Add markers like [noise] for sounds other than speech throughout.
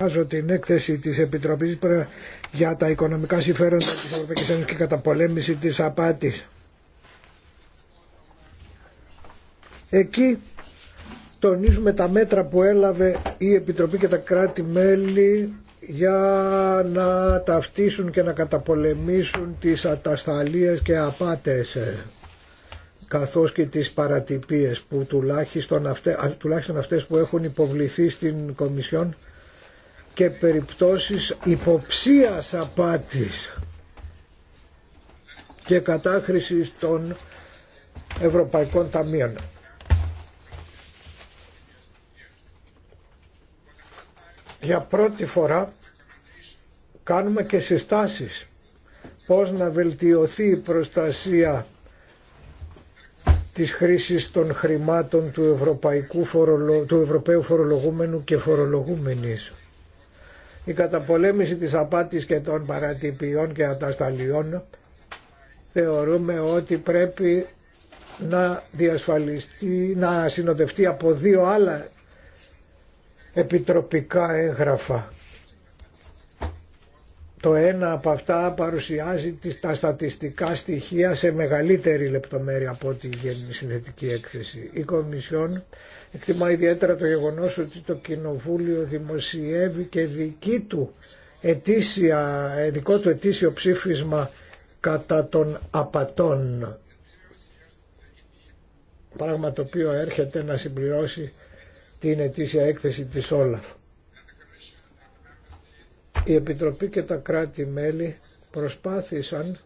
Διαβάζω την έκθεση της Επιτροπής για τα οικονομικά συμφέροντα της Ευρωπαϊκής Ένωσης και καταπολέμηση της απάτης. Εκεί τονίζουμε τα μέτρα που έλαβε η Επιτροπή και τα κράτη-μέλη για να ταυτίσουν και να καταπολεμήσουν τις ατασταλίες και απάτες καθώς και τις παρατυπίες που τουλάχιστον αυτές, τουλάχιστον αυτές που έχουν υποβληθεί στην Κομισιόν και περιπτώσεις υποψίας απάτης και κατάχρησης των Ευρωπαϊκών Ταμείων. Για πρώτη φορά κάνουμε και συστάσεις πώς να βελτιωθεί η προστασία της χρήσης των χρημάτων του, Ευρωπαϊκού του Ευρωπαίου φορολογούμενου και φορολογούμενης. Η καταπολέμηση της απάτης και των παρατυπιών και ατασταλιών θεωρούμε ότι πρέπει να διασφαλιστεί, να συνοδευτεί από δύο άλλα επιτροπικά έγγραφα το ένα από αυτά παρουσιάζει τα στατιστικά στοιχεία σε μεγαλύτερη λεπτομέρεια από ό,τι η συνθετική έκθεση. Η Κομισιόν εκτιμά ιδιαίτερα το γεγονός ότι το Κοινοβούλιο δημοσιεύει και δική του ετήσια, ε, δικό του ετήσιο ψήφισμα κατά των απατών. Πράγμα το οποίο έρχεται να συμπληρώσει την ετήσια έκθεση της Όλαφ η Επιτροπή και τα κράτη-μέλη προσπάθησαν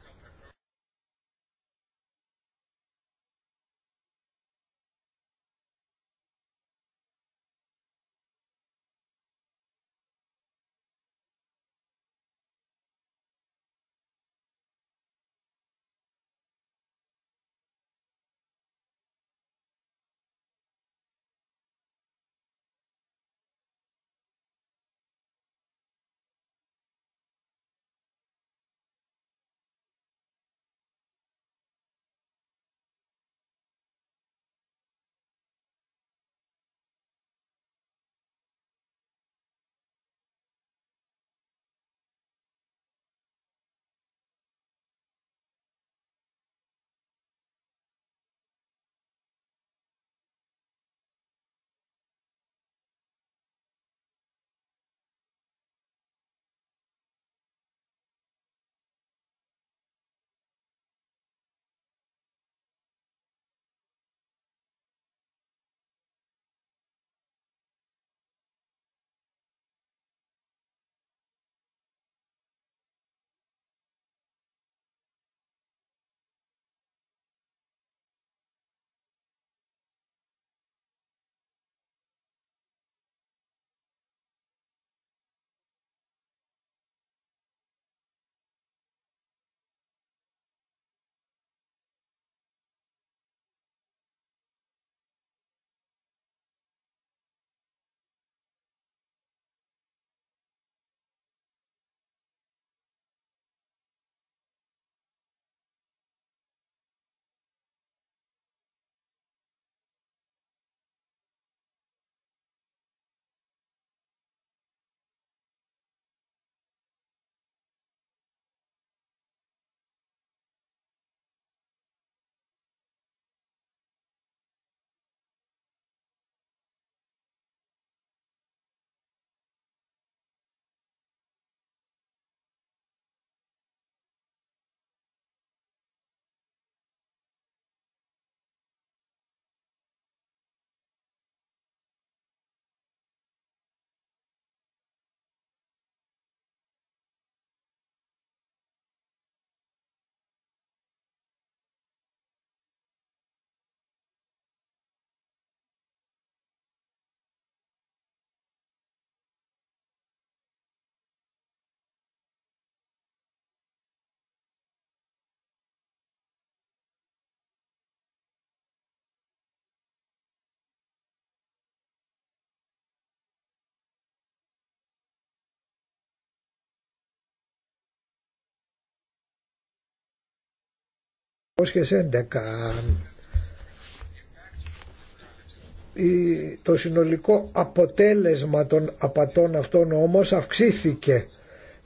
το συνολικό αποτέλεσμα των απατών αυτών όμως αυξήθηκε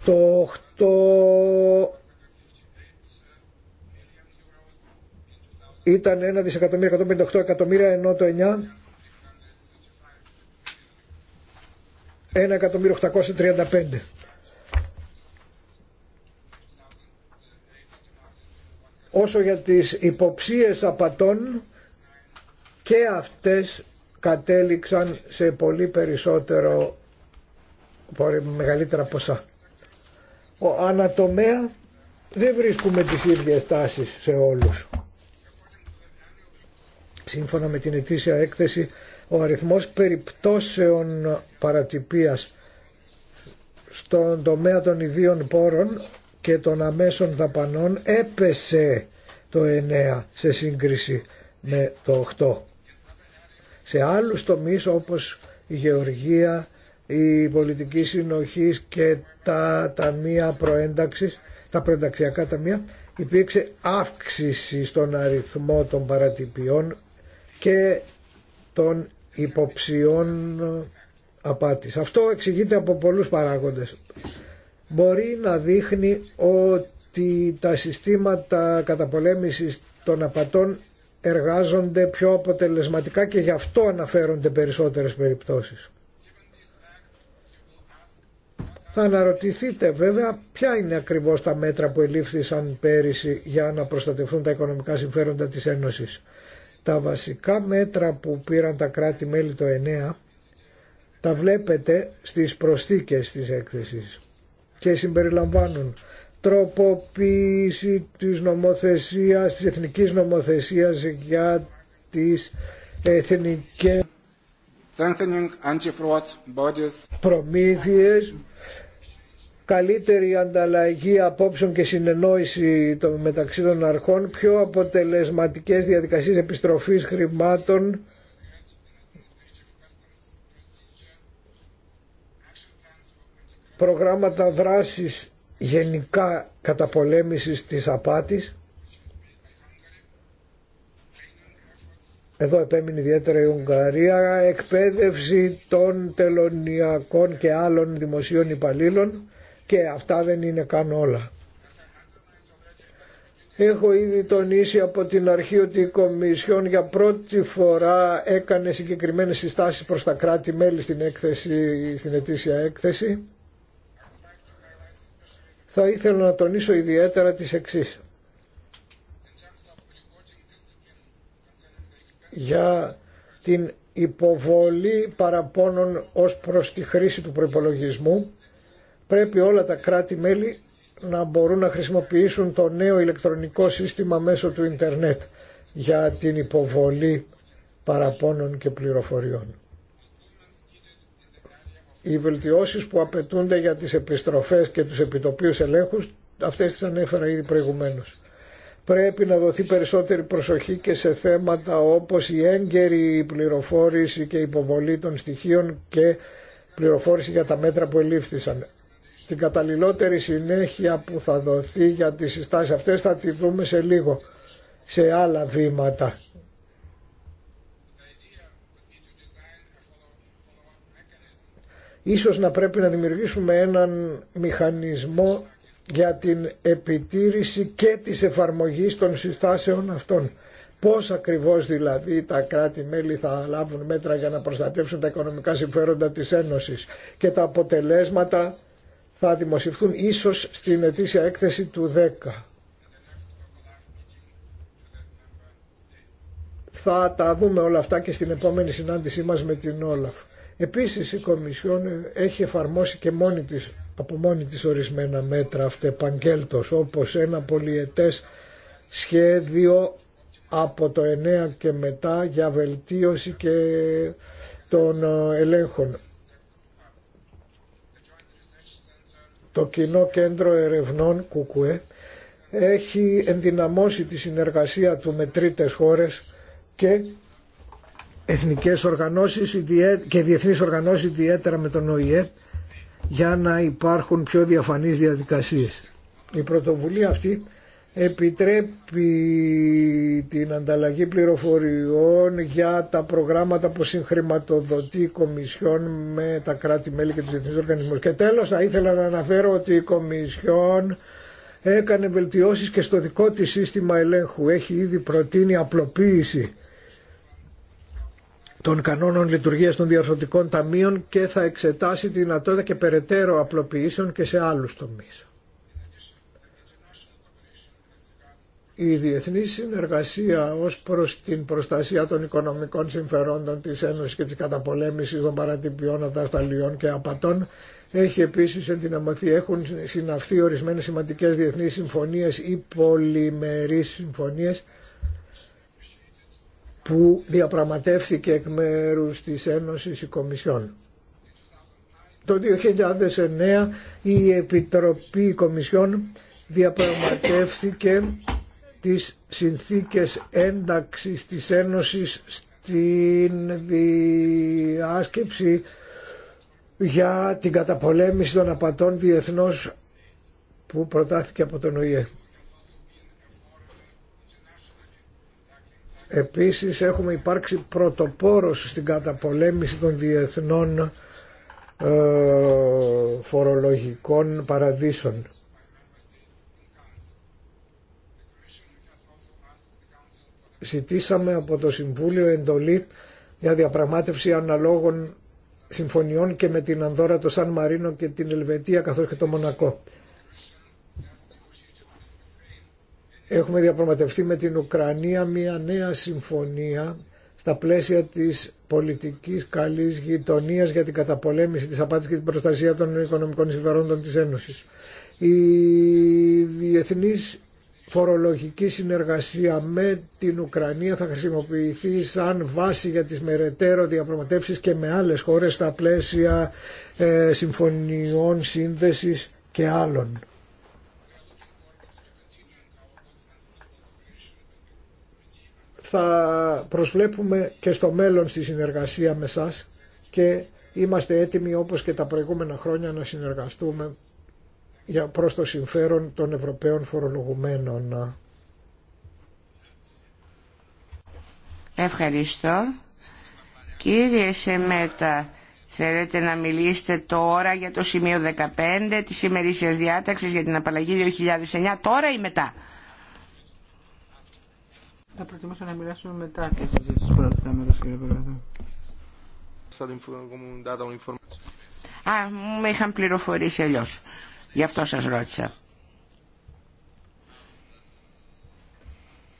το 8 ήταν 1 δισεκατομμύριο 158 εκατομμύρια ενώ το 9 1.835 Όσο για τις υποψίες απατών και αυτές κατέληξαν σε πολύ περισσότερο, μεγαλύτερα ποσά. Ο ανατομέα δεν βρίσκουμε τις ίδιες τάσεις σε όλους. Σύμφωνα με την ετήσια έκθεση, ο αριθμός περιπτώσεων παρατυπίας στον τομέα των ιδίων πόρων και των αμέσων δαπανών έπεσε το 9 σε σύγκριση με το 8. Σε άλλους τομείς όπως η γεωργία, η πολιτική συνοχή και τα ταμεία προένταξης, τα προενταξιακά ταμεία, υπήρξε αύξηση στον αριθμό των παρατυπιών και των υποψιών απάτης. Αυτό εξηγείται από πολλούς παράγοντες μπορεί να δείχνει ότι τα συστήματα καταπολέμησης των απατών εργάζονται πιο αποτελεσματικά και γι' αυτό αναφέρονται περισσότερες περιπτώσεις. Θα αναρωτηθείτε βέβαια ποια είναι ακριβώς τα μέτρα που ελήφθησαν πέρυσι για να προστατευτούν τα οικονομικά συμφέροντα της Ένωσης. Τα βασικά μέτρα που πήραν τα κράτη-μέλη το 9 τα βλέπετε στις προσθήκες της έκθεσης και συμπεριλαμβάνουν τροποποίηση της νομοθεσίας, της εθνικής νομοθεσίας για τις εθνικές προμήθειες, καλύτερη ανταλλαγή απόψεων και συνεννόηση των μεταξύ των αρχών, πιο αποτελεσματικές διαδικασίες επιστροφής χρημάτων, προγράμματα δράσης γενικά καταπολέμησης της απάτης. Εδώ επέμεινε ιδιαίτερα η Ουγγαρία, εκπαίδευση των τελωνιακών και άλλων δημοσίων υπαλλήλων και αυτά δεν είναι καν όλα. Έχω ήδη τονίσει από την αρχή ότι η Κομισιόν για πρώτη φορά έκανε συγκεκριμένες συστάσεις προς τα κράτη-μέλη στην, έκθεση, στην ετήσια έκθεση θα ήθελα να τονίσω ιδιαίτερα τις εξής. Για την υποβολή παραπώνων ως προς τη χρήση του προϋπολογισμού πρέπει όλα τα κράτη-μέλη να μπορούν να χρησιμοποιήσουν το νέο ηλεκτρονικό σύστημα μέσω του ίντερνετ για την υποβολή παραπώνων και πληροφοριών. Οι βελτιώσεις που απαιτούνται για τις επιστροφές και τους επιτοπίους ελέγχους, αυτές τις ανέφερα ήδη προηγουμένως. Πρέπει να δοθεί περισσότερη προσοχή και σε θέματα όπως η έγκαιρη πληροφόρηση και υποβολή των στοιχείων και πληροφόρηση για τα μέτρα που ελήφθησαν. Την καταλληλότερη συνέχεια που θα δοθεί για τις συστάσεις αυτές θα τη δούμε σε λίγο, σε άλλα βήματα Ίσως να πρέπει να δημιουργήσουμε έναν μηχανισμό για την επιτήρηση και της εφαρμογής των συστάσεων αυτών. Πώς ακριβώς δηλαδή τα κράτη-μέλη θα λάβουν μέτρα για να προστατεύσουν τα οικονομικά συμφέροντα της Ένωσης και τα αποτελέσματα θα δημοσιευθούν ίσως στην ετήσια έκθεση του 10. Θα τα δούμε όλα αυτά και στην επόμενη συνάντησή μας με την Όλαφ. Επίσης η Κομισιόν έχει εφαρμόσει και μόνη της, από μόνη της ορισμένα μέτρα αυτεπαγγέλτος όπως ένα πολιετές σχέδιο από το 9 και μετά για βελτίωση και των ε, ελέγχων. Το Κοινό Κέντρο Ερευνών ΚΚΕ έχει ενδυναμώσει τη συνεργασία του με τρίτες χώρες και εθνικές οργανώσεις και διεθνείς οργανώσεις ιδιαίτερα με τον ΟΗΕ για να υπάρχουν πιο διαφανείς διαδικασίες. Η πρωτοβουλία αυτή επιτρέπει την ανταλλαγή πληροφοριών για τα προγράμματα που συγχρηματοδοτεί η Κομισιόν με τα κράτη-μέλη και τους διεθνείς οργανισμούς. Και τέλος θα ήθελα να αναφέρω ότι η Κομισιόν έκανε βελτιώσεις και στο δικό της σύστημα ελέγχου. Έχει ήδη προτείνει απλοποίηση των κανόνων λειτουργίας των διαρθρωτικών ταμείων και θα εξετάσει τη δυνατότητα και περαιτέρω απλοποιήσεων και σε άλλους τομείς. Η διεθνή συνεργασία ως προς την προστασία των οικονομικών συμφερόντων της Ένωσης και της καταπολέμησης των παρατυπιών, ατασταλιών και απατών έχει επίσης ενδυναμωθεί. Έχουν συναυθεί ορισμένες σημαντικές διεθνείς συμφωνίες ή πολυμερείς συμφωνίες που διαπραγματεύθηκε εκ μέρους της Ένωσης η Κομισιόν. Το 2009 η Επιτροπή Κομισιόν διαπραγματεύθηκε τις συνθήκες ένταξης της Ένωσης στην διάσκεψη για την καταπολέμηση των απατών διεθνώς που προτάθηκε από τον ΟΗΕ. Επίσης έχουμε υπάρξει πρωτοπόρος στην καταπολέμηση των διεθνών ε, φορολογικών παραδείσων. Ζητήσαμε από το Συμβούλιο εντολή για διαπραγμάτευση αναλόγων συμφωνιών και με την Ανδόρα, το Σαν Μαρίνο και την Ελβετία καθώς και το Μονακό. έχουμε διαπραγματευτεί με την Ουκρανία μια νέα συμφωνία στα πλαίσια της πολιτικής καλής γειτονίας για την καταπολέμηση της απάτης και την προστασία των οικονομικών συμφερόντων της Ένωσης. Η διεθνής φορολογική συνεργασία με την Ουκρανία θα χρησιμοποιηθεί σαν βάση για τις μεραιτέρω διαπραγματεύσεις και με άλλες χώρες στα πλαίσια ε, συμφωνιών σύνδεσης και άλλων. θα προσβλέπουμε και στο μέλλον στη συνεργασία με σας και είμαστε έτοιμοι όπως και τα προηγούμενα χρόνια να συνεργαστούμε για προς το συμφέρον των Ευρωπαίων φορολογουμένων. Ευχαριστώ. Κύριε Σεμέτα, θέλετε να μιλήσετε τώρα για το σημείο 15 της ημερήσιας διάταξης για την απαλλαγή 2009, τώρα ή μετά. Θα προτιμούσα να μιλάσουμε μετά τη συζήτηση του πρώτου κύριε Πρόεδρε. Α, με είχαν πληροφορήσει αλλιώ. Γι' αυτό σας ρώτησα.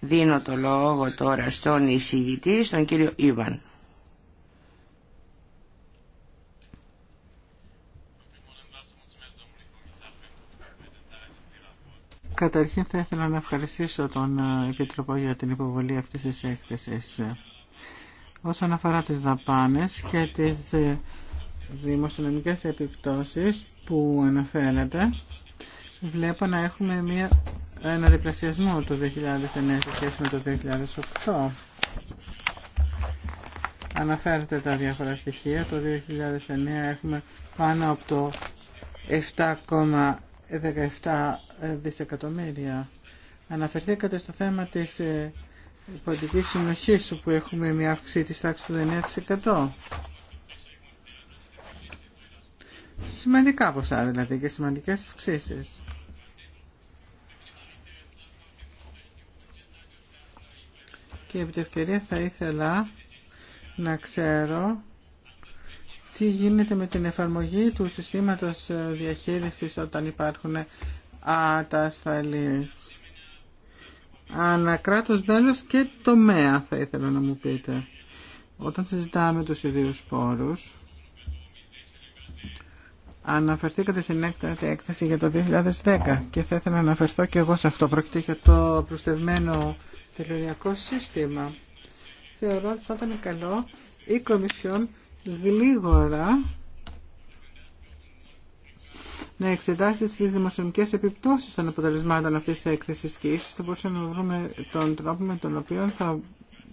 Δίνω το λόγο τώρα στον εισηγητή, στον κύριο Ιβαν. Καταρχήν θα ήθελα να ευχαριστήσω τον ε, Επίτροπο για την υποβολή αυτής της έκθεσης. Όσον αφορά τις δαπάνες και τις ε, δημοσιονομικές επιπτώσεις που αναφέρατε, βλέπω να έχουμε μια, ένα διπλασιασμό το 2009 σε σχέση με το 2008. Αναφέρετε τα διάφορα στοιχεία. Το 2009 έχουμε πάνω από το 17 δισεκατομμύρια. Αναφερθήκατε στο θέμα της ε, πολιτικής συνοχής που έχουμε μια αύξηση της τάξης του 9%. Σημαντικά ποσά δηλαδή και σημαντικές αυξήσεις. Και επί τη ευκαιρία θα ήθελα να ξέρω τι γίνεται με την εφαρμογή του συστήματος ε, διαχείρισης όταν υπάρχουν ατασταλίες. Ανακράτος μέλος και τομέα θα ήθελα να μου πείτε. Όταν συζητάμε τους ιδίους πόρους, αναφερθήκατε στην έκθεση για το 2010 και θα ήθελα να αναφερθώ και εγώ σε αυτό. Πρόκειται για το προστευμένο τελευταίο σύστημα. Θεωρώ ότι θα ήταν καλό η Κομισιόν γλίγορα να εξετάσει τις δημοσιονομικές επιπτώσεις των αποτελεσμάτων αυτής της έκθεσης και ίσως θα μπορούσαμε να βρούμε τον τρόπο με τον οποίο θα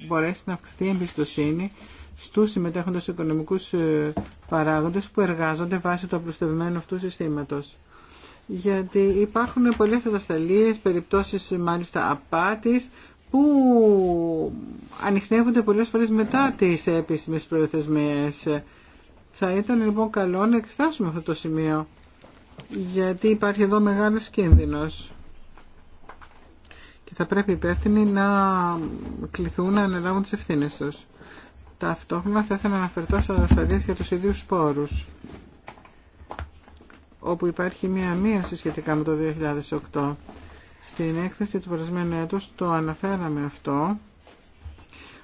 μπορέσει να αυξηθεί η εμπιστοσύνη στους συμμετέχοντες οικονομικούς ε, παράγοντες που εργάζονται βάσει του απλουστευμένου αυτού συστήματος. Γιατί υπάρχουν πολλές ατασταλίες, περιπτώσεις μάλιστα απάτης που ανοιχνεύονται πολλές φορές μετά τις επίσημες προθεσμίες. Θα ήταν λοιπόν καλό να εξετάσουμε αυτό το σημείο, γιατί υπάρχει εδώ μεγάλος κίνδυνος. Και θα πρέπει οι υπεύθυνοι να κληθούν να αναλάβουν τις ευθύνες τους. Ταυτόχρονα θα ήθελα να αναφερθώ σε ασφαλείες για τους ίδιους σπόρους, όπου υπάρχει μία μείωση σχετικά με το 2008 στην έκθεση του περασμένου έτους το αναφέραμε αυτό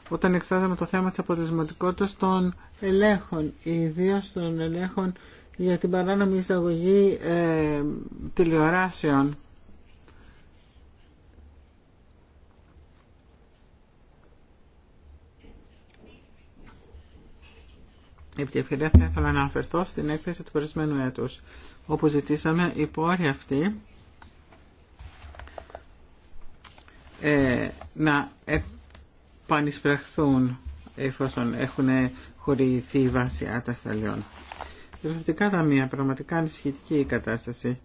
όταν εξετάζαμε το θέμα της αποτελεσματικότητας των ελέγχων, ιδίω των ελέγχων για την παράνομη εισαγωγή ε, τηλεοράσεων. Επί θα ήθελα να αναφερθώ στην έκθεση του προηγουμένου έτους, όπου ζητήσαμε υπό αυτή. αυτοί Ε, να επανεισπραχθούν εφόσον έχουν χορηγηθεί βάση ατασταλιών. τα μία πραγματικά ανησυχητική η κατάσταση.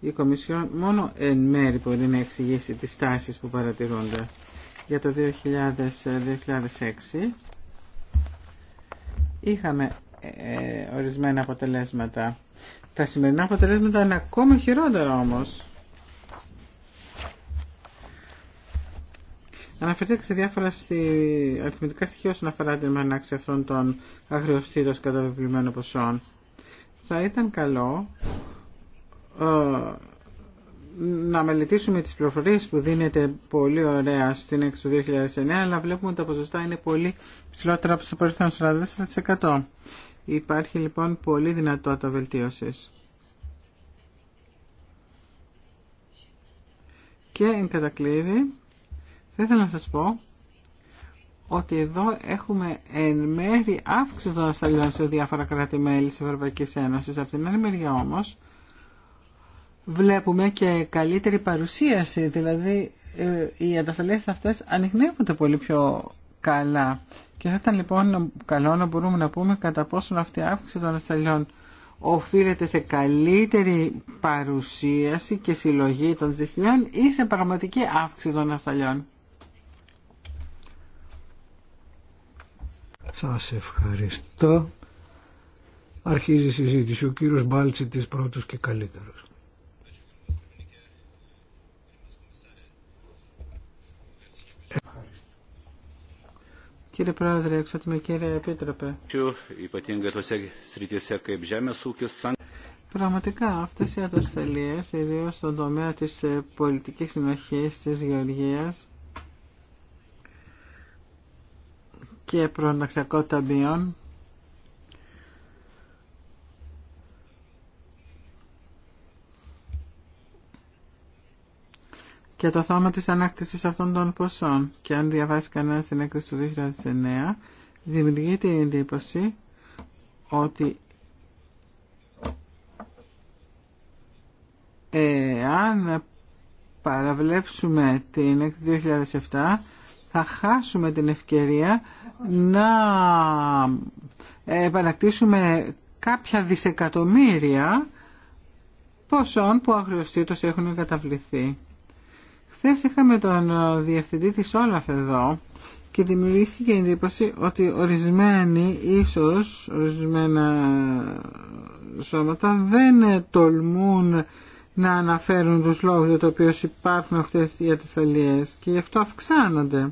Η Κομισιόν μόνο εν μέρη μπορεί να εξηγήσει τις τάσεις που παρατηρούνται. Για το 2006 είχαμε ε, ορισμένα αποτελέσματα. Τα σημερινά αποτελέσματα είναι ακόμα χειρότερα όμως. Αναφερθήκατε σε διάφορα στη... αριθμητικά στοιχεία όσον αφορά την ανάξη αυτών των αγριοστήρων καταβεβλημένων ποσών. Θα ήταν καλό ε, να μελετήσουμε τις πληροφορίες που δίνεται πολύ ωραία στην έξω του 2009, αλλά βλέπουμε ότι τα ποσοστά είναι πολύ ψηλότερα από το παρελθόν 44%. Υπάρχει λοιπόν πολύ δυνατότητα βελτίωσης. Και εν κατακλείδη, θα ήθελα να σας πω ότι εδώ έχουμε εν μέρη αύξηση των ασταλιών σε διάφορα κράτη-μέλη της Ευρωπαϊκής Ένωσης. Από την άλλη μεριά όμως βλέπουμε και καλύτερη παρουσίαση, δηλαδή ε, οι αντασταλίες αυτές ανοιχνεύονται πολύ πιο καλά. Και θα ήταν λοιπόν καλό να μπορούμε να πούμε κατά πόσον αυτή η αύξηση των ασταλιών οφείλεται σε καλύτερη παρουσίαση και συλλογή των στοιχείων ή σε πραγματική αύξηση των ασθενειών. Σας ευχαριστώ. Αρχίζει η συζήτηση. Ο κύριος της πρώτος και καλύτερος. Κύριε Πρόεδρε, με κύριε Επίτροπε. Πραγματικά αυτές οι ατασταλίες, ιδίως στον τομέα της ε, πολιτικής συνοχής της Γεωργίας, και προναξιακό ταμείων και το θέμα της ανάκτησης αυτών των ποσών. Και αν διαβάσει κανένα την έκθεση του 2009, δημιουργείται η εντύπωση ότι εάν παραβλέψουμε την έκθεση 2007, θα χάσουμε την ευκαιρία να επανακτήσουμε κάποια δισεκατομμύρια ποσών που αγριοστήτως έχουν καταβληθεί. Χθε είχαμε τον διευθυντή της Όλαφ εδώ και δημιουργήθηκε η εντύπωση ότι ορισμένοι ίσως ορισμένα σώματα δεν τολμούν να αναφέρουν τους λόγους για το οποίο υπάρχουν για οι αλλιές και γι' αυτό αυξάνονται.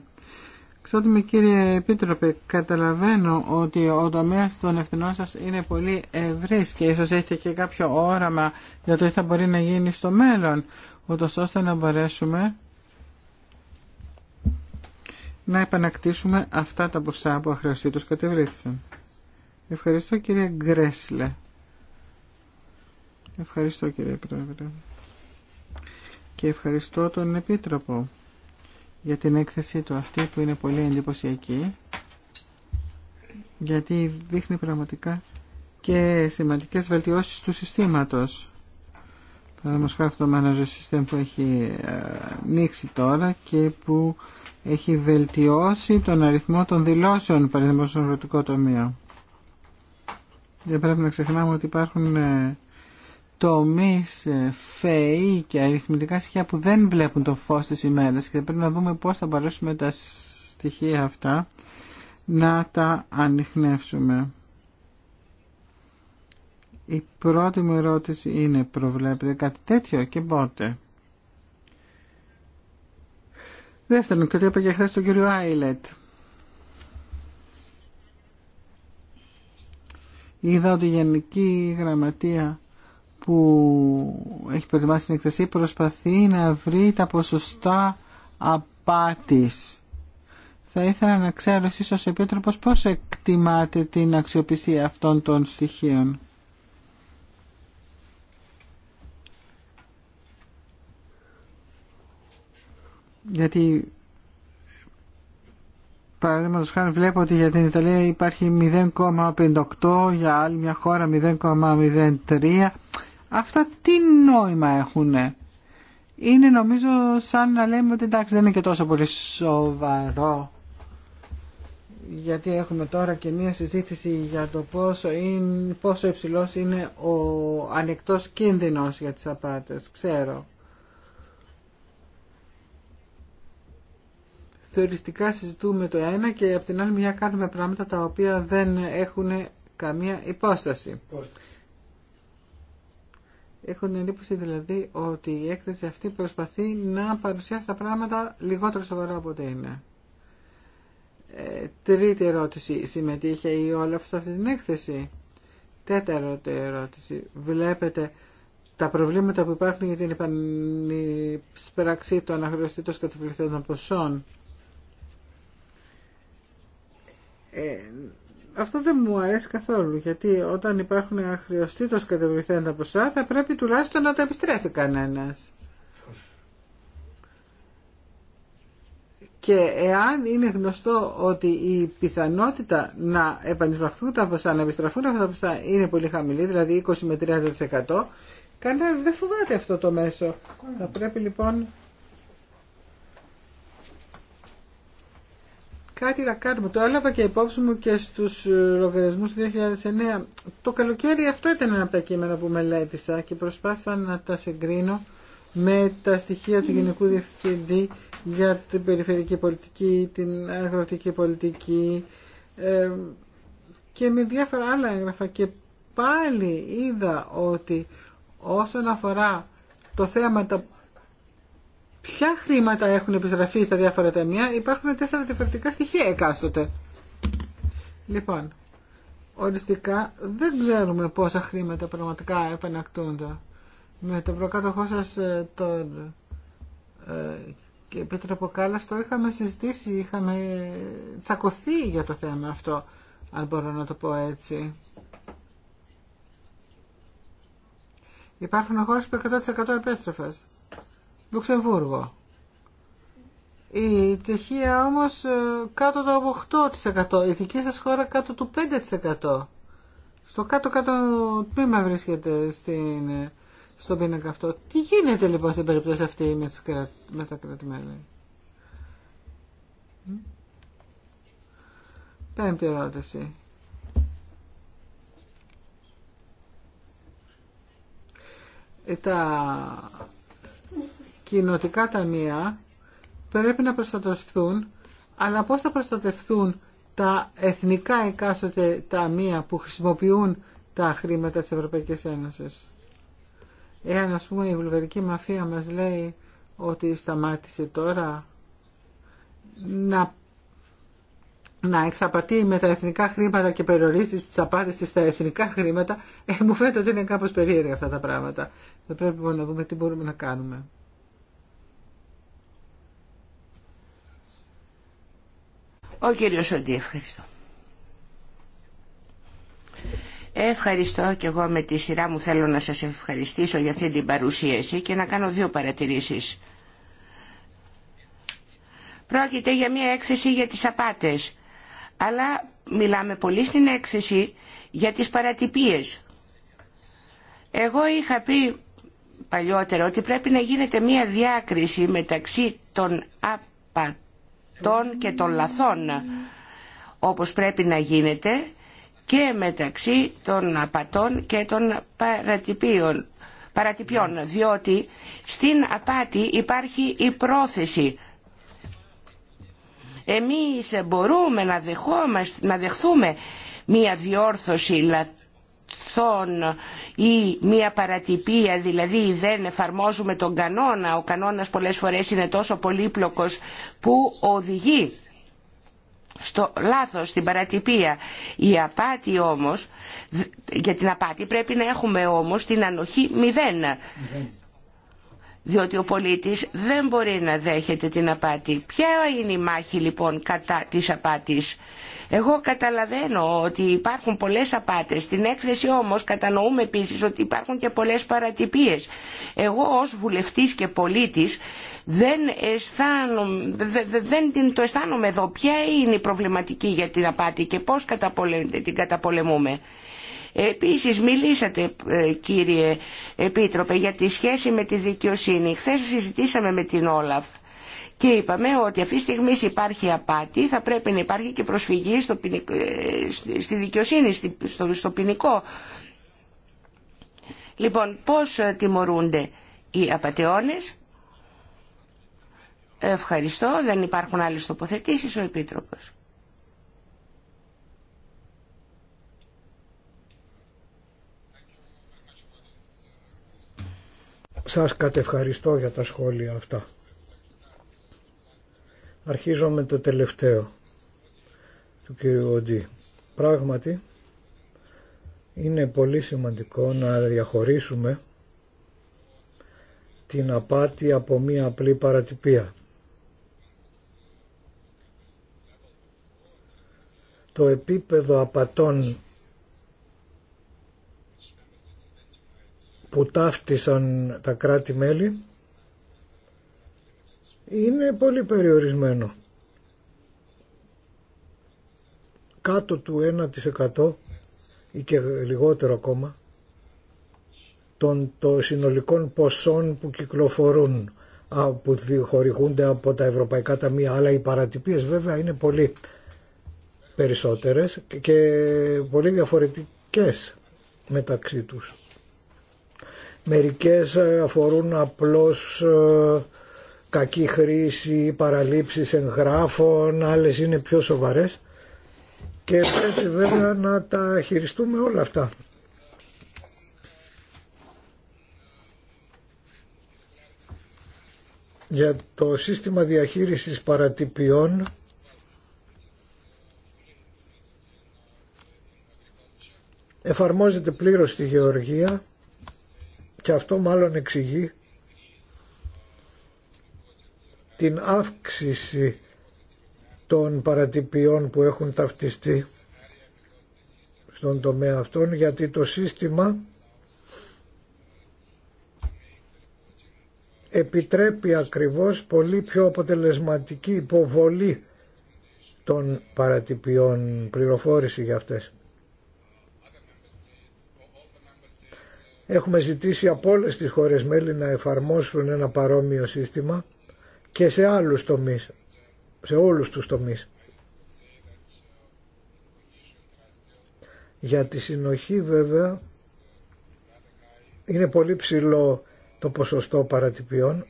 Ξότιμη κύριε Επίτροπε, καταλαβαίνω ότι ο τομέας των ευθυνών σας είναι πολύ ευρύς και ίσως έχετε και κάποιο όραμα για το τι θα μπορεί να γίνει στο μέλλον, ούτως ώστε να μπορέσουμε να επανακτήσουμε αυτά τα ποσά που τους κατευρύθησαν. Ευχαριστώ κύριε Γκρέσλε. Ευχαριστώ κύριε Πρόεδρε. Και ευχαριστώ τον Επίτροπο για την έκθεση του αυτή που είναι πολύ εντυπωσιακή γιατί δείχνει πραγματικά και σημαντικές βελτιώσεις του συστήματος. Παραδείγματος χάρη το manager system που έχει ε, ανοίξει τώρα και που έχει βελτιώσει τον αριθμό των δηλώσεων παραδείγματος στον ερωτικό τομείο. Δεν πρέπει να ξεχνάμε ότι υπάρχουν ε, τομείς ε, φαιοί και αριθμητικά στοιχεία που δεν βλέπουν το φως της ημέρας και πρέπει να δούμε πώς θα μπορέσουμε τα στοιχεία αυτά να τα ανοιχνεύσουμε. Η πρώτη μου ερώτηση είναι προβλέπετε κάτι τέτοιο και πότε. Δεύτερον, κάτι είπα και χθες τον κύριο Άιλετ. Είδα ότι η Γενική Γραμματεία που έχει προετοιμάσει την εκθεσία προσπαθεί να βρει τα ποσοστά απάτης. Θα ήθελα να ξέρω εσείς ως Επίτροπος πώς εκτιμάτε την αξιοπιστία αυτών των στοιχείων. Γιατί παραδείγματος χάρη βλέπω ότι για την Ιταλία υπάρχει 0,58, για άλλη μια χώρα 0,03. Αυτά τι νόημα έχουν. Είναι νομίζω σαν να λέμε ότι εντάξει δεν είναι και τόσο πολύ σοβαρό. Γιατί έχουμε τώρα και μία συζήτηση για το πόσο, είναι, πόσο υψηλός είναι ο ανεκτός κίνδυνος για τις απάτες. Ξέρω. Θεωριστικά συζητούμε το ένα και από την άλλη μια κάνουμε πράγματα τα οποία δεν έχουν καμία υπόσταση. Έχω την εντύπωση δηλαδή ότι η έκθεση αυτή προσπαθεί να παρουσιάσει τα πράγματα λιγότερο σοβαρά από ό,τι είναι. Ε, τρίτη ερώτηση. Συμμετείχε η Όλαφ σε αυτή την έκθεση. Τέταρτη ερώτηση. Βλέπετε τα προβλήματα που υπάρχουν για την υπεραξή των αχρεωστήτων κατευθυνθέντων ποσών. Ε, αυτό δεν μου αρέσει καθόλου, γιατί όταν υπάρχουν αχρεωστήτως κατεβληθέντα ποσά, θα πρέπει τουλάχιστον να τα επιστρέφει κανένας. Και εάν είναι γνωστό ότι η πιθανότητα να επανεισπραχθούν τα ποσά, να επιστραφούν αυτά τα ποσά είναι πολύ χαμηλή, δηλαδή 20 με 30%, κανένας δεν φοβάται αυτό το μέσο. Θα πρέπει λοιπόν κάτι να κάνουμε. Το έλαβα και υπόψη μου και στους ε, λογαριασμούς του 2009. Το καλοκαίρι αυτό ήταν ένα από τα κείμενα που μελέτησα και προσπάθησα να τα συγκρίνω με τα στοιχεία του Γενικού Διευθυντή για την περιφερειακή πολιτική, την αγροτική πολιτική ε, και με διάφορα άλλα έγγραφα και πάλι είδα ότι όσον αφορά το θέμα ποια χρήματα έχουν επιστραφεί στα διάφορα ταμεία, υπάρχουν τέσσερα διαφορετικά στοιχεία εκάστοτε. Λοιπόν, οριστικά δεν ξέρουμε πόσα χρήματα πραγματικά επανακτούνται. Με το προκάτοχό σα ε, τον ε, και Επίτροπο το είχαμε συζητήσει, είχαμε ε, τσακωθεί για το θέμα αυτό, αν μπορώ να το πω έτσι. Υπάρχουν χώρες που 100% επέστρεφες. Λουξεμβούργο. Η Τσεχία όμως ε, κάτω από 8%, η δική σας χώρα κάτω του 5%. Στο κάτω-κάτω τμήμα βρίσκεται στην, ε, στον πίνακα αυτό. Τι γίνεται λοιπόν στην περίπτωση αυτή με, με τα κρατημέλη. Πέμπτη ερώτηση. Ε, τα κοινοτικά ταμεία πρέπει να προστατευτούν, αλλά πώς θα προστατευτούν τα εθνικά εκάστοτε ταμεία που χρησιμοποιούν τα χρήματα της Ευρωπαϊκής Ένωσης. Εάν ας πούμε η βουλγαρική μαφία μας λέει ότι σταμάτησε τώρα να, να εξαπατεί με τα εθνικά χρήματα και περιορίζει τις απάτες στα εθνικά χρήματα, ε, μου φαίνεται ότι είναι κάπως περίεργα αυτά τα πράγματα. Θα πρέπει λοιπόν να δούμε τι μπορούμε να κάνουμε. Ο κύριος Σοντή, ευχαριστώ. Ευχαριστώ και εγώ με τη σειρά μου θέλω να σας ευχαριστήσω για αυτή την παρουσίαση και να κάνω δύο παρατηρήσεις. Πρόκειται για μια έκθεση για τις απάτες, αλλά μιλάμε πολύ στην έκθεση για τις παρατυπίες. Εγώ είχα πει παλιότερα ότι πρέπει να γίνεται μια διάκριση μεταξύ των απατών των και των λαθών όπως πρέπει να γίνεται και μεταξύ των απατών και των παρατυπίων, διότι στην απάτη υπάρχει η πρόθεση εμείς μπορούμε να, δεχόμαστε, να δεχθούμε μία διόρθωση ή μια παρατυπία δηλαδή δεν εφαρμόζουμε τον κανόνα ο κανόνας πολλές φορές είναι τόσο πολύπλοκος που οδηγεί στο λάθος, στην παρατυπία. Η απάτη όμως, για την απάτη πρέπει να έχουμε όμως την ανοχή μηδέν. Διότι ο πολίτης δεν μπορεί να δέχεται την απάτη. Ποια είναι η μάχη λοιπόν κατά της απάτης. Εγώ καταλαβαίνω ότι υπάρχουν πολλές απάτες, στην έκθεση όμως κατανοούμε επίσης ότι υπάρχουν και πολλές παρατυπίες. Εγώ ως βουλευτής και πολίτης δεν, το αισθάνομαι εδώ ποια είναι η προβληματική για την απάτη και πώς την καταπολεμούμε. Επίσης μιλήσατε ε, κύριε Επίτροπε για τη σχέση με τη δικαιοσύνη. Χθες συζητήσαμε με την Όλαφ και είπαμε ότι αυτή τη στιγμή υπάρχει απάτη, θα πρέπει να υπάρχει και προσφυγή στο ε, στη δικαιοσύνη, στο, στο ποινικό. Λοιπόν, πώς ε, τιμωρούνται οι απαταιώνες. Ευχαριστώ, δεν υπάρχουν άλλες τοποθετήσεις, ο Επίτροπος. Σας κατευχαριστώ για τα σχόλια αυτά. Αρχίζω με το τελευταίο του κύριου Οντή. Πράγματι, είναι πολύ σημαντικό να διαχωρίσουμε την απάτη από μία απλή παρατυπία. Το επίπεδο απατών που ταύτισαν τα κράτη-μέλη είναι πολύ περιορισμένο. Κάτω του 1% ή και λιγότερο ακόμα των το συνολικών ποσών που κυκλοφορούν που χορηγούνται από τα Ευρωπαϊκά Ταμεία αλλά οι παρατυπίες βέβαια είναι πολύ περισσότερες και πολύ διαφορετικές μεταξύ τους. Μερικές ε, αφορούν απλώς ε, κακή χρήση, παραλήψεις εγγράφων, άλλες είναι πιο σοβαρές και πρέπει βέβαια να τα χειριστούμε όλα αυτά. Για το σύστημα διαχείρισης παρατυπιών εφαρμόζεται πλήρως στη γεωργία και αυτό μάλλον εξηγεί την αύξηση των παρατυπιών που έχουν ταυτιστεί στον τομέα αυτών γιατί το σύστημα επιτρέπει ακριβώς πολύ πιο αποτελεσματική υποβολή των παρατυπιών πληροφόρηση για αυτές. Έχουμε ζητήσει από όλες τις χώρες μέλη να εφαρμόσουν ένα παρόμοιο σύστημα και σε άλλους τομείς, σε όλους τους τομείς. Για τη συνοχή βέβαια είναι πολύ ψηλό το ποσοστό παρατυπιών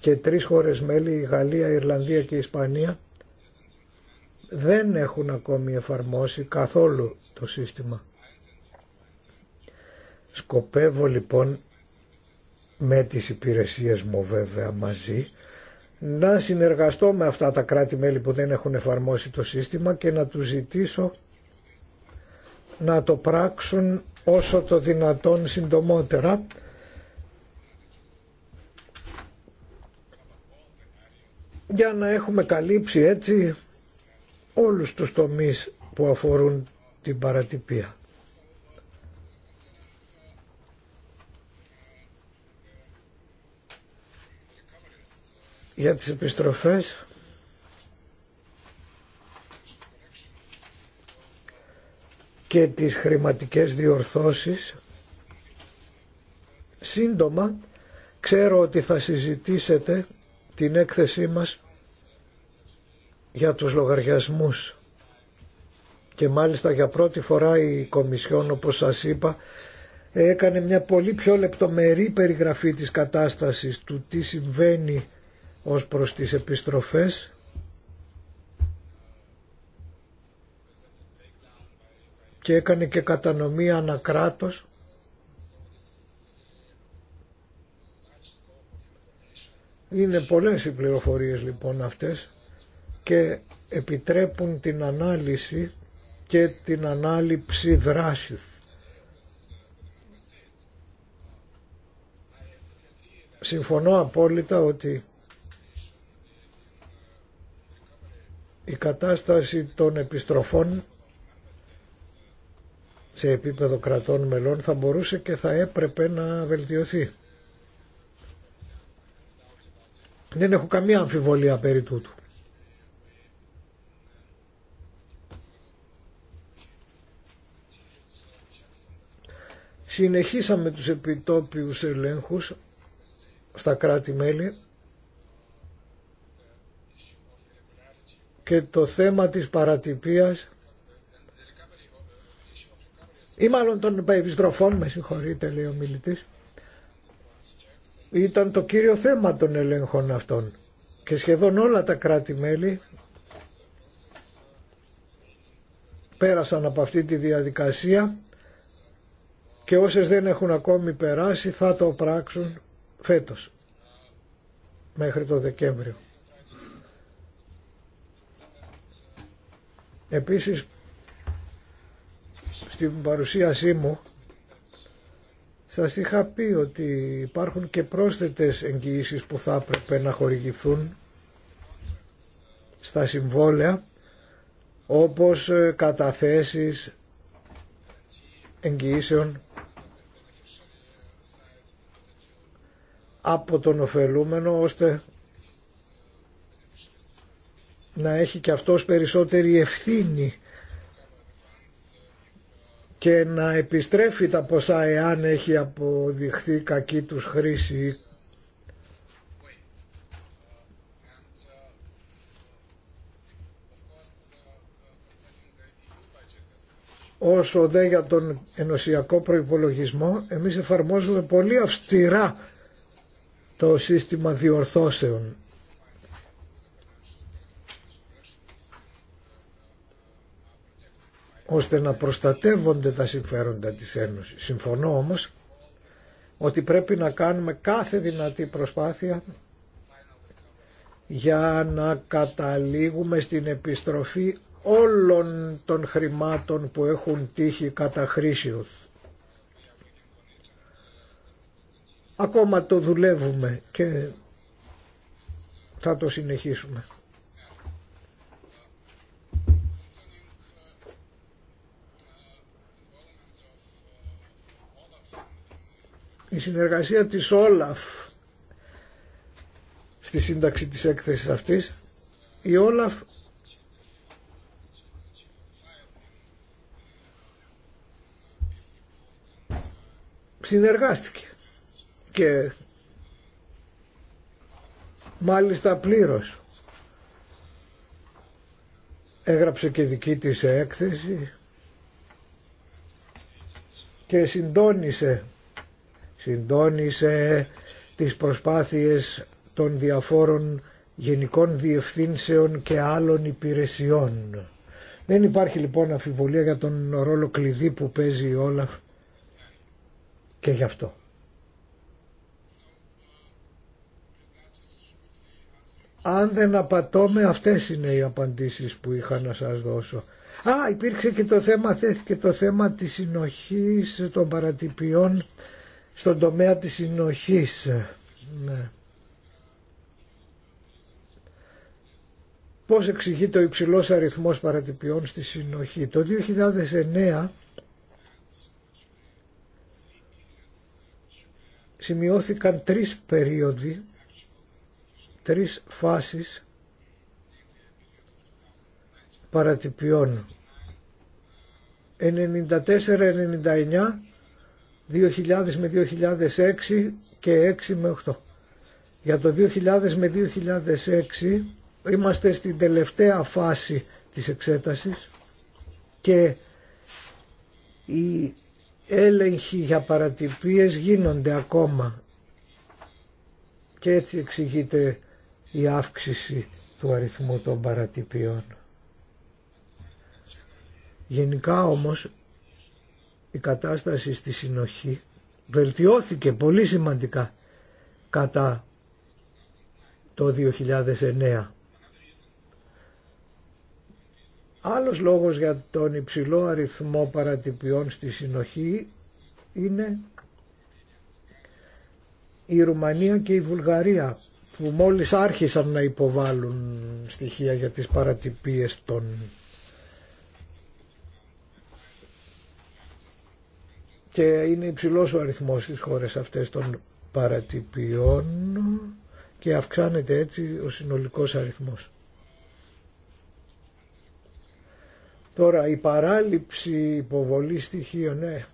και τρεις χώρες μέλη, η Γαλλία, η Ιρλανδία και η Ισπανία, δεν έχουν ακόμη εφαρμόσει καθόλου το σύστημα. Σκοπεύω λοιπόν με τις υπηρεσίες μου βέβαια μαζί να συνεργαστώ με αυτά τα κράτη-μέλη που δεν έχουν εφαρμόσει το σύστημα και να τους ζητήσω να το πράξουν όσο το δυνατόν συντομότερα για να έχουμε καλύψει έτσι όλους τους τομείς που αφορούν την παρατυπία. για τις επιστροφές και τις χρηματικές διορθώσεις σύντομα ξέρω ότι θα συζητήσετε την έκθεσή μας για τους λογαριασμούς και μάλιστα για πρώτη φορά η Κομισιόν όπως σας είπα έκανε μια πολύ πιο λεπτομερή περιγραφή της κατάστασης του τι συμβαίνει ως προς τις επιστροφές και έκανε και κατανομή ανακράτος Είναι πολλές οι πληροφορίες λοιπόν αυτές και επιτρέπουν την ανάλυση και την ανάληψη δράσης. Συμφωνώ απόλυτα ότι Η κατάσταση των επιστροφών σε επίπεδο κρατών μελών θα μπορούσε και θα έπρεπε να βελτιωθεί. Δεν έχω καμία αμφιβολία περί τούτου. Συνεχίσαμε τους επιτόπιους ελέγχους στα κράτη-μέλη και το θέμα της παρατυπίας ή μάλλον των επιστροφών, με συγχωρείτε λέει ο μιλητής, ήταν το κύριο θέμα των ελέγχων αυτών και σχεδόν όλα τα κράτη-μέλη πέρασαν από αυτή τη διαδικασία και όσες δεν έχουν ακόμη περάσει θα το πράξουν φέτος μέχρι το Δεκέμβριο. Επίσης στην παρουσίασή μου σας είχα πει ότι υπάρχουν και πρόσθετες εγγυήσεις που θα έπρεπε να χορηγηθούν στα συμβόλαια όπως ε, καταθέσεις εγγυήσεων από τον ωφελούμενο ώστε να έχει και αυτός περισσότερη ευθύνη και να επιστρέφει τα ποσά εάν έχει αποδειχθεί κακή τους χρήση όσο δε για τον ενωσιακό προϋπολογισμό εμείς εφαρμόζουμε πολύ αυστηρά το σύστημα διορθώσεων ώστε να προστατεύονται τα συμφέροντα της Ένωσης. Συμφωνώ όμως ότι πρέπει να κάνουμε κάθε δυνατή προσπάθεια για να καταλήγουμε στην επιστροφή όλων των χρημάτων που έχουν τύχει κατά Ακόμα το δουλεύουμε και θα το συνεχίσουμε. Η συνεργασία της Όλαφ στη σύνταξη της έκθεσης αυτής, η Όλαφ συνεργάστηκε και μάλιστα πλήρως έγραψε και δική της έκθεση και συντόνισε συντόνισε τις προσπάθειες των διαφόρων γενικών διευθύνσεων και άλλων υπηρεσιών. Δεν υπάρχει λοιπόν αφιβολία για τον ρόλο κλειδί που παίζει η Όλαφ και γι' αυτό. Αν δεν απατώμε αυτές είναι οι απαντήσεις που είχα να σας δώσω. Α, υπήρξε και το θέμα, θέθηκε το θέμα της συνοχής των παρατυπιών στον τομέα της συνοχής. Ναι. Πώς εξηγεί το υψηλός αριθμός παρατυπιών στη συνοχή. Το 2009 σημειώθηκαν τρεις περίοδοι, τρεις φάσεις παρατυπιών. 94-99 2000 με 2006 και 6 με 8. Για το 2000 με 2006 είμαστε στην τελευταία φάση της εξέτασης και οι έλεγχοι για παρατυπίες γίνονται ακόμα και έτσι εξηγείται η αύξηση του αριθμού των παρατυπιών. Γενικά όμως η κατάσταση στη συνοχή βελτιώθηκε πολύ σημαντικά κατά το 2009. Άλλος λόγος για τον υψηλό αριθμό παρατυπιών στη συνοχή είναι η Ρουμανία και η Βουλγαρία που μόλις άρχισαν να υποβάλουν στοιχεία για τις παρατυπίες των και είναι υψηλός ο αριθμός στις χώρες αυτές των παρατυπιών και αυξάνεται έτσι ο συνολικός αριθμός. Τώρα η παράληψη υποβολή στοιχείων, ναι.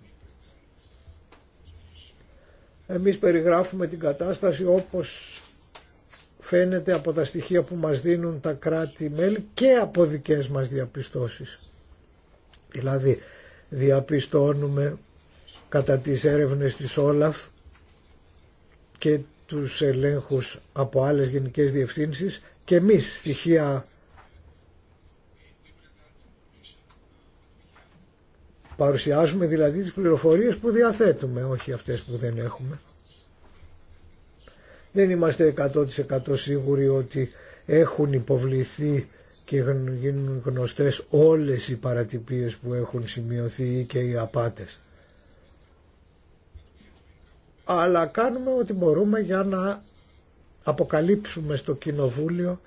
Εμείς περιγράφουμε την κατάσταση όπως φαίνεται από τα στοιχεία που μας δίνουν τα κράτη-μέλη και από δικές μας διαπιστώσεις. Δηλαδή διαπιστώνουμε κατά τις έρευνες της Όλαφ και τους ελέγχους από άλλες γενικές διευθύνσεις και εμείς στοιχεία παρουσιάζουμε δηλαδή τις πληροφορίες που διαθέτουμε όχι αυτές που δεν έχουμε δεν είμαστε 100% σίγουροι ότι έχουν υποβληθεί και γίνουν γνωστές όλες οι παρατυπίες που έχουν σημειωθεί και οι απάτες αλλά κάνουμε ό,τι μπορούμε για να αποκαλύψουμε στο Κοινοβούλιο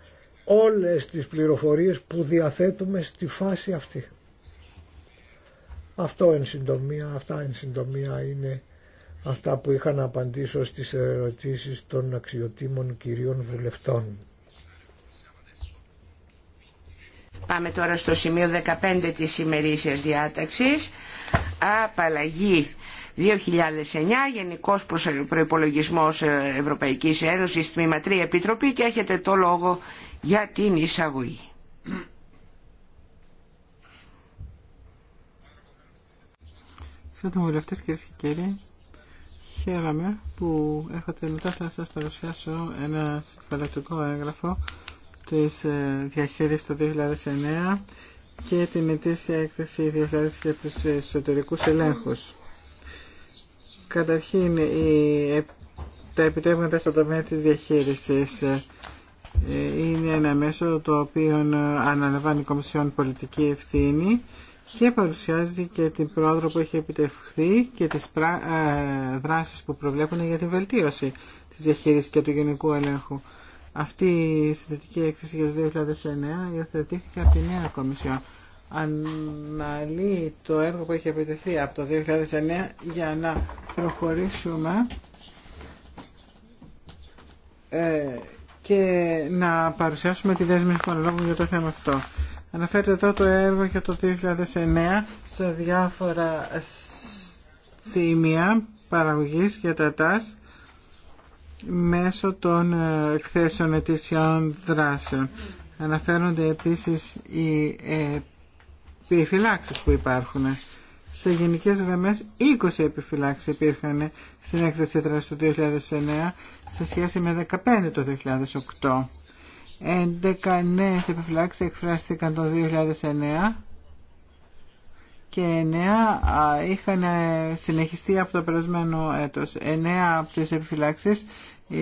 όλες τις πληροφορίες που διαθέτουμε στη φάση αυτή. Αυτό εν συντομία, αυτά εν συντομία είναι αυτά που είχα να απαντήσω στις ερωτήσεις των αξιοτήμων κυρίων βουλευτών. Πάμε τώρα στο σημείο 15 της ημερήσιας διάταξης Απαλλαγή 2009, Γενικός προπολογισμό ε, Ευρωπαϊκή Ένωση, Τμήμα 3 Επιτροπή και έχετε το λόγο για την εισαγωγή. Σύντομα βουλευτέ, κύριε και κύριοι, χαίρομαι που έχω τάση να σα παρουσιάσω ένα συμφαλεκτικό έγγραφο τη ε, διαχείριση του 2009 και την ετήσια έκθεση διαθέτηση για τους εσωτερικούς ελέγχους. Καταρχήν, η, τα επιτεύγματα στον τομέα της διαχείρισης ε, είναι ένα μέσο το οποίο αναλαμβάνει η Κομισιόν πολιτική ευθύνη και παρουσιάζει και την πρόοδο που έχει επιτευχθεί και τις ε, δράσεις που προβλέπουν για την βελτίωση της διαχείρισης και του γενικού ελέγχου. Αυτή η συνθετική έκθεση για το 2009 υιοθετήθηκε από τη νέα Κομισιόν. Αναλύει το έργο που έχει επιτεθεί από το 2009 για να προχωρήσουμε ε, και να παρουσιάσουμε τη δέσμευση των λόγων για το θέμα αυτό. Αναφέρεται εδώ το έργο για το 2009 σε διάφορα σημεία παραγωγής για τα τάσ μέσω των ε, εκθέσεων ετησιών δράσεων. Αναφέρονται επίσης ε, οι επιφυλάξεις που υπάρχουν. Σε γενικές γραμμές 20 επιφυλάξεις υπήρχαν στην έκθεση δράση του 2009 σε σχέση με 15 το 2008. 11 νέες επιφυλάξεις εκφράστηκαν το 2009 και 9 είχαν ε, συνεχιστεί από το περασμένο έτος. 9 από τις επιφυλάξεις, η,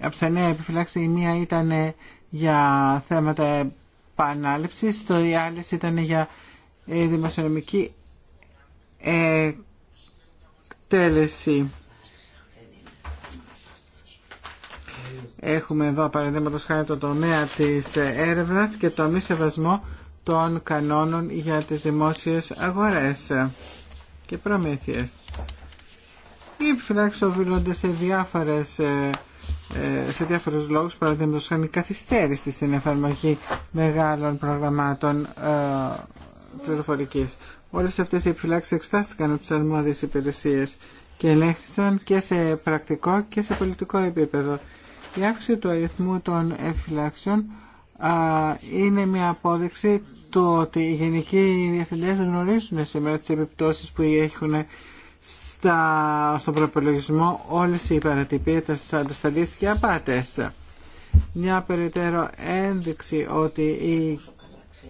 από τις 9 επιφυλάξεις η μία ήταν ε, για θέματα επανάληψης, το οι άλλες ήταν για ε, δημοσιονομική τέλεση. Έχουμε εδώ παραδείγματο χάρη το τομέα της έρευνας και το μη σεβασμό των κανόνων για τις δημόσιες αγορές και προμήθειες. Οι επιφυλάξεις οφείλονται σε, διάφορες, ε, ε, σε διάφορους λόγους, παραδείγματος χάνει καθυστέρηση στην εφαρμογή μεγάλων προγραμμάτων ε, πληροφορικής. Όλες αυτές οι επιφυλάξεις εξτάστηκαν από τι αρμόδιες υπηρεσίες και ελέγχθησαν και σε πρακτικό και σε πολιτικό επίπεδο. Η αύξηση του αριθμού των επιφυλάξεων είναι μια απόδειξη το ότι οι γενικοί διευθυντές γνωρίζουν σήμερα τις επιπτώσεις που έχουν στα, στον προπολογισμό όλες οι παρατυπίες, της αντισταλίσεις και απάτες. Μια περαιτέρω ένδειξη ότι οι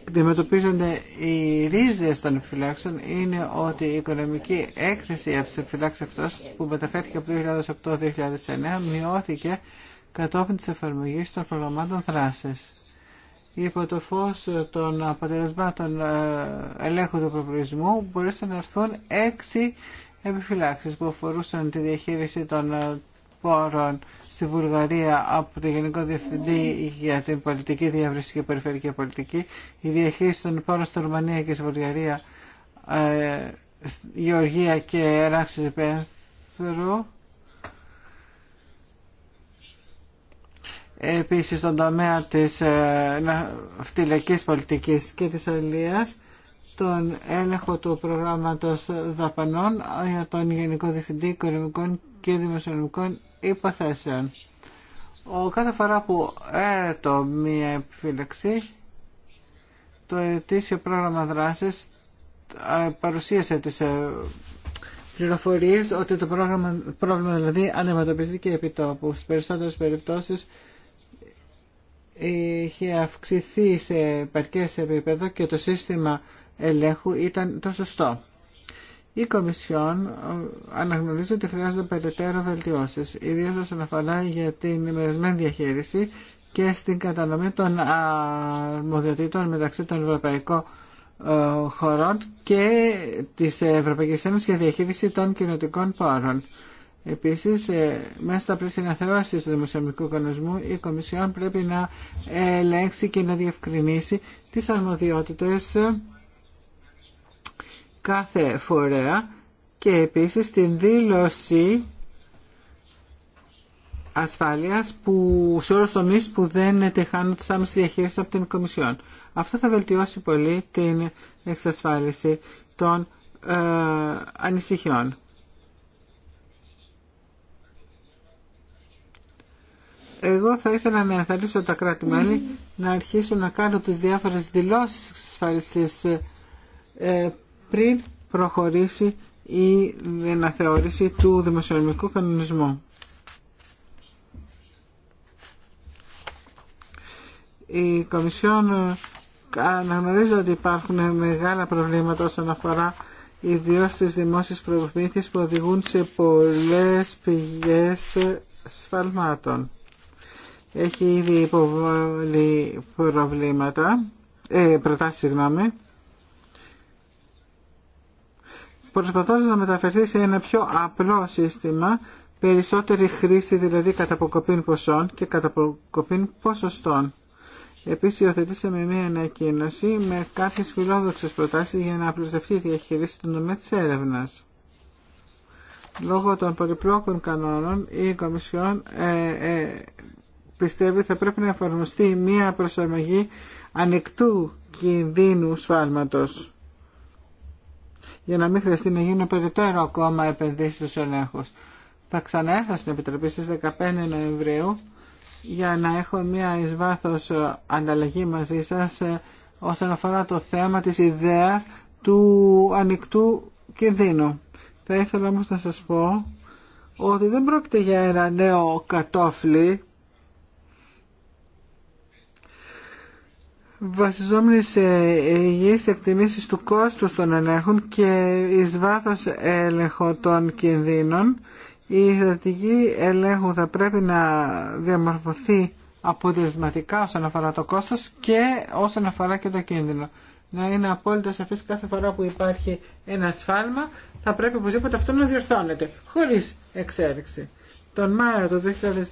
αντιμετωπίζονται οι ρίζες των επιφυλάξεων είναι ότι η οικονομική έκθεση από τις επιφυλάξεις που μεταφέρθηκε από το 2008-2009 μειώθηκε κατόπιν της εφαρμογής των προγραμμάτων δράση υπό το φως των αποτελεσμάτων ε, ελέγχου του προπολογισμού μπορούσαν να έρθουν έξι επιφυλάξεις που αφορούσαν τη διαχείριση των ε, πόρων στη Βουλγαρία από το Γενικό Διευθυντή για την πολιτική διαβρύση και περιφερειακή πολιτική, η διαχείριση των πόρων στη Ρουμανία και στη Βουλγαρία, ε, Γεωργία και Ράξης Πένθρου, Επίσης στον τομέα της ε, φυλακής πολιτικής και της αλληλείας τον έλεγχο του προγράμματος δαπανών για τον Γενικό Διευθυντή Οικονομικών και Δημοσιονομικών Υποθέσεων. Ο κάθε φορά που έρετο μία επιφύλαξη, το ετήσιο πρόγραμμα δράσης ε, παρουσίασε τις ε, πληροφορίες ότι το πρόγραμμα, πρόβλημα δηλαδή αντιμετωπίζεται επί τόπου. Στις περισσότερες περιπτώσεις είχε αυξηθεί σε επαρκές επίπεδο και το σύστημα ελέγχου ήταν το σωστό. Η Κομισιόν ε, αναγνωρίζει ότι χρειάζονται περαιτέρω βελτιώσει, ιδίω όσον αφορά για την ημερισμένη διαχείριση και στην κατανομή των αρμοδιοτήτων μεταξύ των ευρωπαϊκών ε, χωρών και της Ευρωπαϊκής Ένωσης για διαχείριση των κοινωτικών πόρων. Επίσης, ε, μέσα στα πλαίσια αναθεώρηση του δημοσιονομικού οικονομισμού, η Κομισιόν πρέπει να ελέγξει και να διευκρινίσει τις αρμοδιότητες κάθε φορέα και επίσης την δήλωση ασφάλειας που, σε του τομείς που δεν τεχάνουν τις άμεσες διαχείρισεις από την Κομισιόν. Αυτό θα βελτιώσει πολύ την εξασφάλιση των ε, ανησυχιών. Εγώ θα ήθελα να ενθαρρύσω τα κράτη-μέλη να αρχίσουν να κάνουν τις διάφορες δηλώσεις εξασφάλισης ε, ε, πριν προχωρήσει η αναθεώρηση του δημοσιονομικού κανονισμού. Η Κομισιόν ε, αναγνωρίζει ότι υπάρχουν μεγάλα προβλήματα όσον αφορά ιδίω τι δημόσιε προμηθειε που οδηγούν σε πολλέ πηγές σφαλμάτων έχει ήδη υποβάλει προβλήματα, ε, προτάσεις συγγνώμη, προσπαθώντας να μεταφερθεί σε ένα πιο απλό σύστημα, περισσότερη χρήση δηλαδή καταποκοπήν ποσών και καταποκοπήν ποσοστών. Επίσης υιοθετήσαμε μία ανακοίνωση με κάποιες φιλόδοξες προτάσεις για να απλουστευτεί η διαχείριση του τομέα της έρευνας. Λόγω των περιπλόκων κανόνων, η Κομισιόν ε, ε, πιστεύει θα πρέπει να εφαρμοστεί μια προσαρμογή ανοιχτού κινδύνου σφάλματος για να μην χρειαστεί να γίνουν περιττέρω ακόμα επενδύσεις στους ελέγχους. Θα ξαναέρθω στην Επιτροπή στις 15 Νοεμβρίου για να έχω μια εις βάθος ανταλλαγή μαζί σας ε, όσον αφορά το θέμα της ιδέας του ανοιχτού κινδύνου. Θα ήθελα όμως να σας πω ότι δεν πρόκειται για ένα νέο κατόφλι βασιζόμενοι σε υγιείς εκτιμήσεις του κόστους των ελέγχων και εις βάθος έλεγχο των κινδύνων, η στρατηγική ελέγχου θα πρέπει να διαμορφωθεί αποτελεσματικά όσον αφορά το κόστος και όσον αφορά και το κίνδυνο. Να είναι απόλυτα σαφής κάθε φορά που υπάρχει ένα σφάλμα, θα πρέπει οπωσδήποτε αυτό να διορθώνεται, χωρίς εξέλιξη. Τον Μάιο του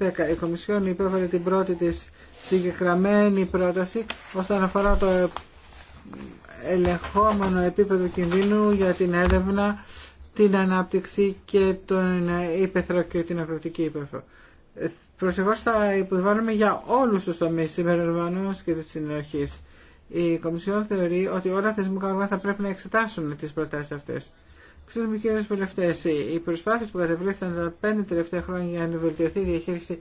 2010 η Κομισιόν υπέβαλε την πρώτη της συγκεκριμένη πρόταση όσον αφορά το ελεγχόμενο επίπεδο κινδύνου για την έρευνα, την ανάπτυξη και τον ύπεθρο και την αγροτική ύπεθρο. Προσεχώ θα υποβάλλουμε για όλους τους τομείς συμπεριλαμβανομένους και τη συνοχή. Η Κομισιόν θεωρεί ότι όλα τα θεσμικά όργανα θα πρέπει να εξετάσουν τι προτάσει αυτέ. Ξέρουμε κύριε βουλευτέ, οι προσπάθειε που κατεβλήθηκαν τα πέντε τελευταία χρόνια για να βελτιωθεί η διαχείριση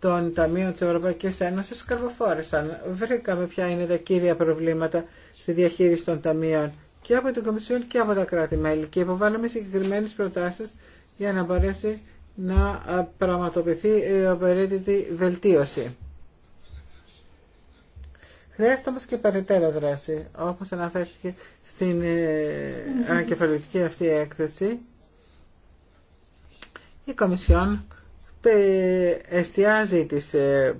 των Ταμείων της Ευρωπαϊκής Ένωσης καρποφόρησαν. Βρήκαμε ποια είναι τα κύρια προβλήματα στη διαχείριση των Ταμείων και από την Κομισιόν και από τα κράτη-μέλη και υποβάλαμε συγκεκριμένε προτάσεις για να μπορέσει να πραγματοποιηθεί η απαραίτητη βελτίωση. Χρειάζεται όμως και περαιτέρω δράση, όπως αναφέρθηκε στην ε, [coughs] ανακεφαλαιοτική αυτή έκθεση. Η Κομισιόν εστιάζει τις ε,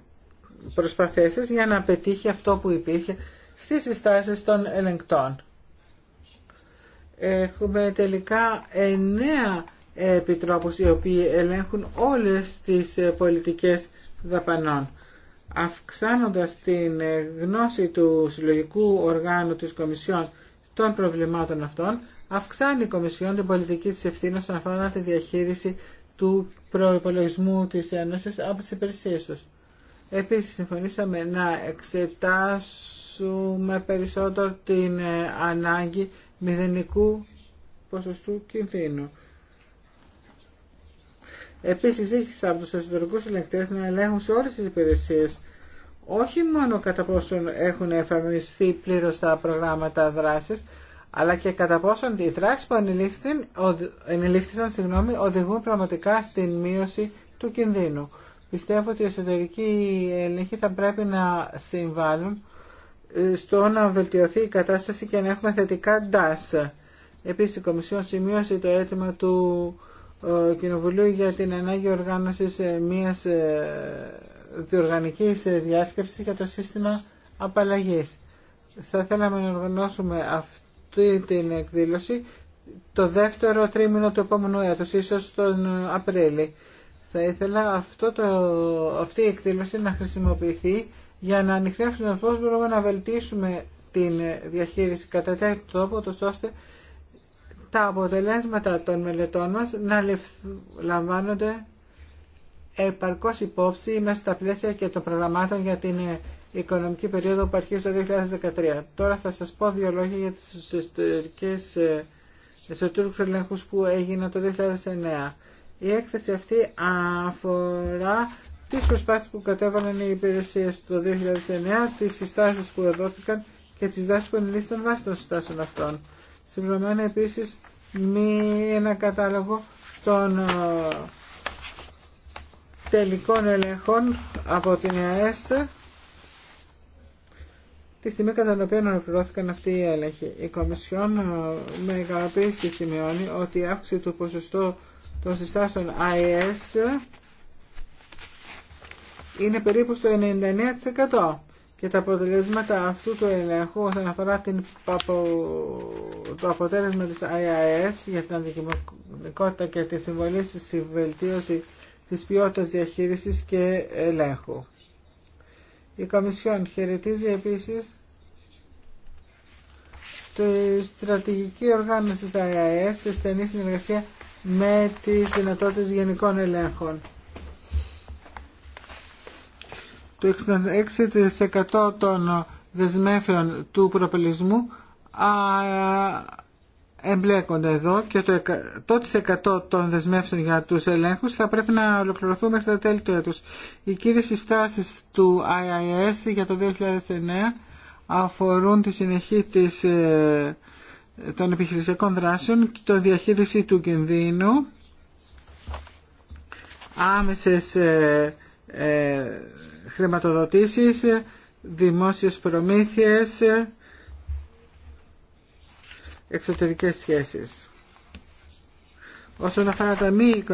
προσπαθήσεις για να πετύχει αυτό που υπήρχε στις συστάσεις των ελεγκτών. Έχουμε τελικά εννέα επιτρόπους οι οποίοι ελέγχουν όλες τις ε, πολιτικές δαπανών. Αυξάνοντας την ε, γνώση του συλλογικού οργάνου της Κομισιόν των προβλημάτων αυτών, αυξάνει η Κομισιόν την πολιτική της ευθύνης αφορά τη διαχείριση του Προπολογισμού τη Ένωση από τι υπηρεσίε του. Επίσης, συμφωνήσαμε να εξετάσουμε περισσότερο την ε, ανάγκη μηδενικού ποσοστού κινδύνου. Επίση, ζήτησα από του εσωτερικού ελεκτέ να ελέγχουν σε όλε τι υπηρεσίε, όχι μόνο κατά πόσο έχουν εφαρμοστεί πλήρω τα προγράμματα δράση αλλά και κατά πόσον οι δράσεις που ενηλήφθησαν οδηγούν πραγματικά στην μείωση του κινδύνου. Πιστεύω ότι οι εσωτερικοί ελέγχοι θα πρέπει να συμβάλλουν ε, στο να βελτιωθεί η κατάσταση και να έχουμε θετικά DAS. Επίσης η Κομισιόν σημείωσε το αίτημα του ε, Κοινοβουλίου για την ανάγκη οργάνωσης ε, μιας διοργανικής διάσκεψης για το σύστημα απαλλαγής. Θα θέλαμε να οργανώσουμε αυτή την εκδήλωση το δεύτερο τρίμηνο του επόμενου έτους, ίσως τον Απρίλη. Θα ήθελα αυτό το, αυτή η εκδήλωση να χρησιμοποιηθεί για να ανοιχνεύσουμε πώς μπορούμε να βελτίσουμε την διαχείριση κατά τέτοιο τρόπο, ώστε τα αποτελέσματα των μελετών μας να λαμβάνονται επαρκώς υπόψη μέσα στα πλαίσια και των προγραμμάτων για την οικονομική περίοδο που αρχίζει το 2013. Τώρα θα σας πω δύο λόγια για τις εσωτερικές ε, εσωτερικούς ελέγχους που έγιναν το 2009. Η έκθεση αυτή αφορά τις προσπάθειες που κατέβαλαν οι υπηρεσίες το 2009, τις συστάσεις που δόθηκαν και τις δάσεις που ενηλήφθησαν βάσει των συστάσεων αυτών. Συμπληρωμένα επίσης μη ένα κατάλογο των ε, τελικών ελέγχων από την ΕΑΕΣΤΕ τη στιγμή κατά την οποία ολοκληρώθηκαν αυτοί οι έλεγχοι. Η Κομισιόν ε, με ικανοποίηση σημειώνει ότι η αύξηση του ποσοστού των συστάσεων IS ε, είναι περίπου στο 99% και τα αποτελέσματα αυτού του ελέγχου όσον αφορά το αποτέλεσμα της IIS για την αντικειμενικότητα και τη συμβολή στη βελτίωση της ποιότητας διαχείρισης και ελέγχου. Η Κομισιόν χαιρετίζει επίσης τη στρατηγική οργάνωση της ΑΕΑΕΣ σε στενή συνεργασία με τις δυνατότητες γενικών ελέγχων. Το 66% των δεσμεύεων του προπελισμού εμπλέκονται εδώ και το 100% των δεσμεύσεων για τους ελέγχους θα πρέπει να ολοκληρωθούν μέχρι τα τέλη του έτους. Οι κύριες συστάσεις του IIS για το 2009 αφορούν τη συνεχή της, ε, των επιχειρησιακών δράσεων και τη διαχείριση του κινδύνου, άμεσες ε, ε, χρηματοδοτήσεις, δημόσιες προμήθειες, εξωτερικές σχέσεις. Όσον αφορά τα μη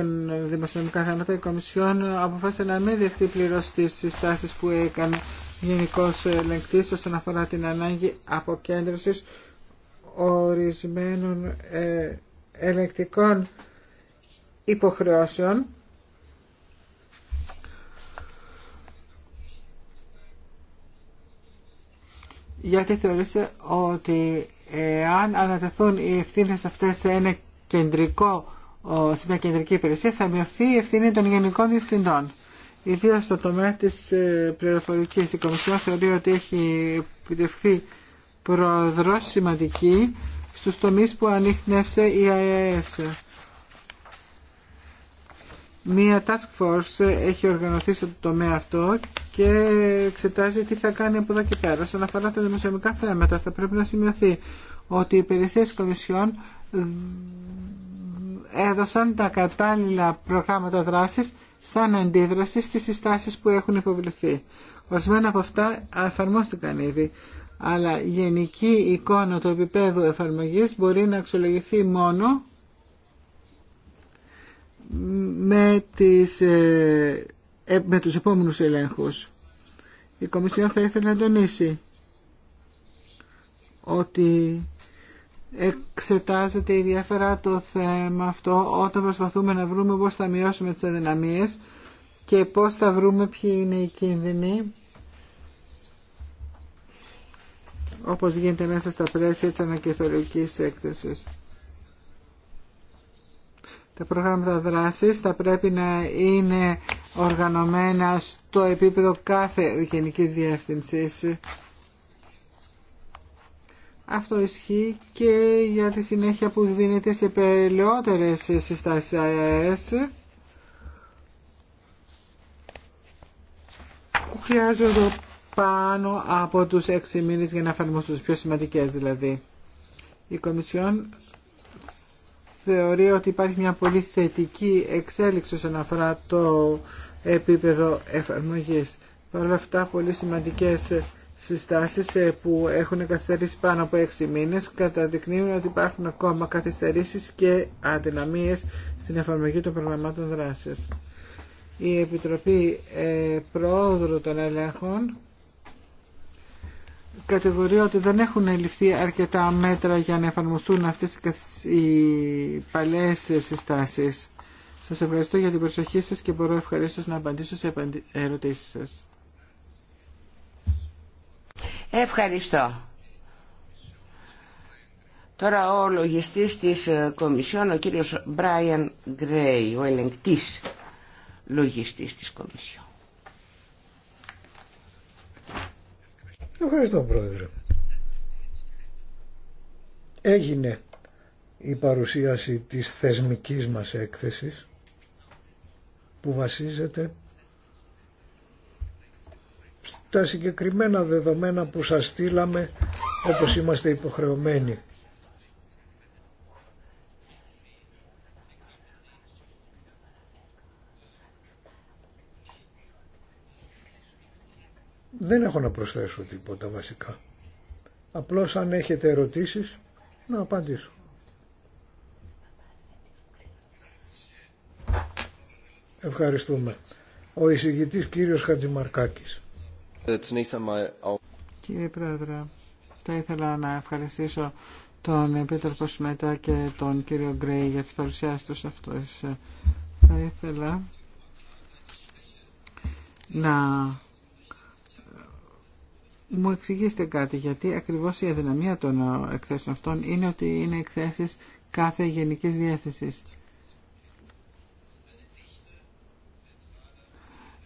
δημοσιονομικά θέματα, η Κομισιόν αποφάσισε να μην δεχτεί πλήρω τι συστάσει που έκανε γενικό ελεγκτή όσον αφορά την ανάγκη αποκέντρωση ορισμένων ε, ελεγκτικών υποχρεώσεων. γιατί θεωρήσε ότι αν ανατεθούν οι ευθύνε αυτέ σε ένα κεντρικό σε μια κεντρική υπηρεσία θα μειωθεί η ευθύνη των γενικών διευθυντών. Ιδίω στο τομέα τη ε, πληροφορική, η Κομισιόν θεωρεί ότι έχει επιτευχθεί προοδρό σημαντική στου τομεί που ανείχνευσε η ΑΕΣ. Μία task force έχει οργανωθεί στο τομέα αυτό και εξετάζει τι θα κάνει από εδώ και πέρα. Σε αφορά τα δημοσιονομικά θέματα, θα πρέπει να σημειωθεί ότι οι υπηρεσίε κομισιών έδωσαν τα κατάλληλα προγράμματα δράσης σαν αντίδραση στις συστάσεις που έχουν υποβληθεί. Ορισμένα από αυτά εφαρμόστηκαν ήδη, αλλά γενική εικόνα του επίπεδου εφαρμογής μπορεί να αξιολογηθεί μόνο με, τις, ε, ε, με τους επόμενους ελέγχους. Η Κομισιόν θα ήθελε να τονίσει ότι εξετάζεται ιδιαίτερα το θέμα αυτό όταν προσπαθούμε να βρούμε πώς θα μειώσουμε τις αδυναμίες και πώς θα βρούμε ποιοι είναι οι κίνδυνοι όπως γίνεται μέσα στα πλαίσια της ανακεφαλικής έκθεσης. Τα προγράμματα δράσης θα πρέπει να είναι οργανωμένα στο επίπεδο κάθε γενικής διεύθυνσης. Αυτό ισχύει και για τη συνέχεια που δίνεται σε περιλαιότερες συστάσεις ΑΕΣ. που χρειάζονται πάνω από τους 6 μήνες για να εφαρμοστούν τις πιο σημαντικές δηλαδή. Η Κομισιόν θεωρεί ότι υπάρχει μια πολύ θετική εξέλιξη όσον αφορά το επίπεδο εφαρμογής. Παρ' αυτά πολύ σημαντικές συστάσεις ε, που έχουν καθυστερήσει πάνω από έξι μήνες καταδεικνύουν ότι υπάρχουν ακόμα καθυστερήσεις και αδυναμίες στην εφαρμογή των προγραμμάτων δράσης. Η Επιτροπή ε, των Ελέγχων κατηγορία ότι δεν έχουν ληφθεί αρκετά μέτρα για να εφαρμοστούν αυτές οι παλές συστάσεις. Σας ευχαριστώ για την προσοχή σας και μπορώ ευχαριστώ να απαντήσω σε ερωτήσεις σας. Ευχαριστώ. Τώρα ο λογιστής της ε, Κομισιόν, ο κύριος Μπράιαν Γκρέι, ο ελεγκτής λογιστής της Κομισιόν. Ευχαριστώ Πρόεδρε. Έγινε η παρουσίαση της θεσμικής μας έκθεσης που βασίζεται στα συγκεκριμένα δεδομένα που σας στείλαμε όπως είμαστε υποχρεωμένοι. Δεν έχω να προσθέσω τίποτα βασικά. Απλώς αν έχετε ερωτήσεις να απαντήσω. Ευχαριστούμε. Ο εισηγητής κύριος Χατζημαρκάκης. Κύριε Πρόεδρε, θα ήθελα να ευχαριστήσω τον Επίτροπο Σμέτα και τον κύριο Γκρέι για τις παρουσιάσεις τους αυτές. Θα ήθελα να μου εξηγήσετε κάτι, γιατί ακριβώς η αδυναμία των ε, εκθέσεων αυτών είναι ότι είναι εκθέσεις κάθε γενικής διεύθυνσης.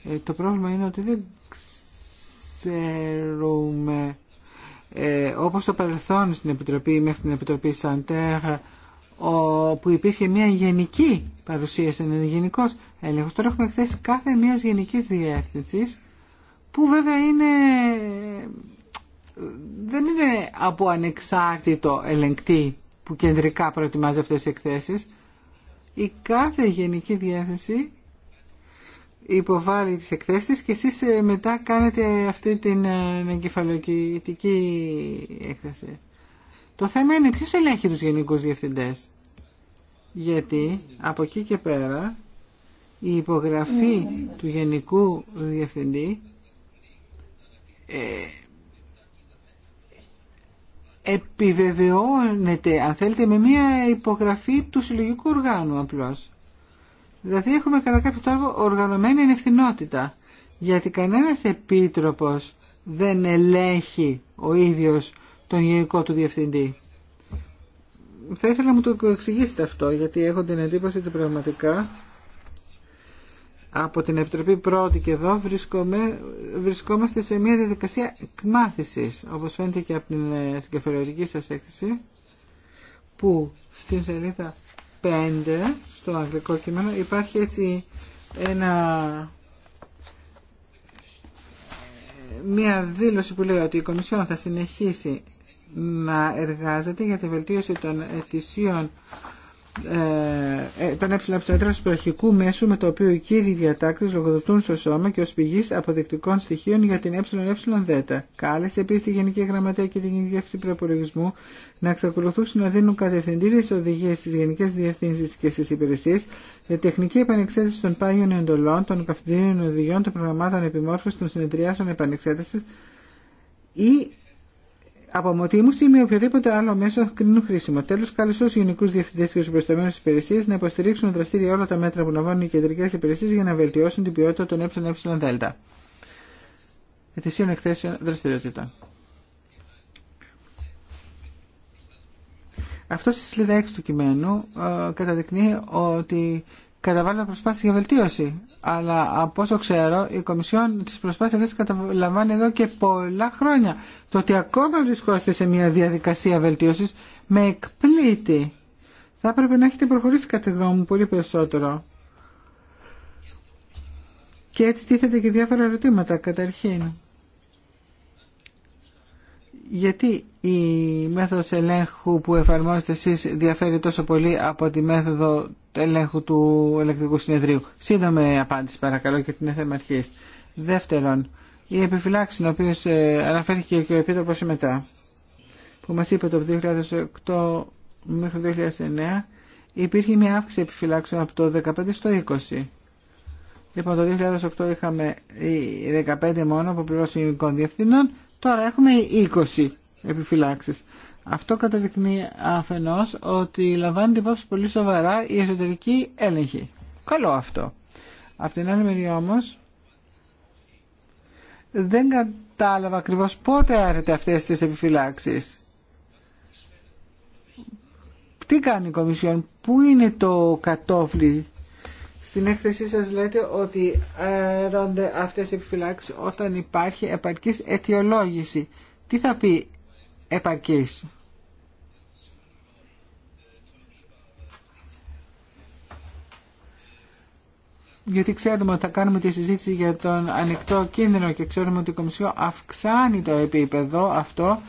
Ε, το πρόβλημα είναι ότι δεν ξέρουμε, ε, όπως το παρελθόν στην Επιτροπή, μέχρι την Επιτροπή Σαντέρα, που υπήρχε μια γενική παρουσίαση, ένα γενικός έλεγχος. Τώρα έχουμε εκθέσει κάθε μιας γενικής διεύθυνσης που βέβαια είναι, δεν είναι από ανεξάρτητο ελεγκτή που κεντρικά προετοιμάζει αυτές τις εκθέσεις. Η κάθε γενική διεύθυνση υποβάλλει τις εκθέσεις και εσείς ε, μετά κάνετε αυτή την ε, εγκεφαλοκητική έκθεση. Το θέμα είναι ποιος ελέγχει τους γενικούς διευθυντές. Γιατί από εκεί και πέρα η υπογραφή του γενικού διευθυντή ε, επιβεβαιώνεται αν θέλετε με μια υπογραφή του συλλογικού οργάνου απλώς. Δηλαδή έχουμε κατά κάποιο τρόπο οργανωμένη ανευθυνότητα γιατί κανένας επίτροπος δεν ελέγχει ο ίδιος τον γενικό του διευθυντή. Θα ήθελα να μου το εξηγήσετε αυτό γιατί έχω την εντύπωση ότι πραγματικά από την Επιτροπή πρώτη και εδώ βρισκομε, βρισκόμαστε σε μια διαδικασία εκμάθησης, όπως φαίνεται και από την ε, συγκεφαλαιολογική σας έκθεση, που στην σελίδα 5, στο αγγλικό κείμενο, υπάρχει έτσι ένα, μια δήλωση που λέει ότι η Κομισιόν θα συνεχίσει να εργάζεται για τη βελτίωση των ετησίων ε, ε, τον ε του περιοχικού μέσου με το οποίο οι κύριοι διατάκτε λογοδοτούν στο σώμα και ω πηγή αποδεικτικών στοιχείων για την ΕΕΔ. Κάλεσε επίση τη Γενική Γραμματεία και την Γενική Διεύθυνση Προπολογισμού να εξακολουθούσαν να δίνουν κατευθυντήριε οδηγίε στι γενικέ διευθύνσει και στι υπηρεσίε, για τεχνική επανεξέταση των πάγιων εντολών, των καυτηρίων οδηγιών, των προγραμμάτων επιμόρφωση των συνεδριάσεων επανεξέταση ή από ή με οποιοδήποτε άλλο μέσο κρίνουν χρήσιμο. Τέλο, καλωσού γενικού διευθυντέ και του προσταμένου τη υπηρεσία να υποστηρίξουν δραστήρια όλα τα μέτρα που λαμβάνουν οι κεντρικέ υπηρεσίε για να βελτιώσουν την ποιότητα των ΕΕΔ. Ετησίων εκθέσεων δραστηριοτήτων. Αυτό στη σλίδα 6 του κειμένου ε, καταδεικνύει ότι Καταβάλλω προσπάθειες για βελτίωση. Αλλά από όσο ξέρω, η Κομισιόν τις προσπάθειες αυτές καταλαμβάνει εδώ και πολλά χρόνια. Το ότι ακόμα βρισκόμαστε σε μια διαδικασία βελτίωσης με εκπλήτη. Θα έπρεπε να έχετε προχωρήσει κατά εδώ μου πολύ περισσότερο. Και έτσι τίθεται και διάφορα ερωτήματα καταρχήν γιατί η μέθοδος ελέγχου που εφαρμόζετε εσείς διαφέρει τόσο πολύ από τη μέθοδο ελέγχου του Ελεκτρικού συνεδρίου. Σύντομη απάντηση παρακαλώ και την θέμα αρχής. Δεύτερον, η επιφυλάξη, ο οποία ε, αναφέρθηκε και ο Επίτροπος μετά, που μας είπε το 2008 μέχρι το 2009, υπήρχε μια αύξηση επιφυλάξεων από το 15 στο 20. Λοιπόν, το 2008 είχαμε 15 μόνο από πληρώσεις γενικών διευθύνων Τώρα έχουμε 20 επιφυλάξεις. Αυτό καταδεικνύει αφενός ότι λαμβάνεται υπόψη πολύ σοβαρά η εσωτερική έλεγχη. Καλό αυτό. Απ' την άλλη μεριά όμως δεν κατάλαβα ακριβώς πότε άρεται αυτές τις επιφυλάξεις. Τι κάνει η Κομισιόν, πού είναι το κατόφλι στην έκθεσή σας λέτε ότι έρονται αυτές οι επιφυλάξεις όταν υπάρχει επαρκής αιτιολόγηση. Τι θα πει επαρκής. γιατί ξέρουμε ότι θα κάνουμε τη συζήτηση για τον ανοιχτό κίνδυνο και ξέρουμε ότι η Κομισιό αυξάνει το επίπεδο αυτό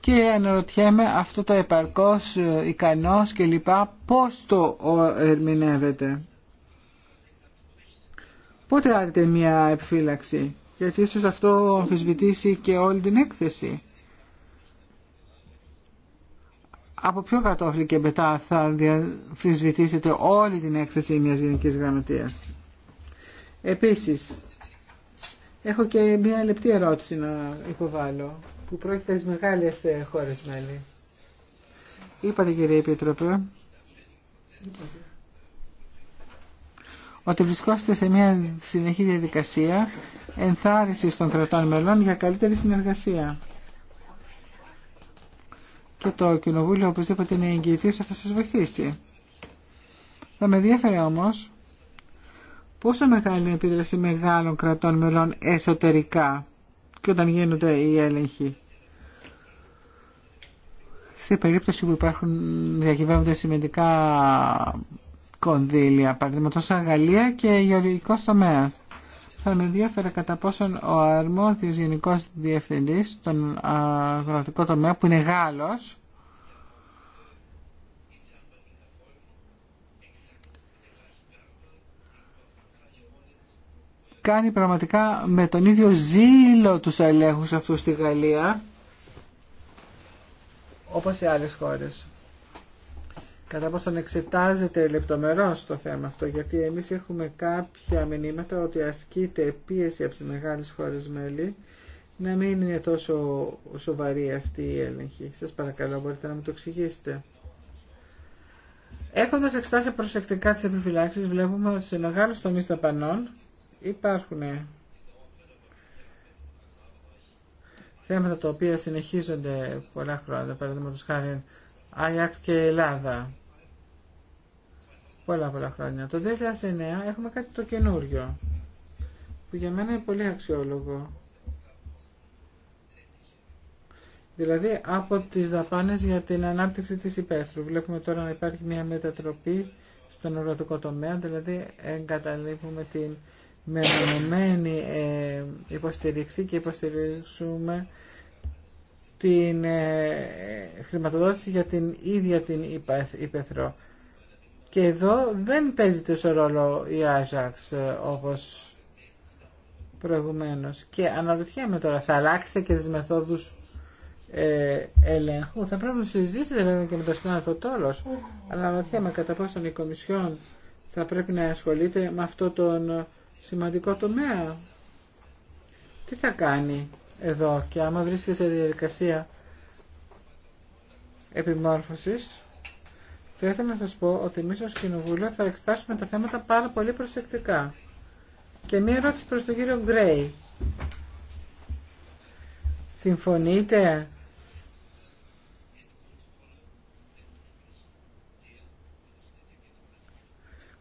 και αναρωτιέμαι αυτό το επαρκώς ε, ικανός και λοιπά πώς το ερμηνεύεται. Πότε άρεται μια επιφύλαξη, γιατί ίσως αυτό αμφισβητήσει και όλη την έκθεση. Από ποιο κατόφλι και μετά θα αμφισβητήσετε όλη την έκθεση μιας γενικής γραμματείας. Επίσης, έχω και μια λεπτή ερώτηση να υποβάλω, που πρόκειται στις μεγάλες ε, χώρες μέλη. Είπατε κύριε Επίτροπε, ότι βρισκόσαστε σε μια συνεχή διαδικασία ενθάρρυνσης των κρατών μελών για καλύτερη συνεργασία. Και το Κοινοβούλιο οπωσδήποτε είναι εγγυητής ότι θα σας βοηθήσει. Θα με ενδιαφέρει όμως πόσο μεγάλη είναι η επίδραση μεγάλων κρατών μελών εσωτερικά και όταν γίνονται οι έλεγχοι. Σε περίπτωση που υπάρχουν διακυβεύονται σημαντικά κονδύλια, Παραδείγματο σαν Γαλλία και γεωργικό τομέα. Θα με ενδιαφέρε κατά πόσον ο αρμόδιο γενικό διευθυντή στον αγροτικό τομέα που είναι Γάλλος κάνει πραγματικά με τον ίδιο ζήλο τους ελέγχους αυτού στη Γαλλία όπως σε άλλες χώρες κατά πόσον εξετάζεται λεπτομερώς το θέμα αυτό, γιατί εμείς έχουμε κάποια μηνύματα ότι ασκείται πίεση από τις μεγάλες χώρες μέλη να μην είναι τόσο σοβαρή αυτή η έλεγχη. Σας παρακαλώ, μπορείτε να μου το εξηγήσετε. Έχοντας εξετάσει προσεκτικά τις επιφυλάξεις, βλέπουμε ότι σε μεγάλους τομείς δαπανών υπάρχουν θέματα τα οποία συνεχίζονται πολλά χρόνια, παραδείγματος χάρη Άγιαξ και Ελλάδα πολλά πολλά χρόνια. Το 2009 έχουμε κάτι το καινούριο, που για μένα είναι πολύ αξιόλογο. Δηλαδή από τις δαπάνες για την ανάπτυξη της υπαίθρου. Βλέπουμε τώρα να υπάρχει μια μετατροπή στον ουρατικό τομέα, δηλαδή εγκαταλείπουμε την μεμονωμένη ε, υποστηρίξη και υποστηρίζουμε την ε, χρηματοδότηση για την ίδια την υπαίθρο. Και εδώ δεν παίζει τόσο ρόλο η Άζαξ ε, όπως προηγουμένως. Και αναρωτιέμαι τώρα, θα αλλάξετε και τις μεθόδους ε, ελέγχου. Θα πρέπει να συζητήσετε βέβαια και με τον συνάδελφο Τόλος. Αναρωτιέμαι κατά πόσον η Κομισιόν θα πρέπει να ασχολείται με αυτό τον σημαντικό τομέα. Τι θα κάνει εδώ και άμα βρίσκεται σε διαδικασία επιμόρφωσης θα ήθελα να σας πω ότι εμείς ως Κοινοβούλιο θα εξετάσουμε τα θέματα πάρα πολύ προσεκτικά. Και μία ερώτηση προς τον κύριο Γκρέι. Συμφωνείτε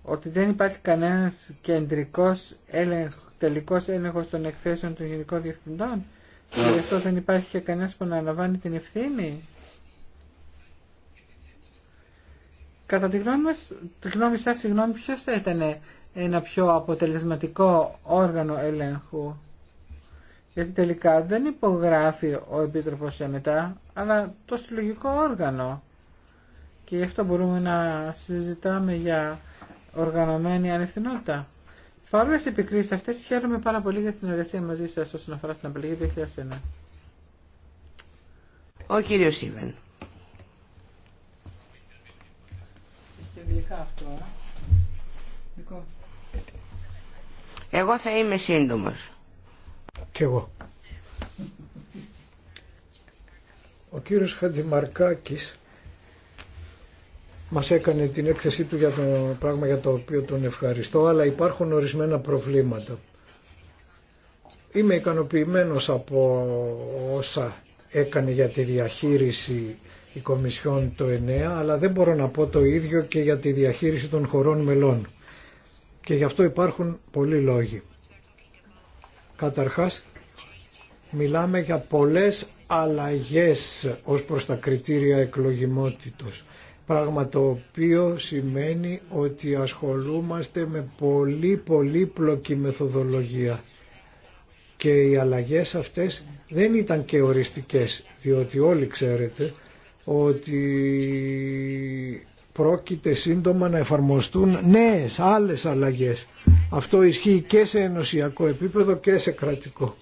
ότι δεν υπάρχει κανένας κεντρικός έλεγχο, τελικός έλεγχος των εκθέσεων των γενικών διευθυντών και γι' αυτό δεν υπάρχει και κανένας που να αναλαμβάνει την ευθύνη. Κατά τη γνώμη, μας, τη γνώμη σας, συγγνώμη, ποιος θα ήταν ένα πιο αποτελεσματικό όργανο ελέγχου. Γιατί τελικά δεν υπογράφει ο Επίτροπος σε μετά, αλλά το συλλογικό όργανο. Και γι' αυτό μπορούμε να συζητάμε για οργανωμένη ανευθυνότητα. Παρόλε τι επικρίσει αυτέ, χαίρομαι πάρα πολύ για την συνεργασία μαζί σα όσον αφορά την απαλλαγή 2001. Ο κύριος Σίβεν. Ε. Εγώ θα είμαι σύντομο. Κι εγώ. Ο κύριος Χατζημαρκάκης μας έκανε την έκθεσή του για το πράγμα για το οποίο τον ευχαριστώ, αλλά υπάρχουν ορισμένα προβλήματα. Είμαι ικανοποιημένος από όσα έκανε για τη διαχείριση η Κομισιόν το 9, αλλά δεν μπορώ να πω το ίδιο και για τη διαχείριση των χωρών μελών. Και γι' αυτό υπάρχουν πολλοί λόγοι. Καταρχάς, μιλάμε για πολλές αλλαγές ως προς τα κριτήρια εκλογιμότητος. Πράγμα το οποίο σημαίνει ότι ασχολούμαστε με πολύ πολύπλοκη μεθοδολογία. Και οι αλλαγές αυτές δεν ήταν και οριστικές, διότι όλοι ξέρετε ότι πρόκειται σύντομα να εφαρμοστούν νέες άλλες αλλαγές. Αυτό ισχύει και σε ενωσιακό επίπεδο και σε κρατικό.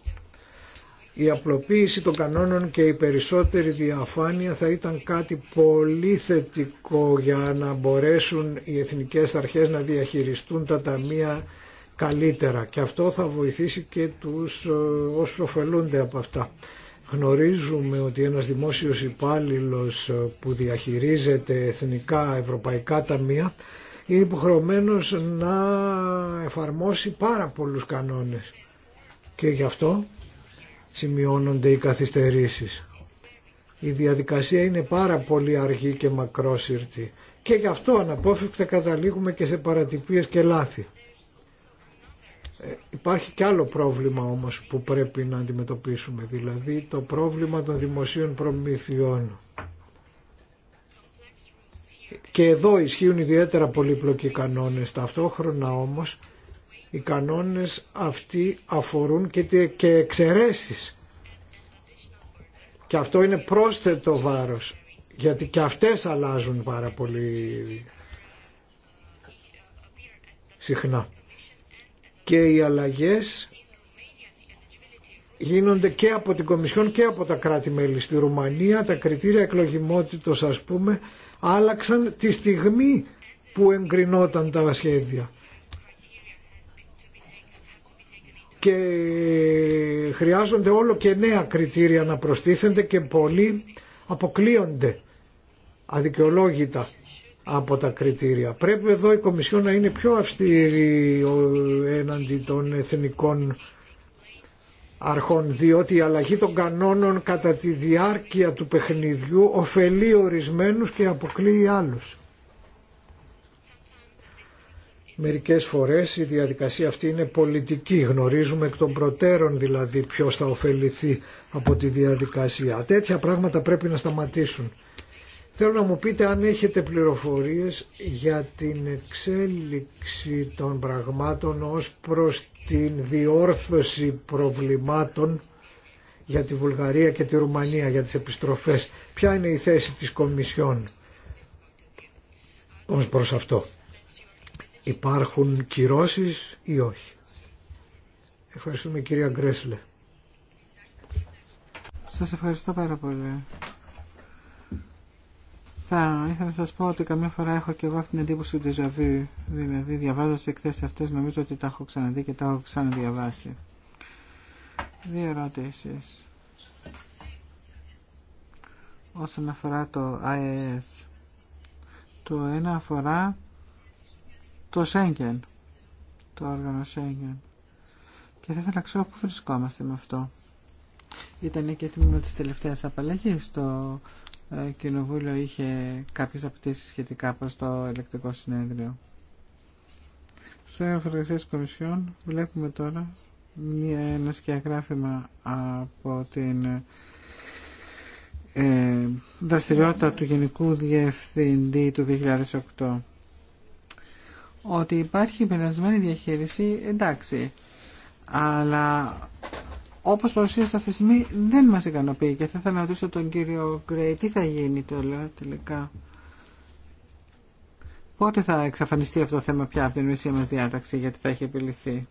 Η απλοποίηση των κανόνων και η περισσότερη διαφάνεια θα ήταν κάτι πολύ θετικό για να μπορέσουν οι εθνικές αρχές να διαχειριστούν τα ταμεία καλύτερα και αυτό θα βοηθήσει και τους ε, όσους ωφελούνται από αυτά γνωρίζουμε ότι ένας δημόσιος υπάλληλος που διαχειρίζεται εθνικά ευρωπαϊκά ταμεία είναι υποχρεωμένος να εφαρμόσει πάρα πολλούς κανόνες και γι' αυτό σημειώνονται οι καθυστερήσεις. Η διαδικασία είναι πάρα πολύ αργή και μακρόσυρτη και γι' αυτό αναπόφευκτα καταλήγουμε και σε παρατυπίες και λάθη. Υπάρχει και άλλο πρόβλημα όμως που πρέπει να αντιμετωπίσουμε, δηλαδή το πρόβλημα των δημοσίων προμηθειών. Και εδώ ισχύουν ιδιαίτερα πολύπλοκοι κανόνες. Ταυτόχρονα όμως οι κανόνες αυτοί αφορούν και εξαιρέσεις. Και αυτό είναι πρόσθετο βάρος, γιατί και αυτές αλλάζουν πάρα πολύ συχνά και οι αλλαγές γίνονται και από την Κομισιόν και από τα κράτη-μέλη. Στη Ρουμανία τα κριτήρια εκλογιμότητος ας πούμε άλλαξαν τη στιγμή που εγκρινόταν τα σχέδια. Και χρειάζονται όλο και νέα κριτήρια να προστίθενται και πολλοί αποκλείονται αδικαιολόγητα από τα κριτήρια. Πρέπει εδώ η Κομισιόν να είναι πιο αυστηρή έναντι των εθνικών αρχών, διότι η αλλαγή των κανόνων κατά τη διάρκεια του παιχνιδιού ωφελεί ορισμένους και αποκλείει άλλους. Μερικές φορές η διαδικασία αυτή είναι πολιτική, γνωρίζουμε εκ των προτέρων δηλαδή ποιος θα ωφεληθεί από τη διαδικασία. Τέτοια πράγματα πρέπει να σταματήσουν. Θέλω να μου πείτε αν έχετε πληροφορίες για την εξέλιξη των πραγμάτων ως προς την διόρθωση προβλημάτων για τη Βουλγαρία και τη Ρουμανία για τις επιστροφές. Ποια είναι η θέση της Κομισιόν ως προς αυτό. Υπάρχουν κυρώσεις ή όχι. Ευχαριστούμε κυρία Γκρέσλε. Σας ευχαριστώ πάρα πολύ. Θα ήθελα να σας πω ότι καμιά φορά έχω και εγώ αυτή την εντύπωση του Δηλαδή διαβάζω σε εκθέσεις αυτές, νομίζω ότι τα έχω ξαναδεί και τα έχω ξαναδιαβάσει. Δύο ερωτήσει. Όσον αφορά το IAS. Το ένα αφορά το Schengen, το όργανο Schengen. Και θα ήθελα να ξέρω πού βρισκόμαστε με αυτό. Ήταν και τμήμα τη τελευταία απαλλαγή το ε, κοινοβούλιο είχε κάποιες απαιτήσεις σχετικά προς το ελεκτικό συνέδριο. Στο έγγραφο εργασία Κομισιόν βλέπουμε τώρα μια, ένα σκιαγράφημα από την ε, δραστηριότητα του Γενικού Διευθυντή του 2008. Ότι υπάρχει περασμένη διαχείριση, εντάξει, αλλά όπως παρουσίασε αυτή τη στιγμή δεν μας ικανοποιεί και θα ήθελα να ρωτήσω τον κύριο Γκρέι τι θα γίνει τώρα τελικά. Πότε θα εξαφανιστεί αυτό το θέμα πια από την ουσία μας διάταξη γιατί θα έχει επιληθεί.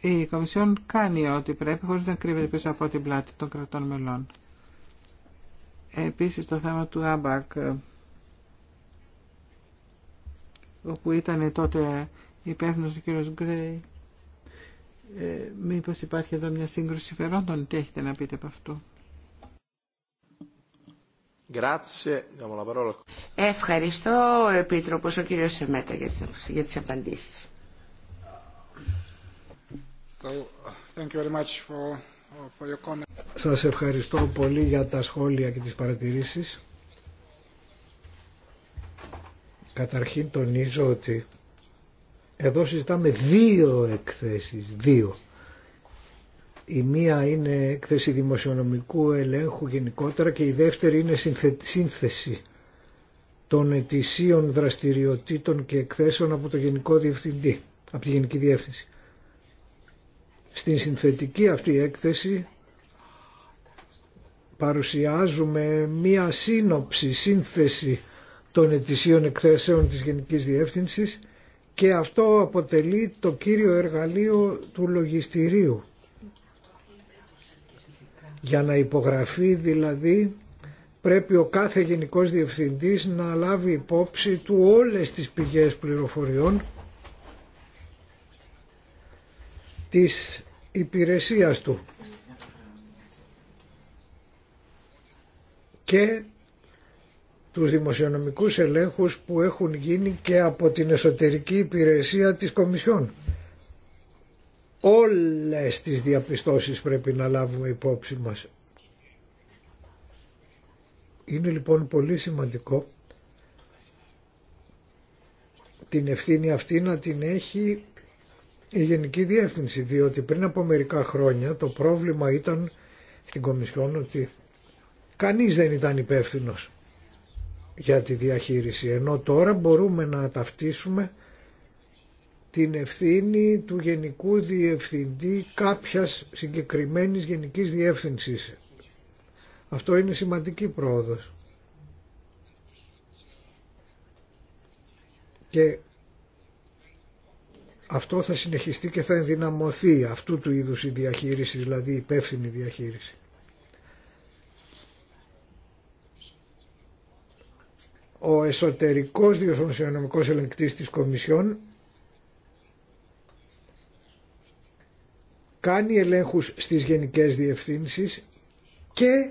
Η Κομισιόν κάνει ό,τι πρέπει χωρίς να κρύβεται πίσω από την πλάτη των κρατών μελών. Επίσης το θέμα του Άμπακ όπου ήταν τότε υπεύθυνο ο κύριο Γκρέι. Ε, μήπως υπάρχει εδώ μια σύγκρουση φερόντων τι έχετε να πείτε από αυτό. Ευχαριστώ ο Επίτροπος, ο κύριος Σεμέτα για τι απαντήσει. Σα ευχαριστώ πολύ για τα σχόλια και τι παρατηρήσει. Καταρχήν τονίζω ότι εδώ συζητάμε δύο εκθέσεις, δύο. Η μία είναι έκθεση δημοσιονομικού ελέγχου γενικότερα και η δεύτερη είναι σύνθεση των ετησίων δραστηριοτήτων και εκθέσεων από το Γενικό Διευθυντή, από τη Γενική Διεύθυνση. Στην συνθετική αυτή έκθεση παρουσιάζουμε μία σύνοψη, σύνθεση των ετησίων εκθέσεων της Γενικής Διεύθυνσης και αυτό αποτελεί το κύριο εργαλείο του λογιστηρίου. Για να υπογραφεί δηλαδή πρέπει ο κάθε γενικός διευθυντής να λάβει υπόψη του όλες τις πηγές πληροφοριών της υπηρεσίας του και τους δημοσιονομικούς ελέγχους που έχουν γίνει και από την εσωτερική υπηρεσία της Κομισιόν. Όλες τις διαπιστώσεις πρέπει να λάβουμε υπόψη μας. Είναι λοιπόν πολύ σημαντικό την ευθύνη αυτή να την έχει η Γενική Διεύθυνση, διότι πριν από μερικά χρόνια το πρόβλημα ήταν στην Κομισιόν ότι κανείς δεν ήταν υπεύθυνος για τη διαχείριση. Ενώ τώρα μπορούμε να ταυτίσουμε την ευθύνη του Γενικού Διευθυντή κάποιας συγκεκριμένης γενικής διεύθυνσης. Αυτό είναι σημαντική πρόοδος. Και αυτό θα συνεχιστεί και θα ενδυναμωθεί αυτού του είδους η διαχείριση, δηλαδή η υπεύθυνη διαχείριση. ο εσωτερικός διορθωσιονομικός ελεγκτής της Κομισιόν κάνει ελέγχους στις γενικές διευθύνσεις και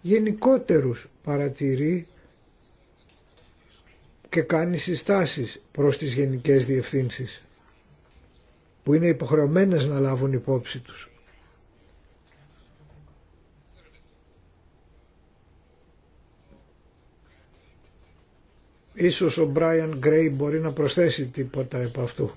γενικότερους παρατηρεί και κάνει συστάσεις προς τις γενικές διευθύνσεις που είναι υποχρεωμένες να λάβουν υπόψη τους. Ίσως ο Μπράιαν Γκρέι μπορεί να προσθέσει τίποτα επ' αυτού.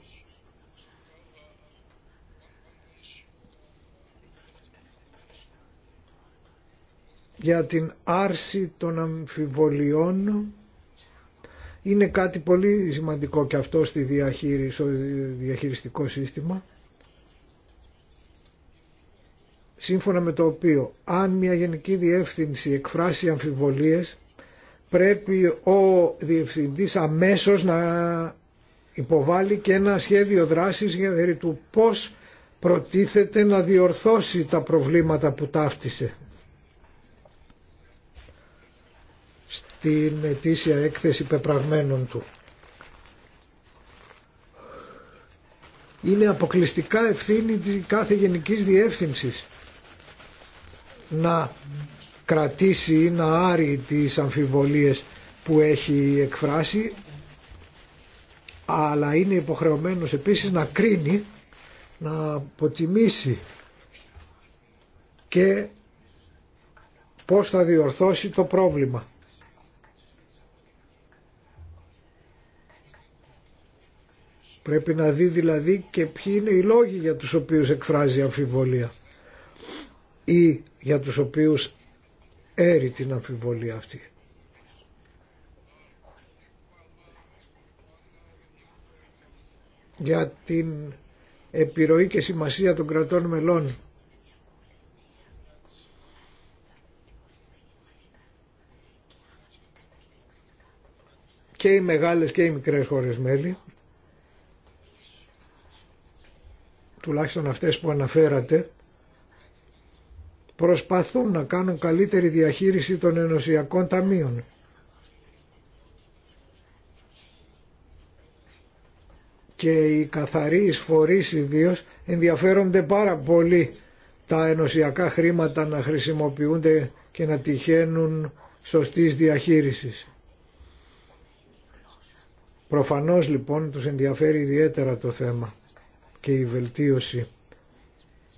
Για την άρση των αμφιβολιών είναι κάτι πολύ σημαντικό και αυτό στη διαχείριση, στο διαχειριστικό σύστημα σύμφωνα με το οποίο αν μια γενική διεύθυνση εκφράσει αμφιβολίες πρέπει ο διευθυντής αμέσως να υποβάλει και ένα σχέδιο δράσης για του πώς προτίθεται να διορθώσει τα προβλήματα που ταύτισε. Στην ετήσια έκθεση πεπραγμένων του. Είναι αποκλειστικά ευθύνη της κάθε γενικής διεύθυνσης να κρατήσει ή να άρει τις αμφιβολίες που έχει εκφράσει αλλά είναι υποχρεωμένος επίσης να κρίνει, να αποτιμήσει και πώς θα διορθώσει το πρόβλημα. Πρέπει να δει δηλαδή και ποιοι είναι οι λόγοι για τους οποίους εκφράζει αμφιβολία ή για τους οποίους έρει την αμφιβολία αυτή. Για την επιρροή και σημασία των κρατών μελών. Και οι μεγάλες και οι μικρές χώρες μέλη, τουλάχιστον αυτές που αναφέρατε, προσπαθούν να κάνουν καλύτερη διαχείριση των ενωσιακών ταμείων. Και οι καθαροί εισφορείς ιδίω ενδιαφέρονται πάρα πολύ τα ενωσιακά χρήματα να χρησιμοποιούνται και να τυχαίνουν σωστής διαχείρισης. Προφανώς λοιπόν τους ενδιαφέρει ιδιαίτερα το θέμα και η βελτίωση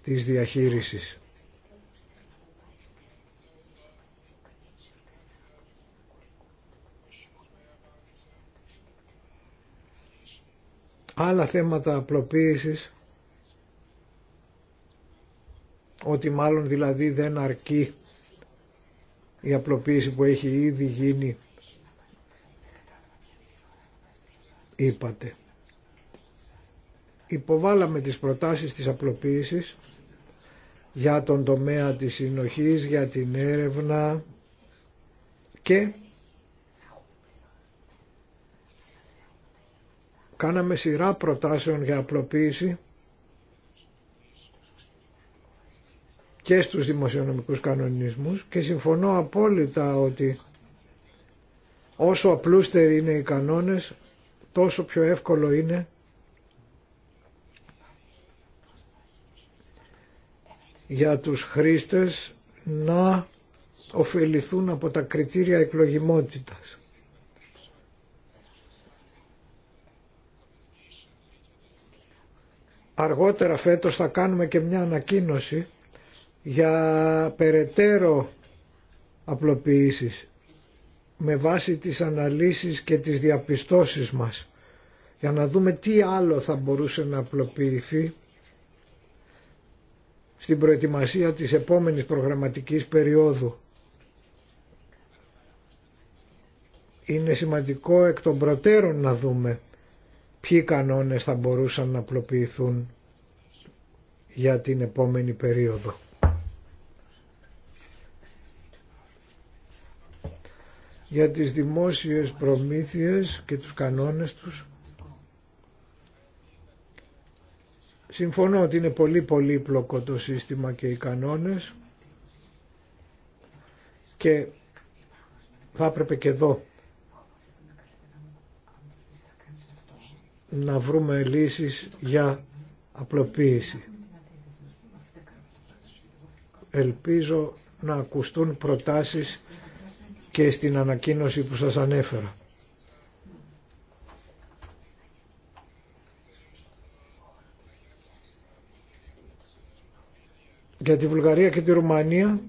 της διαχείρισης. άλλα θέματα απλοποίησης ότι μάλλον δηλαδή δεν αρκεί η απλοποίηση που έχει ήδη γίνει είπατε. Υποβάλαμε τις προτάσεις της απλοποίησης για τον τομέα της συνοχής, για την έρευνα και Κάναμε σειρά προτάσεων για απλοποίηση και στους δημοσιονομικούς κανονισμούς και συμφωνώ απόλυτα ότι όσο απλούστεροι είναι οι κανόνες τόσο πιο εύκολο είναι για τους χρήστες να ωφεληθούν από τα κριτήρια εκλογιμότητας. Αργότερα φέτος θα κάνουμε και μια ανακοίνωση για περαιτέρω απλοποιήσεις με βάση τις αναλύσεις και τις διαπιστώσεις μας για να δούμε τι άλλο θα μπορούσε να απλοποιηθεί στην προετοιμασία της επόμενης προγραμματικής περίοδου. Είναι σημαντικό εκ των προτέρων να δούμε ποιοι κανόνες θα μπορούσαν να απλοποιηθούν για την επόμενη περίοδο. Για τις δημόσιες προμήθειες και τους κανόνες τους συμφωνώ ότι είναι πολύ πολύπλοκο το σύστημα και οι κανόνες και θα έπρεπε και εδώ να βρούμε λύσεις για απλοποίηση. Ελπίζω να ακουστούν προτάσεις και στην ανακοίνωση που σας ανέφερα. Για τη Βουλγαρία και τη Ρουμανία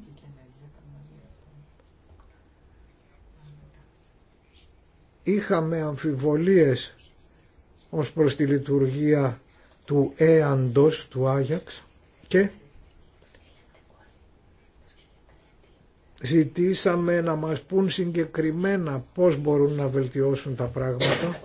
είχαμε αμφιβολίες ως προς τη λειτουργία του έαντος του Άγιαξ και ζητήσαμε να μας πούν συγκεκριμένα πώς μπορούν να βελτιώσουν τα πράγματα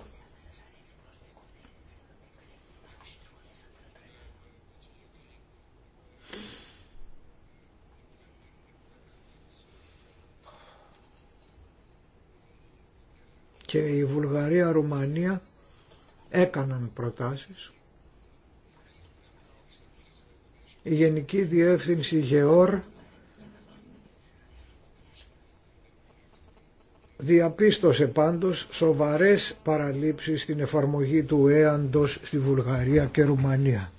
και η Βουλγαρία-Ρουμανία έκαναν προτάσεις. Η Γενική Διεύθυνση ΓΕΟΡ διαπίστωσε πάντως σοβαρές παραλήψεις στην εφαρμογή του ΕΑΝΤΟΣ στη Βουλγαρία και Ρουμανία.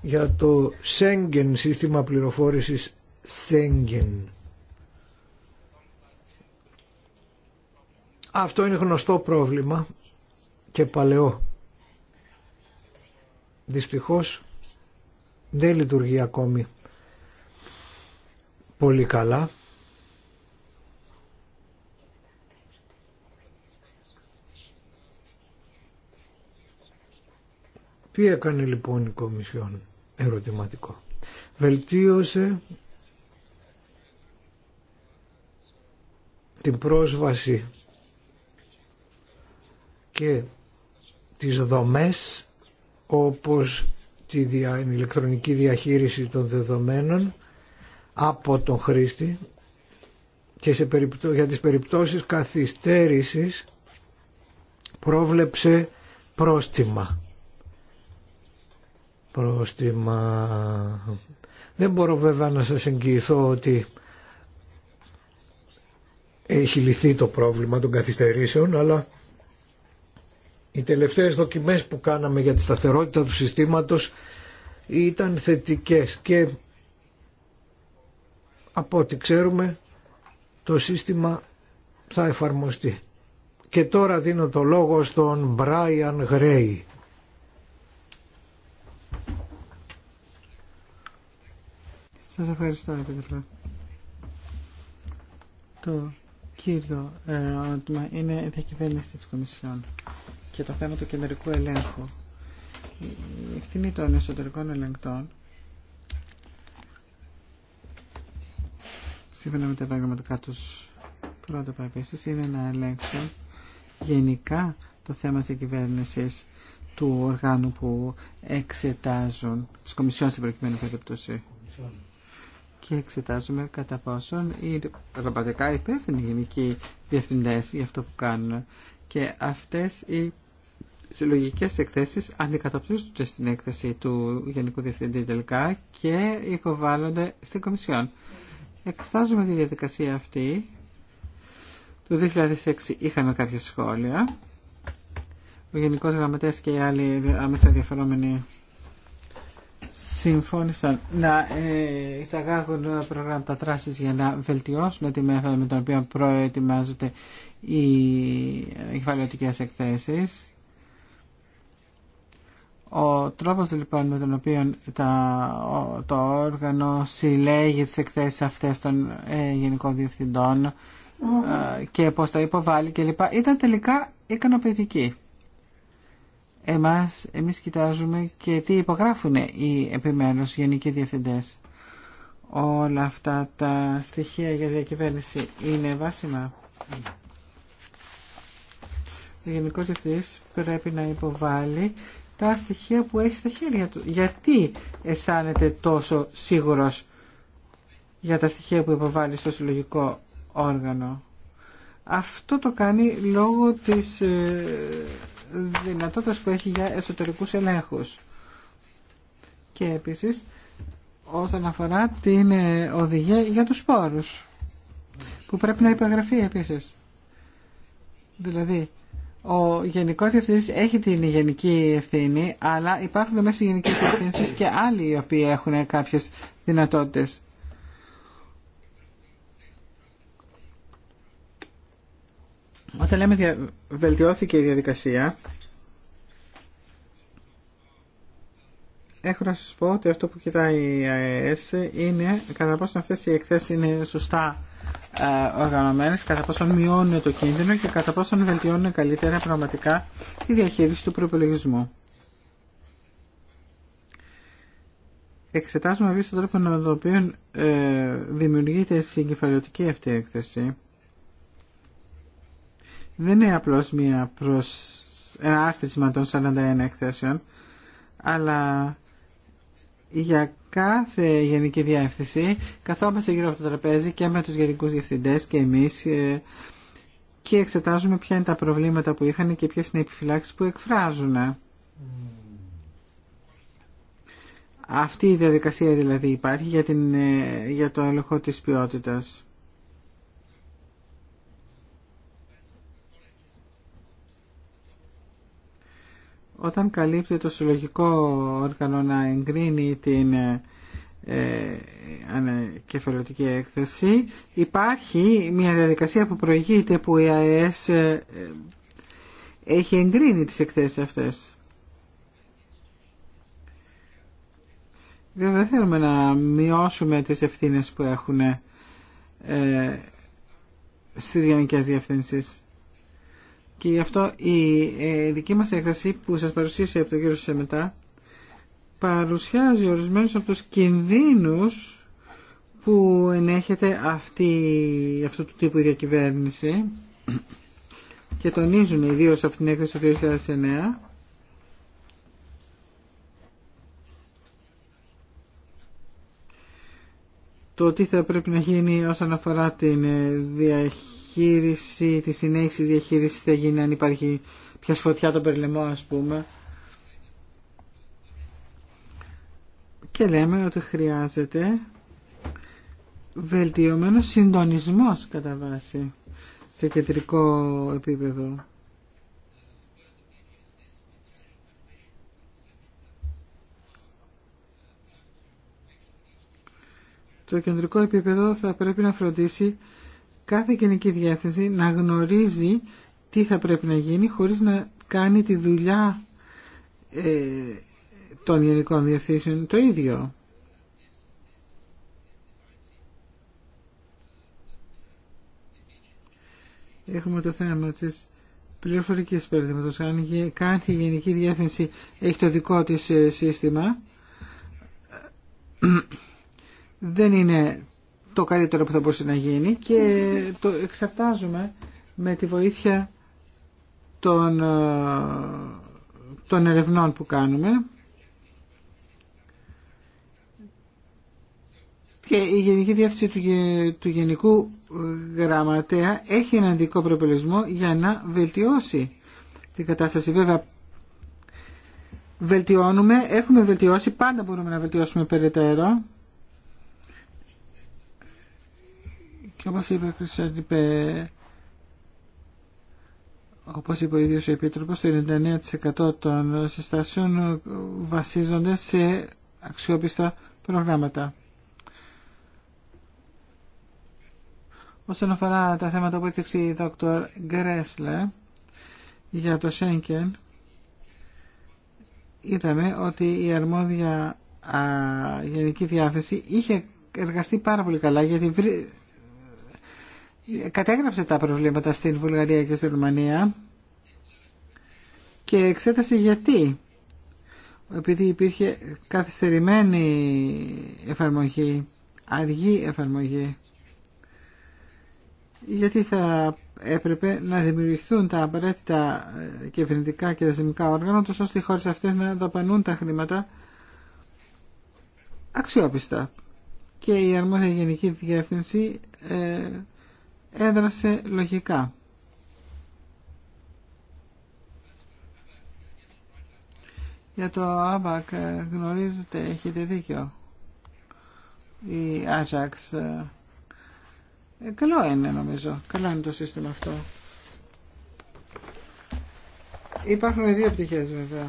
Για το Σέγγεν, σύστημα πληροφόρησης Σέγγεν. Αυτό είναι γνωστό πρόβλημα και παλαιό. Δυστυχώς δεν λειτουργεί ακόμη πολύ καλά. Τι έκανε λοιπόν η Κομισιόν, ερωτηματικό. Βελτίωσε την πρόσβαση και τις δομές όπως τη δια, ηλεκτρονική διαχείριση των δεδομένων από τον χρήστη και σε για τις περιπτώσεις καθυστέρησης πρόβλεψε πρόστιμα. Πρόστιμα. Δεν μπορώ βέβαια να σας εγγυηθώ ότι έχει λυθεί το πρόβλημα των καθυστερήσεων, αλλά οι τελευταίες δοκιμές που κάναμε για τη σταθερότητα του συστήματος ήταν θετικές και από ό,τι ξέρουμε το σύστημα θα εφαρμοστεί. Και τώρα δίνω το λόγο στον Brian Gray. Σας ευχαριστώ, Επίτροπε. Το κύριο ερώτημα είναι η διακυβέρνηση της Κομισιόν και το θέμα του κεντρικού ελέγχου. Η ευθύνη των εσωτερικών ελεγκτών σύμφωνα με τα επαγγελματικά τους πρότυπα επίσης είναι να ελέγξουν γενικά το θέμα της κυβέρνησης του οργάνου που εξετάζουν, τη Κομισιόν στην προκειμένη περίπτωση. Και εξετάζουμε κατά πόσον είναι πραγματικά υπεύθυνοι γενικοί διευθυντές για αυτό που κάνουν. Και αυτές οι Συλλογικέ εκθέσεις αντικατοπτρίζονται στην έκθεση του Γενικού Διευθυντή τελικά και υποβάλλονται στην Κομισιόν. Εκστάζουμε τη διαδικασία αυτή. Το 2006 είχαμε κάποια σχόλια. Ο Γενικός Γραμματέας και οι άλλοι άμεσα ενδιαφερόμενοι συμφώνησαν να ε, εισαγάγουν προγράμματα τράση για να βελτιώσουν τη μέθοδο με την οποία προετοιμάζονται οι ε, κεφαλαιοτικές εκθέσεις ο τρόπος λοιπόν με τον οποίο τα, το όργανο συλλέγει τις εκθέσεις αυτές των ε, γενικών διευθυντών ε, και πώς τα υποβάλλει κλπ. ήταν τελικά ικανοποιητική. Εμάς, εμείς κοιτάζουμε και τι υπογράφουν οι επιμέρους γενικοί διευθυντές. Όλα αυτά τα στοιχεία για διακυβέρνηση είναι βάσιμα. Ο Γενικός Διευθυντής πρέπει να υποβάλει τα στοιχεία που έχει στα χέρια του. Γιατί αισθάνεται τόσο σίγουρος για τα στοιχεία που υποβάλλει στο συλλογικό όργανο. Αυτό το κάνει λόγω της ε, δυνατότητας που έχει για εσωτερικούς ελέγχους. Και επίσης όσον αφορά την ε, οδηγία για τους σπόρους που πρέπει να υπογραφεί επίσης. Δηλαδή ο Γενικός Διευθυντής έχει την γενική ευθύνη, αλλά υπάρχουν μέσα οι γενικές ευθύνσεις και άλλοι οι οποίοι έχουν κάποιες δυνατότητες. Όταν λέμε βελτιώθηκε η διαδικασία, έχω να σας πω ότι αυτό που κοιτάει η ΑΕΣ είναι κατά πόσο αυτές οι εκθέσεις είναι σωστά ε, οργανωμένες, κατά πόσο μειώνουν το κίνδυνο και κατά πόσο βελτιώνουν καλύτερα πραγματικά τη διαχείριση του προπολογισμού. Εξετάζουμε επίσης τον τρόπο με τον οποίο ε, δημιουργείται η συγκεφαλαιοτική αυτή έκθεση. Δεν είναι απλώς μια προς... Ε, ένα άρθισμα των 41 εκθέσεων, αλλά για κάθε γενική διεύθυνση καθόμαστε γύρω από το τραπέζι και με τους γενικούς διευθυντές και εμείς ε, και εξετάζουμε ποια είναι τα προβλήματα που είχαν και ποιες είναι οι επιφυλάξεις που εκφράζουν. Αυτή η διαδικασία δηλαδή υπάρχει για, την, ε, για το έλεγχο της ποιότητας. Όταν καλύπτει το συλλογικό όργανο να εγκρίνει την ε, ε ανακεφαλωτική έκθεση υπάρχει μια διαδικασία που προηγείται που η ΑΕΣ ε, έχει εγκρίνει τις εκθέσεις αυτές. Βέβαια θέλουμε να μειώσουμε τις ευθύνες που έχουν ε, στις γενικές διευθύνσεις. Και γι' αυτό ε, η δική μας έκθεση που σας παρουσίασε από τον κύριο Σεμετά παρουσιάζει ορισμένους από τους κινδύνους που ενέχεται αυτή, αυτού του τύπου η διακυβέρνηση και τονίζουν ιδίως αυτήν την έκθεση του 2009 το τι θα πρέπει να γίνει όσον αφορά την ε, διαχείριση διαχείριση, τη συνέχιση τη διαχείρισης θα γίνει αν υπάρχει πια σφωτιά το περλεμό ας πούμε. Και λέμε ότι χρειάζεται βελτιωμένο συντονισμός κατά βάση σε κεντρικό επίπεδο. Το κεντρικό επίπεδο θα πρέπει να φροντίσει κάθε γενική διεύθυνση να γνωρίζει τι θα πρέπει να γίνει χωρίς να κάνει τη δουλειά ε, των γενικών διευθύνσεων το ίδιο. Έχουμε το θέμα της πληροφορικής παραδείγματος. Αν κάθε γενική διεύθυνση έχει το δικό της ε, σύστημα, [clears throat] δεν είναι το καλύτερο που θα μπορούσε να γίνει και το εξαρτάζουμε με τη βοήθεια των, ε, των ερευνών που κάνουμε. Και η Γενική Διεύθυνση του, του Γενικού Γραμματέα έχει έναν δικό προπελισμό για να βελτιώσει την κατάσταση. Βέβαια, βελτιώνουμε, έχουμε βελτιώσει, πάντα μπορούμε να βελτιώσουμε περαιτέρω. Και όπως είπε, είπε, όπως είπε ο ίδιος ο Επίτροπος, το 99% των συστάσεων βασίζονται σε αξιόπιστα προγράμματα. Όσον αφορά τα θέματα που έθιξε η Δόκτωρ Γκρέσλε για το Σέγκεν, είδαμε ότι η αρμόδια γενική διάθεση είχε εργαστεί πάρα πολύ καλά γιατί κατέγραψε τα προβλήματα στην Βουλγαρία και στην Ρουμανία και εξέτασε γιατί. Επειδή υπήρχε καθυστερημένη εφαρμογή, αργή εφαρμογή. Γιατί θα έπρεπε να δημιουργηθούν τα απαραίτητα ε, κυβερνητικά και δεσμικά όργανα, τόσο ώστε οι χώρες αυτές να δαπανούν τα χρήματα αξιόπιστα. Και η αρμόδια γενική διεύθυνση ε, έδρασε λογικά. Για το ΆΜΑΚ ε, γνωρίζετε, έχετε δίκιο. Η Άζαξ. Ε, ε, καλό είναι νομίζω. Καλό είναι το σύστημα αυτό. Υπάρχουν δύο πτυχές βέβαια.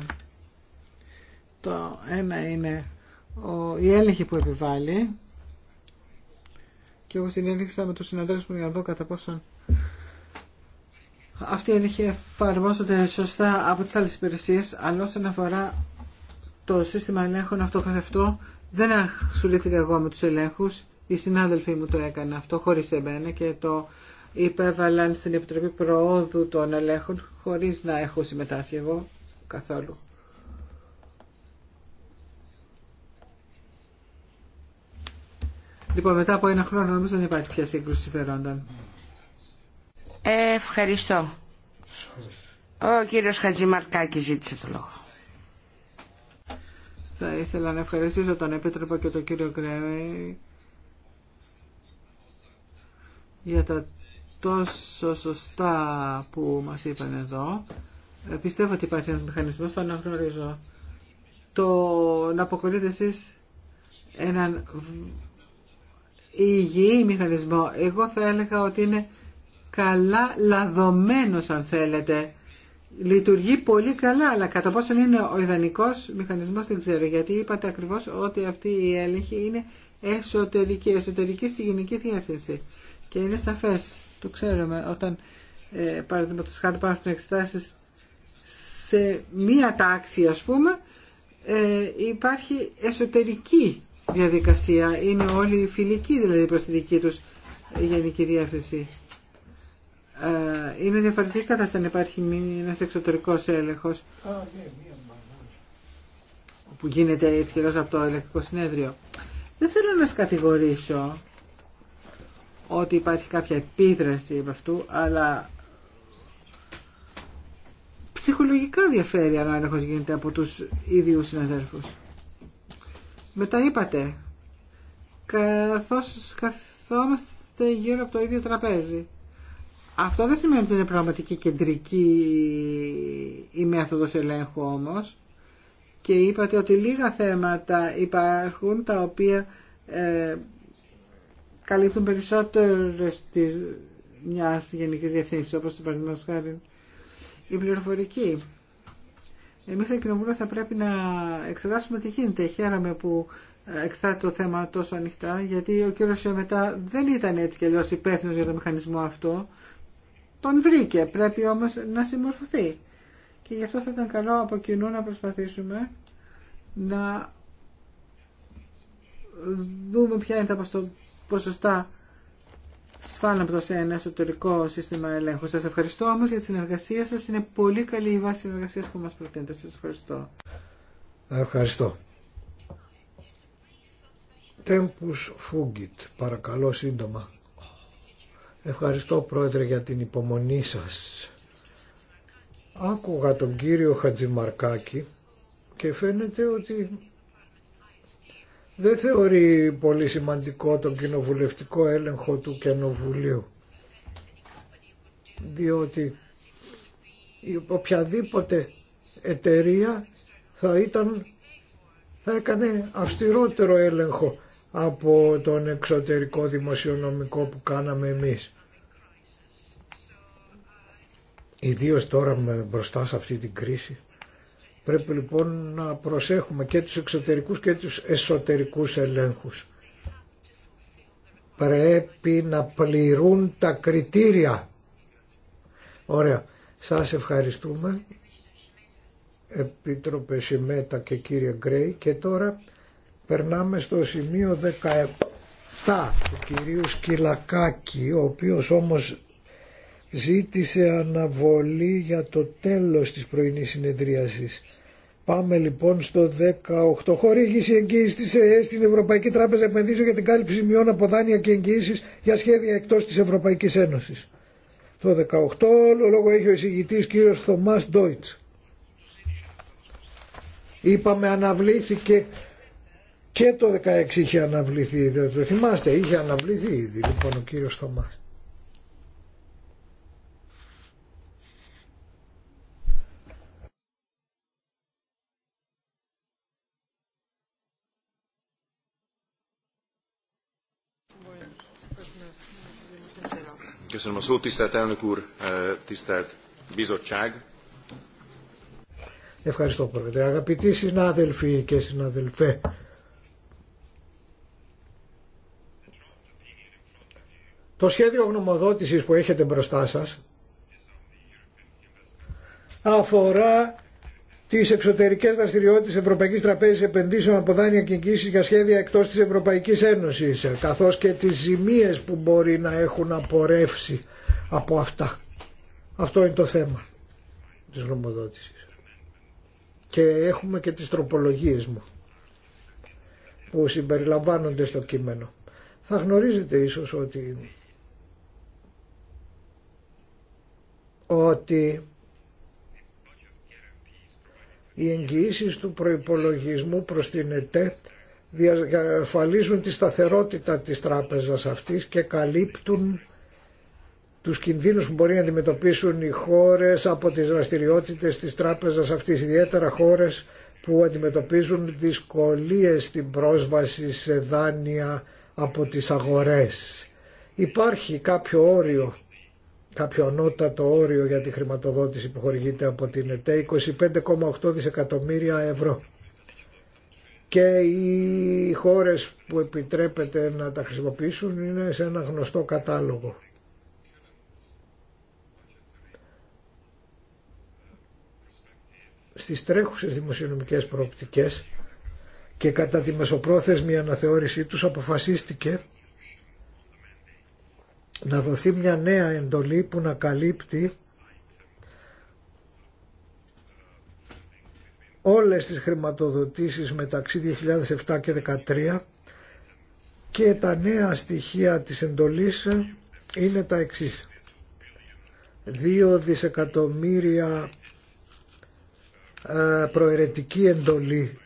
Το ένα είναι ο, η έλεγχη που επιβάλλει και εγώ συνέλεξα με τους συναδέλφους μου για να δω κατά πόσον αυτοί έλεγχοι εφαρμόζονται σωστά από τις άλλες υπηρεσίες, αλλά όσον αφορά το σύστημα ελέγχων αυτό καθ' αυτό, δεν ασχολήθηκα εγώ με τους ελέγχους, οι συνάδελφοί μου το έκανε αυτό χωρίς εμένα και το υπέβαλαν στην Επιτροπή Προόδου των Ελέγχων χωρίς να έχω συμμετάσχει εγώ καθόλου. Λοιπόν, μετά από ένα χρόνο νομίζω δεν υπάρχει πια σύγκρουση συμφερόντων. Ευχαριστώ. Ο κύριος Χατζημαρκάκη ζήτησε το λόγο. Θα ήθελα να ευχαριστήσω τον Επίτροπο και τον κύριο Γκρέμι για τα τόσο σωστά που μας είπαν εδώ. Ε, πιστεύω ότι υπάρχει ένας μηχανισμός, το αναγνωρίζω. Το να αποκολλείτε εσείς έναν υγιή μηχανισμό. Εγώ θα έλεγα ότι είναι καλά λαδωμένος αν θέλετε. Λειτουργεί πολύ καλά, αλλά κατά πόσο είναι ο ιδανικός μηχανισμός δεν ξέρω, γιατί είπατε ακριβώς ότι αυτή η έλεγχη είναι εσωτερική, εσωτερική στη γενική διεύθυνση. Και είναι σαφές, το ξέρουμε, όταν ε, παραδείγματος χάρη υπάρχουν εξετάσει σε μία τάξη ας πούμε, ε, υπάρχει εσωτερική διαδικασία. Είναι όλοι φιλικοί δηλαδή προς τη δική τους γενική διεύθυνση. Ε, είναι διαφορετική κατάσταση αν υπάρχει ένα εξωτερικός έλεγχο που γίνεται έτσι και από το ελεκτικό συνέδριο. Δεν θέλω να σας κατηγορήσω ότι υπάρχει κάποια επίδραση από αυτού, αλλά ψυχολογικά διαφέρει αν ο έλεγχος γίνεται από τους ίδιους συναδέλφους. Μετά είπατε, καθώς καθόμαστε γύρω από το ίδιο τραπέζι. Αυτό δεν σημαίνει ότι είναι πραγματική κεντρική η μέθοδος ελέγχου όμως. Και είπατε ότι λίγα θέματα υπάρχουν τα οποία ε, καλύπτουν περισσότερες της μιας γενικής διευθύνσης, όπως το παραδείγμα χάρη η πληροφορική. Εμείς στην Κοινοβούλιο θα πρέπει να εξετάσουμε τι γίνεται. Χαίρομαι που ε, εκθέτει το θέμα τόσο ανοιχτά, γιατί ο κύριος Σιωμετά δεν ήταν έτσι κι αλλιώ υπεύθυνο για το μηχανισμό αυτό. Τον βρήκε, πρέπει όμως να συμμορφωθεί. Και γι' αυτό θα ήταν καλό από κοινού να προσπαθήσουμε να δούμε ποια είναι τα ποσοστά το σε ένα εσωτερικό σύστημα ελέγχου. Σα ευχαριστώ όμω για τη συνεργασία σα. Είναι πολύ καλή η βάση συνεργασία που μα προτείνετε. Σα ευχαριστώ. Ευχαριστώ. Τέμπους Φούγκιτ, παρακαλώ σύντομα. Ευχαριστώ πρόεδρε για την υπομονή σας. Άκουγα τον κύριο Χατζημαρκάκη και φαίνεται ότι δεν θεωρεί πολύ σημαντικό τον κοινοβουλευτικό έλεγχο του Κοινοβουλίου. Διότι οποιαδήποτε εταιρεία θα ήταν θα έκανε αυστηρότερο έλεγχο από τον εξωτερικό δημοσιονομικό που κάναμε εμείς. Ιδίως τώρα μπροστά σε αυτή την κρίση. Πρέπει λοιπόν να προσέχουμε και τους εξωτερικούς και τους εσωτερικούς ελέγχους. Πρέπει να πληρούν τα κριτήρια. Ωραία. Σας ευχαριστούμε. Επίτροπε Σιμέτα και κύριε Γκρέι και τώρα περνάμε στο σημείο 17 του κυρίου Σκυλακάκη ο οποίος όμως ζήτησε αναβολή για το τέλος της πρωινής συνεδρίασης Πάμε λοιπόν στο 18. Χορήγηση εγγύηση ΕΕ στην Ευρωπαϊκή Τράπεζα Επενδύσεων για την κάλυψη μειών από δάνεια και εγγυήσει για σχέδια εκτό τη Ευρωπαϊκή Ένωση. Το 18 ο λόγο έχει ο εισηγητή κύριο Θωμά Ντόιτ. Είπαμε αναβλήθηκε και το 16 είχε αναβληθεί. Δεν το θυμάστε, είχε αναβληθεί ήδη λοιπόν ο κύριο Θωμάς. Ευχαριστώ πρόεδρε. Αγαπητοί συνάδελφοι και συναδελφέ, το σχέδιο γνωμοδότησης που έχετε μπροστά σας αφορά τις εξωτερικές δραστηριότητε Ευρωπαϊκής Τραπέζης Επενδύσεων από δάνεια και για σχέδια εκτός της Ευρωπαϊκής Ένωσης, καθώς και τις ζημίες που μπορεί να έχουν απορρεύσει από αυτά. Αυτό είναι το θέμα της νομοδότησης. Και έχουμε και τις τροπολογίες μου που συμπεριλαμβάνονται στο κείμενο. Θα γνωρίζετε ίσως ότι ότι οι εγγυήσει του προϋπολογισμού προς την ΕΤΕ διασφαλίζουν τη σταθερότητα της τράπεζας αυτής και καλύπτουν τους κινδύνους που μπορεί να αντιμετωπίσουν οι χώρες από τις δραστηριότητες της τράπεζας αυτής, ιδιαίτερα χώρες που αντιμετωπίζουν δυσκολίες στην πρόσβαση σε δάνεια από τις αγορές. Υπάρχει κάποιο όριο κάποιο ανώτατο όριο για τη χρηματοδότηση που χορηγείται από την ΕΤΕ, 25,8 δισεκατομμύρια ευρώ. Και οι χώρες που επιτρέπεται να τα χρησιμοποιήσουν είναι σε ένα γνωστό κατάλογο. Στις τρέχουσες δημοσιονομικές προοπτικές και κατά τη μεσοπρόθεσμη αναθεώρησή τους αποφασίστηκε να δοθεί μια νέα εντολή που να καλύπτει όλες τις χρηματοδοτήσεις μεταξύ 2007 και 2013 και τα νέα στοιχεία της εντολής είναι τα εξής. 2 δισεκατομμύρια ε, προαιρετική εντολή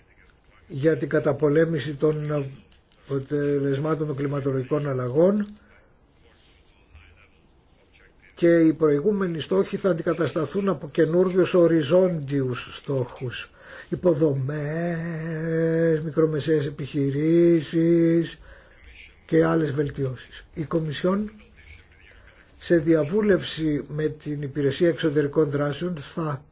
για την καταπολέμηση των αποτελεσμάτων των κλιματολογικών αλλαγών και οι προηγούμενοι στόχοι θα αντικατασταθούν από καινούριου οριζόντιους στόχους. Υποδομές, μικρομεσαίες επιχειρήσεις και άλλες βελτιώσεις. Η Κομισιόν σε διαβούλευση με την Υπηρεσία Εξωτερικών Δράσεων θα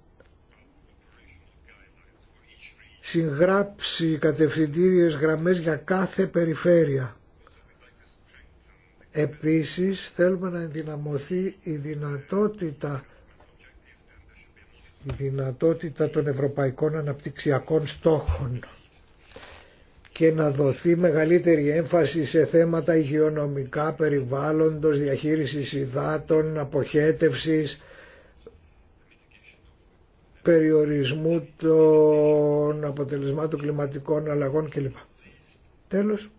συγγράψει κατευθυντήριες γραμμές για κάθε περιφέρεια Επίσης θέλουμε να ενδυναμωθεί η δυνατότητα η δυνατότητα των ευρωπαϊκών αναπτυξιακών στόχων και να δοθεί μεγαλύτερη έμφαση σε θέματα υγειονομικά, περιβάλλοντος, διαχείρισης υδάτων, αποχέτευσης, περιορισμού των αποτελεσμάτων κλιματικών αλλαγών κλπ. Τέλος,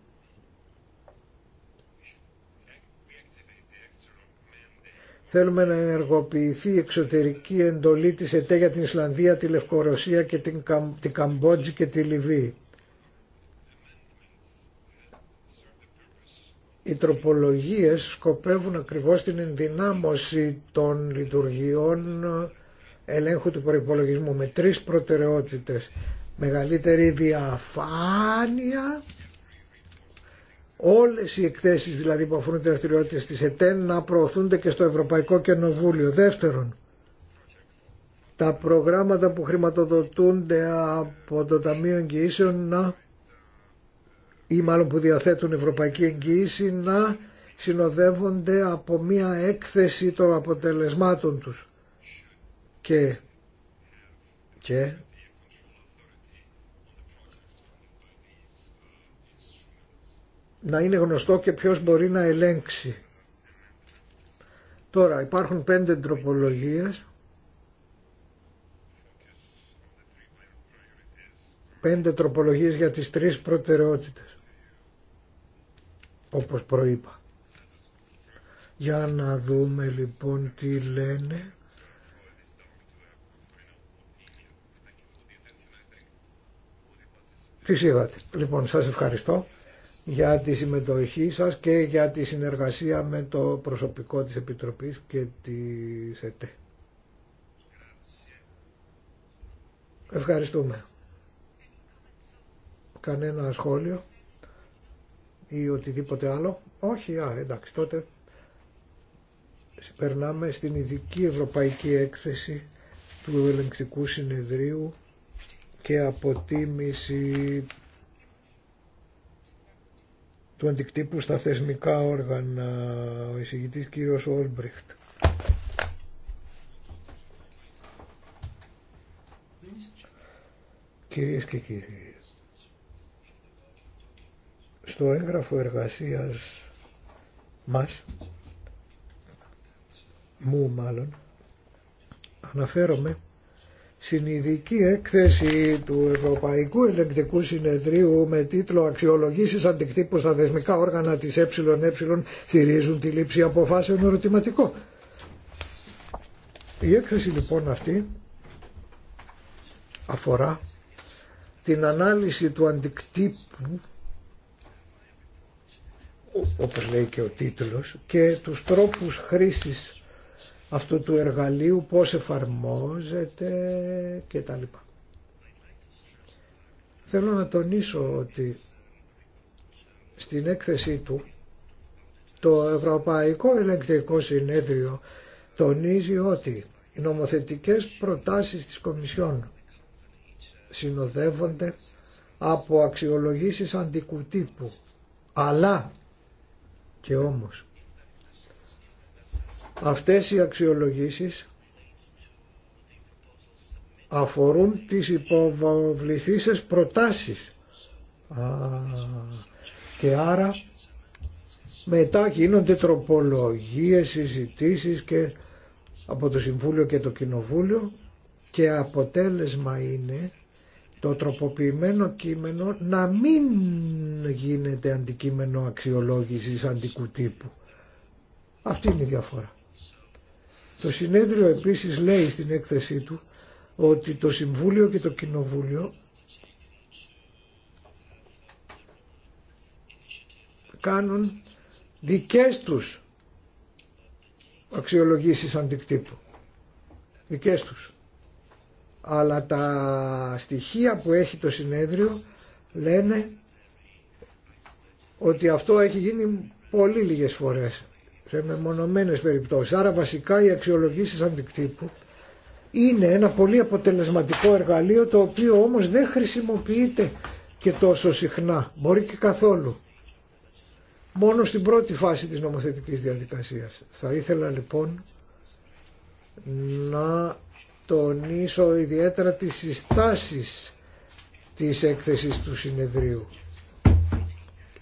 Θέλουμε να ενεργοποιηθεί η εξωτερική εντολή της ΕΤΕ για την Ισλανδία, τη Λευκορωσία και την, Καμ... την Καμπότζη και τη Λιβύη. Οι τροπολογίες σκοπεύουν ακριβώς την ενδυνάμωση των λειτουργιών ελέγχου του προϋπολογισμού με τρεις προτεραιότητες. Μεγαλύτερη διαφάνεια όλες οι εκθέσεις δηλαδή που αφορούν τις δραστηριότητες της ΕΤΕΝ να προωθούνται και στο Ευρωπαϊκό Κοινοβούλιο. Δεύτερον, τα προγράμματα που χρηματοδοτούνται από το Ταμείο Εγγυήσεων να, ή μάλλον που διαθέτουν Ευρωπαϊκή Εγγυήση να συνοδεύονται από μία έκθεση των αποτελεσμάτων τους. Και, και να είναι γνωστό και ποιος μπορεί να ελέγξει. Τώρα υπάρχουν πέντε τροπολογίες, πέντε τροπολογίες για τις τρεις προτεραιότητες, όπως προείπα. Για να δούμε λοιπόν τι λένε. Τι είδατε. Λοιπόν, σας ευχαριστώ για τη συμμετοχή σας και για τη συνεργασία με το προσωπικό της Επιτροπής και τη ΕΤΕ. Ευχαριστούμε. Κανένα σχόλιο ή οτιδήποτε άλλο. Όχι, α, εντάξει, τότε περνάμε στην ειδική ευρωπαϊκή έκθεση του ελεγκτικού συνεδρίου και αποτίμηση του αντικτύπου στα θεσμικά όργανα, ο εισηγητής κύριος Όλμπριχτ. Κυρίες και κύριοι, στο έγγραφο εργασίας μας, μου μάλλον, αναφέρομαι Συνειδική έκθεση του Ευρωπαϊκού Ελεγκτικού Συνεδρίου με τίτλο «Αξιολογήσεις αντικτύπου στα δεσμικά όργανα της ΕΕ στηρίζουν τη λήψη αποφάσεων ερωτηματικό». Η έκθεση λοιπόν αυτή αφορά την ανάλυση του αντικτύπου όπως λέει και ο τίτλος και τους τρόπους χρήσης αυτού του εργαλείου, πώς εφαρμόζεται και τα λοιπά. Θέλω να τονίσω ότι στην έκθεσή του το Ευρωπαϊκό Ελεγκτικό Συνέδριο τονίζει ότι οι νομοθετικές προτάσεις της Κομισιόν συνοδεύονται από αξιολογήσεις αντικουτύπου, Αλλά και όμως Αυτές οι αξιολογήσεις αφορούν τις υποβληθήσεις προτάσεις. και άρα μετά γίνονται τροπολογίες, συζητήσεις και από το Συμβούλιο και το Κοινοβούλιο και αποτέλεσμα είναι το τροποποιημένο κείμενο να μην γίνεται αντικείμενο αξιολόγησης αντικού Αυτή είναι η διαφορά. Το συνέδριο επίσης λέει στην έκθεσή του ότι το Συμβούλιο και το Κοινοβούλιο κάνουν δικές τους αξιολογήσεις αντικτύπου. Δικές τους. Αλλά τα στοιχεία που έχει το συνέδριο λένε ότι αυτό έχει γίνει πολύ λίγες φορές σε μεμονωμένες περιπτώσεις. Άρα βασικά οι αξιολογήσει αντικτύπου είναι ένα πολύ αποτελεσματικό εργαλείο το οποίο όμως δεν χρησιμοποιείται και τόσο συχνά, μπορεί και καθόλου. Μόνο στην πρώτη φάση της νομοθετικής διαδικασίας. Θα ήθελα λοιπόν να τονίσω ιδιαίτερα τις συστάσεις της έκθεσης του συνεδρίου.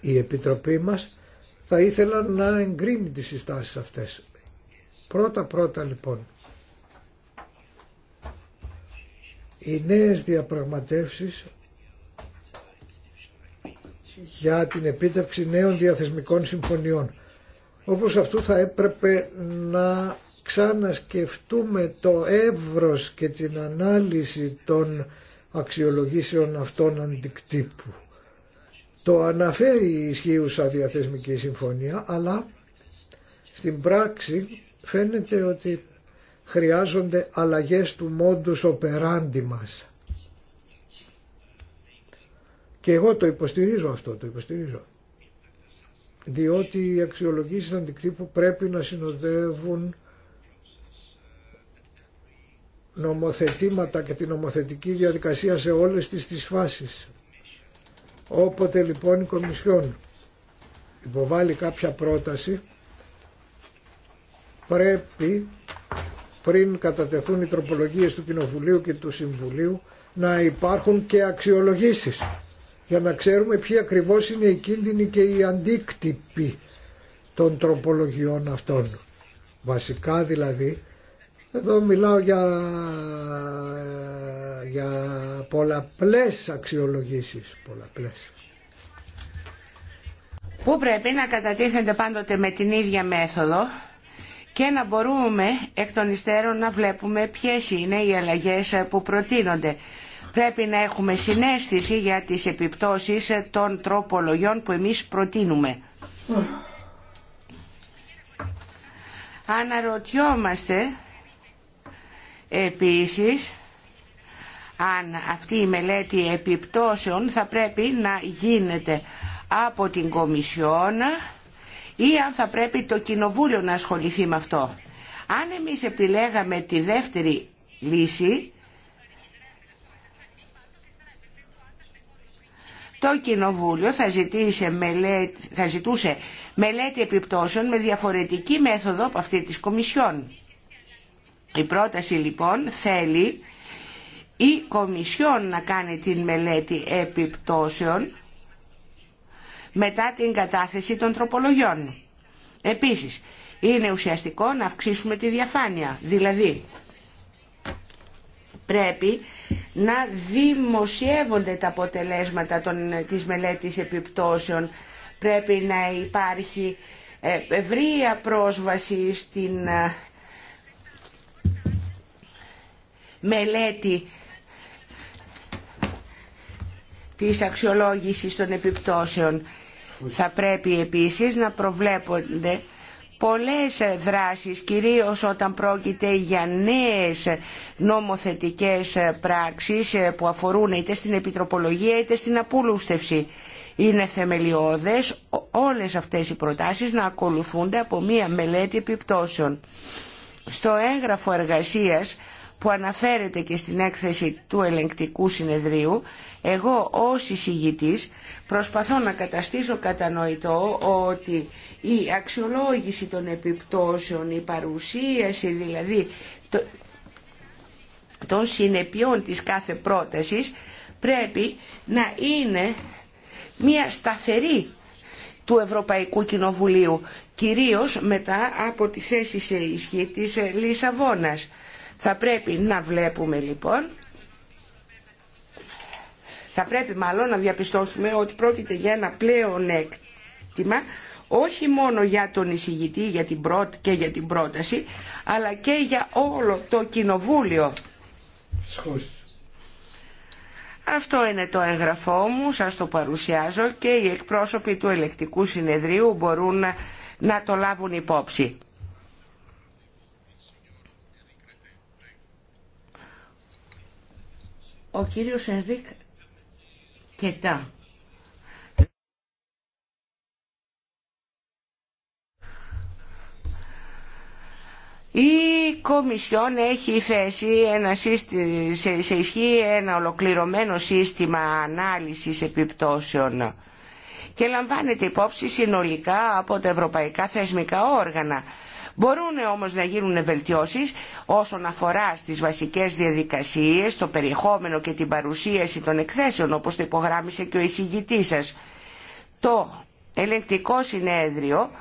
Η Επιτροπή μας θα ήθελα να εγκρίνει τις συστάσεις αυτές. Πρώτα πρώτα λοιπόν, οι νέες διαπραγματεύσεις για την επίτευξη νέων διαθεσμικών συμφωνιών. Όπως αυτού θα έπρεπε να ξανασκεφτούμε το εύρος και την ανάλυση των αξιολογήσεων αυτών αντικτύπου. Το αναφέρει η ισχύουσα διαθεσμική συμφωνία, αλλά στην πράξη φαίνεται ότι χρειάζονται αλλαγές του μόντους οπεράντη μας. Και εγώ το υποστηρίζω αυτό, το υποστηρίζω. Διότι οι αξιολογήσεις αντικτύπου πρέπει να συνοδεύουν νομοθετήματα και την νομοθετική διαδικασία σε όλες τις, τις φάσεις. Όποτε λοιπόν η Κομισιόν υποβάλλει κάποια πρόταση πρέπει πριν κατατεθούν οι τροπολογίες του Κοινοβουλίου και του Συμβουλίου να υπάρχουν και αξιολογήσεις για να ξέρουμε ποιοι ακριβώς είναι οι κίνδυνοι και οι αντίκτυποι των τροπολογιών αυτών. Βασικά δηλαδή, εδώ μιλάω για για πολλαπλές αξιολογήσεις. Πολλαπλές. Που πρέπει να κατατίθενται πάντοτε με την ίδια μέθοδο και να μπορούμε εκ των υστέρων να βλέπουμε ποιες είναι οι αλλαγές που προτείνονται. Πρέπει να έχουμε συνέστηση για τις επιπτώσεις των τροπολογιών που εμείς προτείνουμε. Αναρωτιόμαστε επίσης αν αυτή η μελέτη επιπτώσεων θα πρέπει να γίνεται από την Κομισιόν ή αν θα πρέπει το Κοινοβούλιο να ασχοληθεί με αυτό. Αν εμείς επιλέγαμε τη δεύτερη λύση, το Κοινοβούλιο θα, μελέ θα ζητούσε μελέτη επιπτώσεων με διαφορετική μέθοδο από αυτή της Κομισιόν. Η πρόταση λοιπόν θέλει η Κομισιόν να κάνει την μελέτη επιπτώσεων μετά την κατάθεση των τροπολογιών. Επίσης, είναι ουσιαστικό να αυξήσουμε τη διαφάνεια, δηλαδή πρέπει να δημοσιεύονται τα αποτελέσματα των, της μελέτης επιπτώσεων, πρέπει να υπάρχει ε, ευρία πρόσβαση στην ε, μελέτη της αξιολόγησης των επιπτώσεων. Θα πρέπει επίσης να προβλέπονται πολλές δράσεις, κυρίως όταν πρόκειται για νέες νομοθετικές πράξεις που αφορούν είτε στην επιτροπολογία είτε στην απολούστευση. Είναι θεμελιώδες όλες αυτές οι προτάσεις να ακολουθούνται από μία μελέτη επιπτώσεων. Στο έγγραφο εργασίας που αναφέρεται και στην έκθεση του ελεγκτικού συνεδρίου, εγώ ως εισηγητής προσπαθώ να καταστήσω κατανοητό ότι η αξιολόγηση των επιπτώσεων, η παρουσίαση δηλαδή των συνεπειών της κάθε πρότασης πρέπει να είναι μια σταθερή του Ευρωπαϊκού Κοινοβουλίου, κυρίως μετά από τη θέση σε ισχύ της Λισαβόνας. Θα πρέπει να βλέπουμε λοιπόν, θα πρέπει μάλλον να διαπιστώσουμε ότι πρόκειται για ένα πλέον έκτημα όχι μόνο για τον εισηγητή για την και για την πρόταση, αλλά και για όλο το κοινοβούλιο. Αυτό είναι το έγγραφό μου, σας το παρουσιάζω και οι εκπρόσωποι του ελεκτικού συνεδρίου μπορούν να, να το λάβουν υπόψη. ο κύριος Ενρίκ Κετά. Η Κομισιόν έχει θέσει ένα σε, σε ισχύ ένα ολοκληρωμένο σύστημα ανάλυσης επιπτώσεων και λαμβάνεται υπόψη συνολικά από τα ευρωπαϊκά θεσμικά όργανα Μπορούν όμως να γίνουν βελτιώσεις όσον αφορά στις βασικές διαδικασίες, το περιεχόμενο και την παρουσίαση των εκθέσεων όπως το υπογράμμισε και ο εισηγητής σας. Το ελεκτικό συνέδριο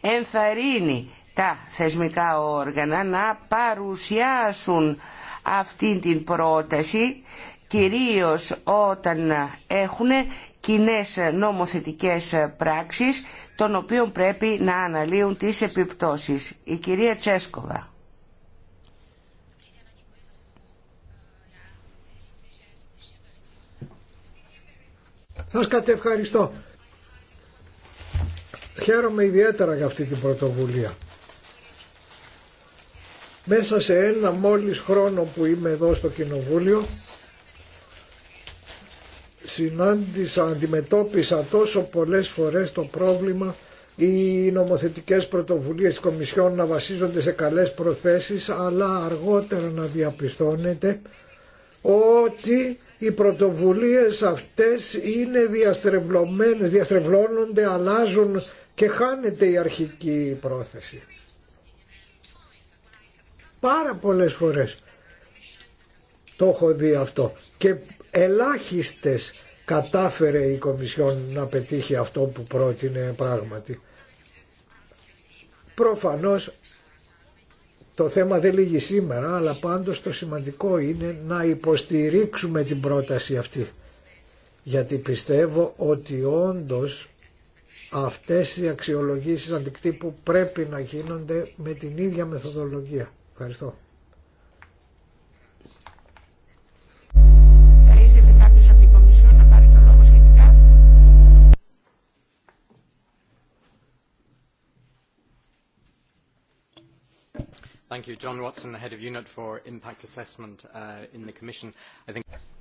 ενθαρρύνει τα θεσμικά όργανα να παρουσιάσουν αυτήν την πρόταση κυρίως όταν έχουν κοινές νομοθετικές πράξεις των οποίων πρέπει να αναλύουν τις επιπτώσεις. Η κυρία Τσέσκοβα. Σας κατευχαριστώ. Χαίρομαι ιδιαίτερα για αυτή την πρωτοβουλία. Μέσα σε ένα μόλις χρόνο που είμαι εδώ στο Κοινοβούλιο συνάντησα, αντιμετώπισα τόσο πολλές φορές το πρόβλημα οι νομοθετικές πρωτοβουλίες της Κομισιόν να βασίζονται σε καλές προθέσεις αλλά αργότερα να διαπιστώνεται ότι οι πρωτοβουλίες αυτές είναι διαστρεβλωμένες, διαστρεβλώνονται, αλλάζουν και χάνεται η αρχική πρόθεση. Πάρα πολλές φορές το έχω δει αυτό και ελάχιστες κατάφερε η Κομισιόν να πετύχει αυτό που πρότεινε πράγματι. Προφανώς το θέμα δεν λύγει σήμερα, αλλά πάντως το σημαντικό είναι να υποστηρίξουμε την πρόταση αυτή. Γιατί πιστεύω ότι όντως αυτές οι αξιολογήσεις αντικτύπου πρέπει να γίνονται με την ίδια μεθοδολογία. Ευχαριστώ. Thank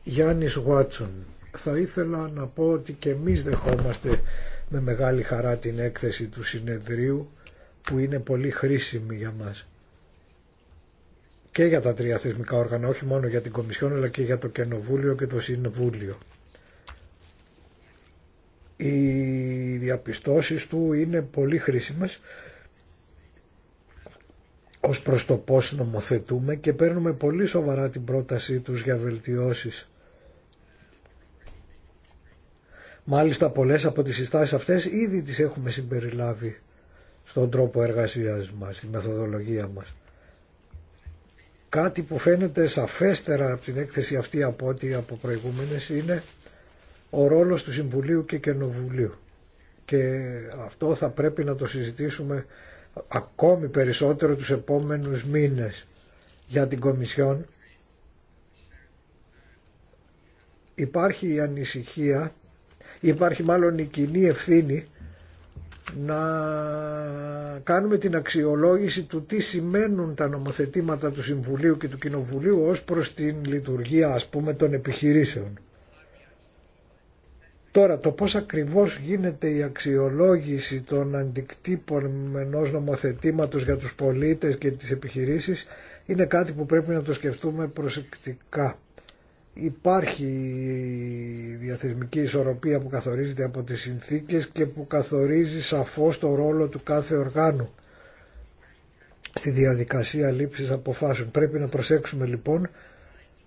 Γιάννης Βάτσον. Uh, θα ήθελα να πω ότι και εμείς δεχόμαστε με μεγάλη χαρά την έκθεση του συνεδρίου που είναι πολύ χρήσιμη για μας και για τα τρία θεσμικά όργανα, όχι μόνο για την Κομισιόν αλλά και για το Κενοβούλιο και το Συνεβούλιο. Οι διαπιστώσεις του είναι πολύ χρήσιμες ως προς το πώς νομοθετούμε και παίρνουμε πολύ σοβαρά την πρότασή τους για βελτιώσεις. Μάλιστα πολλές από τις συστάσεις αυτές ήδη τις έχουμε συμπεριλάβει στον τρόπο εργασίας μας, στη μεθοδολογία μας. Κάτι που φαίνεται σαφέστερα από την έκθεση αυτή από ό,τι από προηγούμενες είναι ο ρόλος του Συμβουλίου και Κενοβουλίου. Και αυτό θα πρέπει να το συζητήσουμε ακόμη περισσότερο τους επόμενους μήνες για την Κομισιόν υπάρχει η ανησυχία υπάρχει μάλλον η κοινή ευθύνη να κάνουμε την αξιολόγηση του τι σημαίνουν τα νομοθετήματα του Συμβουλίου και του Κοινοβουλίου ως προς την λειτουργία ας πούμε των επιχειρήσεων. Τώρα το πώς ακριβώς γίνεται η αξιολόγηση των αντικτύπων ενό νομοθετήματος για τους πολίτες και τις επιχειρήσεις είναι κάτι που πρέπει να το σκεφτούμε προσεκτικά. Υπάρχει η διαθεσμική ισορροπία που καθορίζεται από τις συνθήκες και που καθορίζει σαφώς το ρόλο του κάθε οργάνου στη διαδικασία λήψης αποφάσεων. Πρέπει να προσέξουμε λοιπόν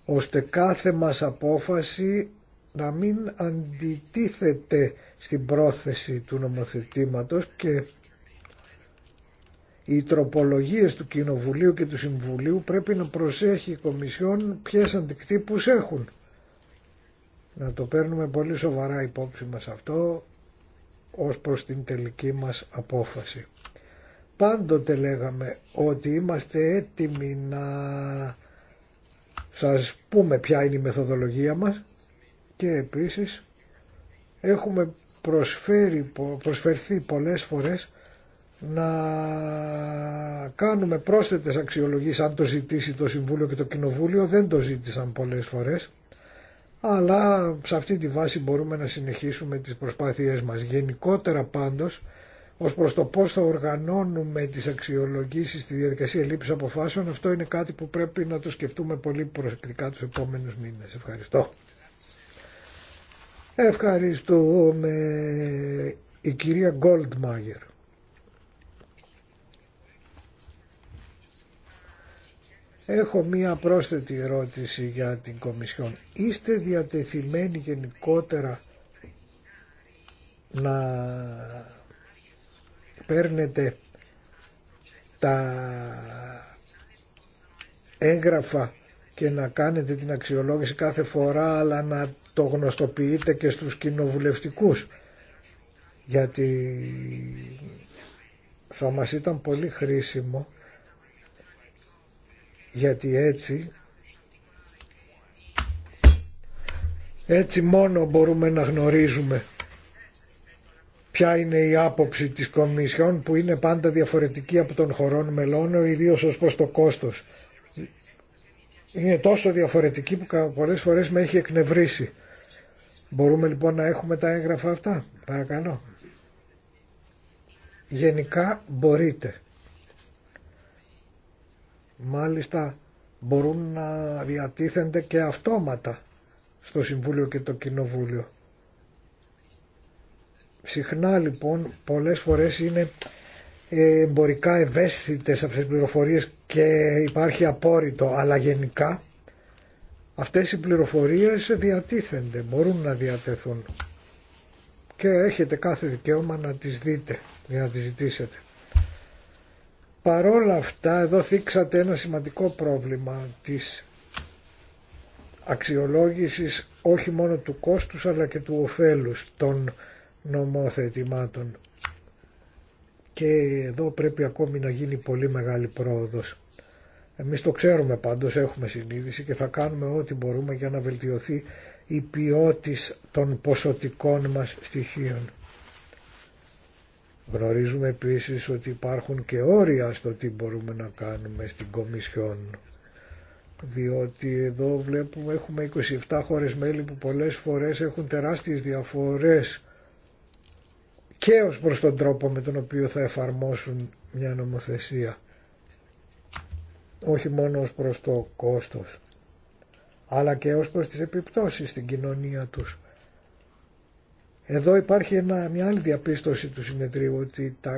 ώστε κάθε μας απόφαση να μην αντιτίθεται στην πρόθεση του νομοθετήματος και οι τροπολογίες του Κοινοβουλίου και του Συμβουλίου πρέπει να προσέχει η Κομισιόν ποιες αντικτύπους έχουν. Να το παίρνουμε πολύ σοβαρά υπόψη μας αυτό ως προς την τελική μας απόφαση. Πάντοτε λέγαμε ότι είμαστε έτοιμοι να σας πούμε ποια είναι η μεθοδολογία μας και επίσης έχουμε προσφέρει, προσφερθεί πολλές φορές να κάνουμε πρόσθετες αξιολογήσεις αν το ζητήσει το Συμβούλιο και το Κοινοβούλιο δεν το ζήτησαν πολλές φορές αλλά σε αυτή τη βάση μπορούμε να συνεχίσουμε τις προσπάθειές μας. Γενικότερα πάντως ως προς το πώς θα οργανώνουμε τις αξιολογήσεις στη διαδικασία λήψης αποφάσεων αυτό είναι κάτι που πρέπει να το σκεφτούμε πολύ προσεκτικά τους επόμενους μήνες. Ευχαριστώ. Ευχαριστούμε η κυρία Γκόλτμαγερ. Έχω μία πρόσθετη ερώτηση για την Κομισιόν. Είστε διατεθειμένοι γενικότερα να παίρνετε τα έγγραφα και να κάνετε την αξιολόγηση κάθε φορά αλλά να το γνωστοποιείτε και στους κοινοβουλευτικούς γιατί θα μας ήταν πολύ χρήσιμο γιατί έτσι έτσι μόνο μπορούμε να γνωρίζουμε ποια είναι η άποψη της Κομισιόν που είναι πάντα διαφορετική από των χωρών μελών, ιδίως ως προς το κόστος. Είναι τόσο διαφορετική που πολλές φορές με έχει εκνευρίσει. Μπορούμε λοιπόν να έχουμε τα έγγραφα αυτά, παρακαλώ. Γενικά μπορείτε. Μάλιστα μπορούν να διατίθενται και αυτόματα στο Συμβούλιο και το Κοινοβούλιο. Συχνά λοιπόν πολλές φορές είναι ε, εμπορικά ευαίσθητες αυτές τις πληροφορίες και υπάρχει απόρριτο αλλά γενικά Αυτές οι πληροφορίες διατίθενται, μπορούν να διατεθούν και έχετε κάθε δικαίωμα να τις δείτε, να τις ζητήσετε. Παρόλα αυτά εδώ θίξατε ένα σημαντικό πρόβλημα της αξιολόγησης όχι μόνο του κόστους αλλά και του ωφέλους των νομοθετημάτων και εδώ πρέπει ακόμη να γίνει πολύ μεγάλη πρόοδος. Εμείς το ξέρουμε πάντως, έχουμε συνείδηση και θα κάνουμε ό,τι μπορούμε για να βελτιωθεί η ποιότητα των ποσοτικών μας στοιχείων. Γνωρίζουμε επίσης ότι υπάρχουν και όρια στο τι μπορούμε να κάνουμε στην Κομισιόν. Διότι εδώ βλέπουμε έχουμε 27 χώρες μέλη που πολλές φορές έχουν τεράστιες διαφορές και ως προς τον τρόπο με τον οποίο θα εφαρμόσουν μια νομοθεσία όχι μόνο ως προς το κόστος, αλλά και ως προς τις επιπτώσεις στην κοινωνία τους. Εδώ υπάρχει μια άλλη διαπίστωση του συνεδρίου ότι τα,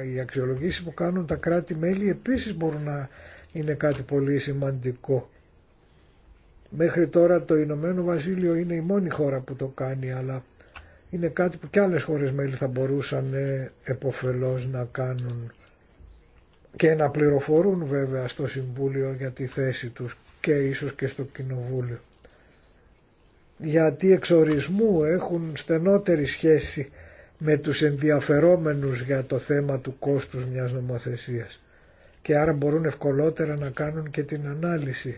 ε, οι αξιολογήσεις που κάνουν τα κράτη-μέλη επίσης μπορούν να είναι κάτι πολύ σημαντικό. Μέχρι τώρα το Ηνωμένο Βασίλειο είναι η μόνη χώρα που το κάνει αλλά είναι κάτι που και άλλες χώρες μέλη θα μπορούσαν ε, εποφελώς να κάνουν και να πληροφορούν βέβαια στο Συμβούλιο για τη θέση τους και ίσως και στο Κοινοβούλιο. Γιατί εξορισμού έχουν στενότερη σχέση με τους ενδιαφερόμενους για το θέμα του κόστους μιας νομοθεσίας και άρα μπορούν ευκολότερα να κάνουν και την ανάλυση.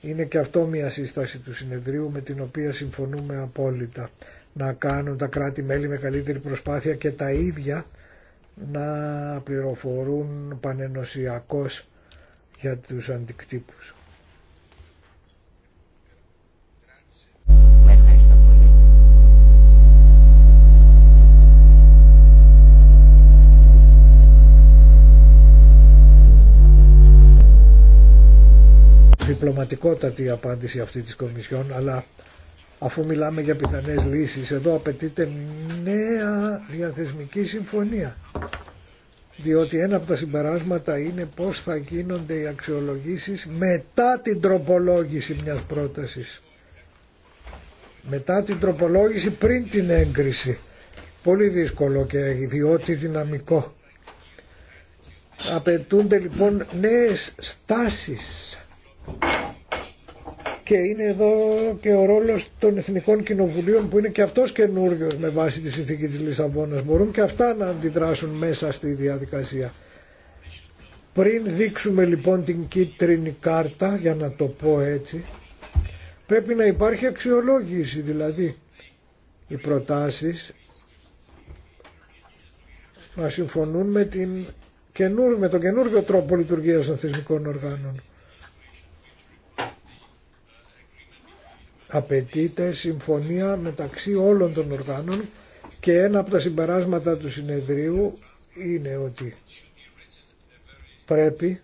Είναι και αυτό μια σύσταση του συνεδρίου με την οποία συμφωνούμε απόλυτα. Να κάνουν τα κράτη-μέλη με καλύτερη προσπάθεια και τα ίδια να πληροφορούν πανενοσιακώς για τους αντικτύπους. διπλωματικότατη απάντηση αυτή της Κομισιόν αλλά αφού μιλάμε για πιθανές λύσεις, εδώ απαιτείται νέα διαθεσμική συμφωνία. Διότι ένα από τα συμπεράσματα είναι πώς θα γίνονται οι αξιολογήσεις μετά την τροπολόγηση μιας πρότασης. Μετά την τροπολόγηση πριν την έγκριση. Πολύ δύσκολο και διότι δυναμικό. Απαιτούνται λοιπόν νέες στάσεις και είναι εδώ και ο ρόλος των Εθνικών Κοινοβουλίων που είναι και αυτός καινούριο με βάση τη συνθήκη της Λισαβόνας. Μπορούν και αυτά να αντιδράσουν μέσα στη διαδικασία. Πριν δείξουμε λοιπόν την κίτρινη κάρτα, για να το πω έτσι, πρέπει να υπάρχει αξιολόγηση, δηλαδή οι προτάσεις να συμφωνούν με, την, με τον καινούργιο τρόπο λειτουργίας των θεσμικών οργάνων. Απαιτείται συμφωνία μεταξύ όλων των οργάνων και ένα από τα συμπεράσματα του συνεδρίου είναι ότι πρέπει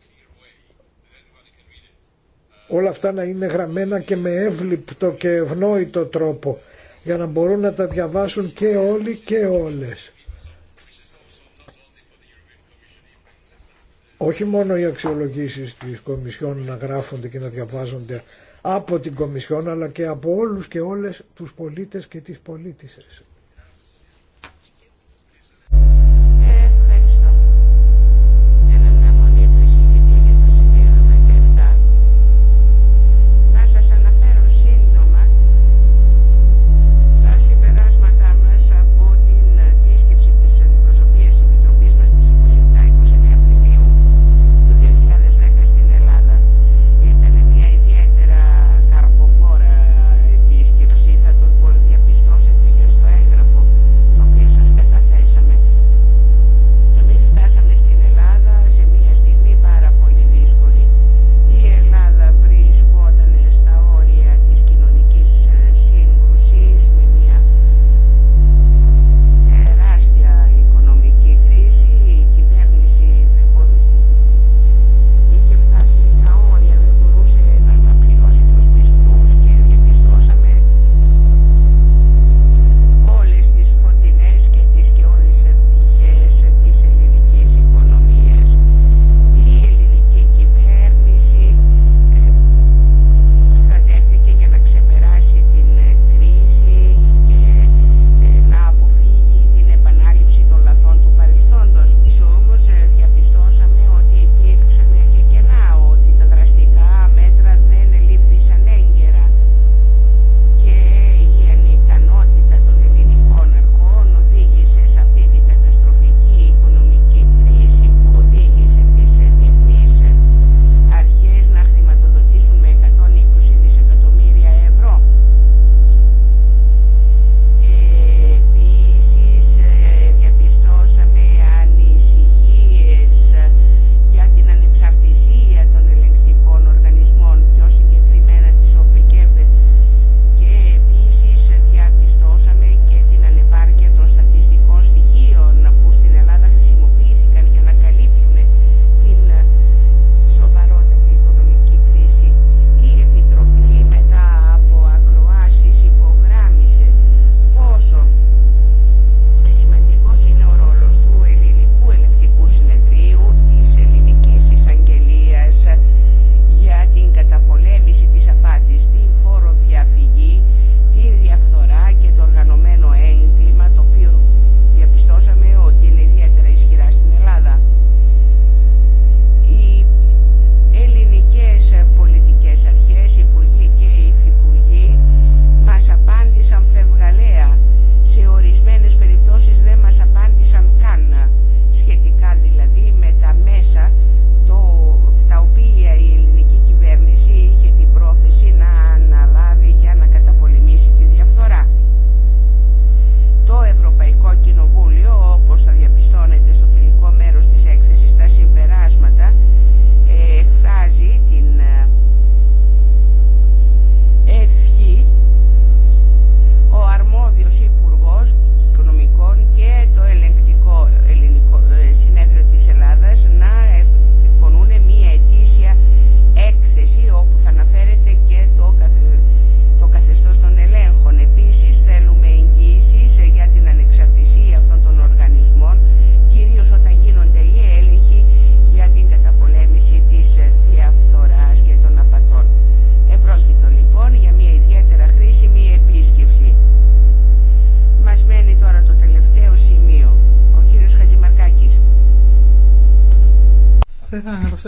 όλα αυτά να είναι γραμμένα και με εύληπτο και ευνόητο τρόπο για να μπορούν να τα διαβάσουν και όλοι και όλες. Όχι μόνο οι αξιολογήσεις της Κομισιόν να γράφονται και να διαβάζονται από την Κομισιόν αλλά και από όλους και όλες τους πολίτες και τις πολίτησες.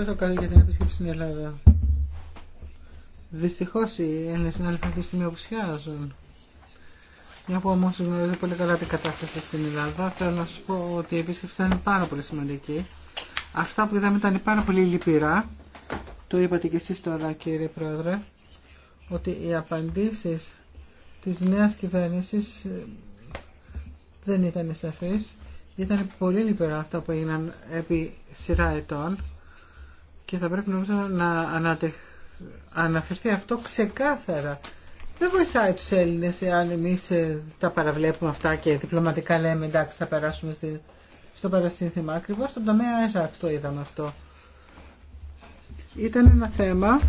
Το καλή για την επίσκεψη στην Ελλάδα. Δυστυχώ οι Έλληνε συνάδελφοι αυτή τη στιγμή αποουσιάζουν. Μια που όμω γνωρίζω πολύ καλά την κατάσταση στην Ελλάδα, θέλω να σα πω ότι η επίσκεψη ήταν πάρα πολύ σημαντική. Αυτά που είδαμε ήταν πάρα πολύ λυπηρά. Το είπατε και εσεί τώρα, κύριε Πρόεδρε, ότι οι απαντήσει τη νέα κυβέρνηση ε, δεν ήταν σαφεί. Ήταν πολύ λυπηρά αυτά που έγιναν επί σειρά ετών και θα πρέπει νομίζω να αναφερθεί αυτό ξεκάθαρα. Δεν βοηθάει τους Έλληνες εάν εμείς ε, τα παραβλέπουμε αυτά και διπλωματικά λέμε εντάξει θα περάσουμε στη... στο παρασύνθημα. Ακριβώς στον τομέα ΕΡΑΚΣ το είδαμε αυτό. Ήταν ένα θέμα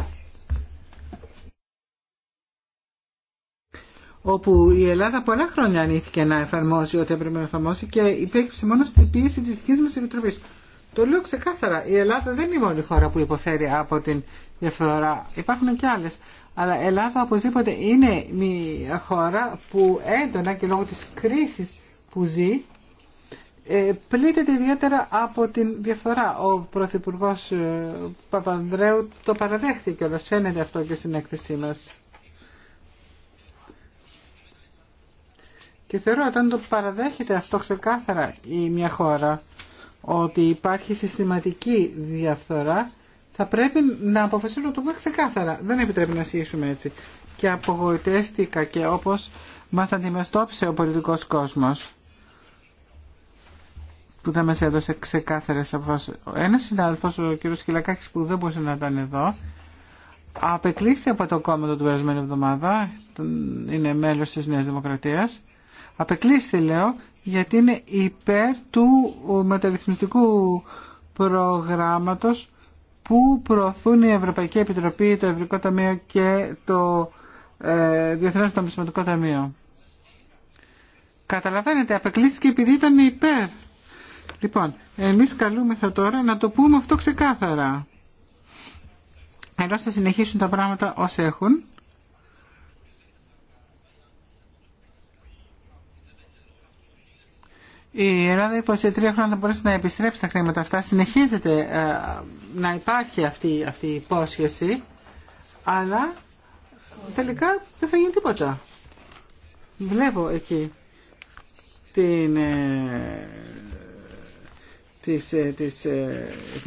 όπου η Ελλάδα πολλά χρόνια ανήθηκε να εφαρμόσει ό,τι έπρεπε να εφαρμόσει και υπέκυψε μόνο στην πίεση της δικής μας Επιτροπής. Το λέω ξεκάθαρα, η Ελλάδα δεν είναι η μόνη χώρα που υποφέρει από την διαφθορά. Υπάρχουν και άλλες. Αλλά η Ελλάδα οπωσδήποτε είναι μια χώρα που έντονα και λόγω τη κρίση που ζει ε, πλήττεται ιδιαίτερα από την διαφθορά. Ο Πρωθυπουργό ε, Παπανδρέου το παραδέχτηκε όλο. Φαίνεται αυτό και στην έκθεσή μα. Και θεωρώ αν το παραδέχεται αυτό ξεκάθαρα η μια χώρα ότι υπάρχει συστηματική διαφθορά, θα πρέπει να αποφασίσουμε να το πούμε ξεκάθαρα. Δεν επιτρέπει να συγχύσουμε έτσι. Και απογοητεύτηκα και όπως μας αντιμετώπισε ο πολιτικός κόσμος που δεν μας έδωσε ξεκάθαρες αποφάσεις. Ένας συνάδελφος, ο κ. Σκυλακάκης, που δεν μπορούσε να ήταν εδώ, απεκλήφθη από το κόμμα του περασμένη εβδομάδα, είναι μέλος της Νέας Δημοκρατίας, απεκλείστη λέω γιατί είναι υπέρ του μεταρρυθμιστικού προγράμματος που προωθούν η Ευρωπαϊκή Επιτροπή, το Ευρωπαϊκό Ταμείο και το ε, Διεθνές Νομισματικό Ταμείο. Καταλαβαίνετε, απεκλείστηκε επειδή ήταν υπέρ. Λοιπόν, εμείς καλούμεθα τώρα να το πούμε αυτό ξεκάθαρα. Ενώ θα συνεχίσουν τα πράγματα όσοι έχουν η Ελλάδα τρία χρόνια θα μπορέσει να επιστρέψει τα χρήματα αυτά. Συνεχίζεται ε, να υπάρχει αυτή, αυτή η υπόσχεση, αλλά τελικά δεν θα γίνει τίποτα. Βλέπω εκεί την, ε, της, ε, ε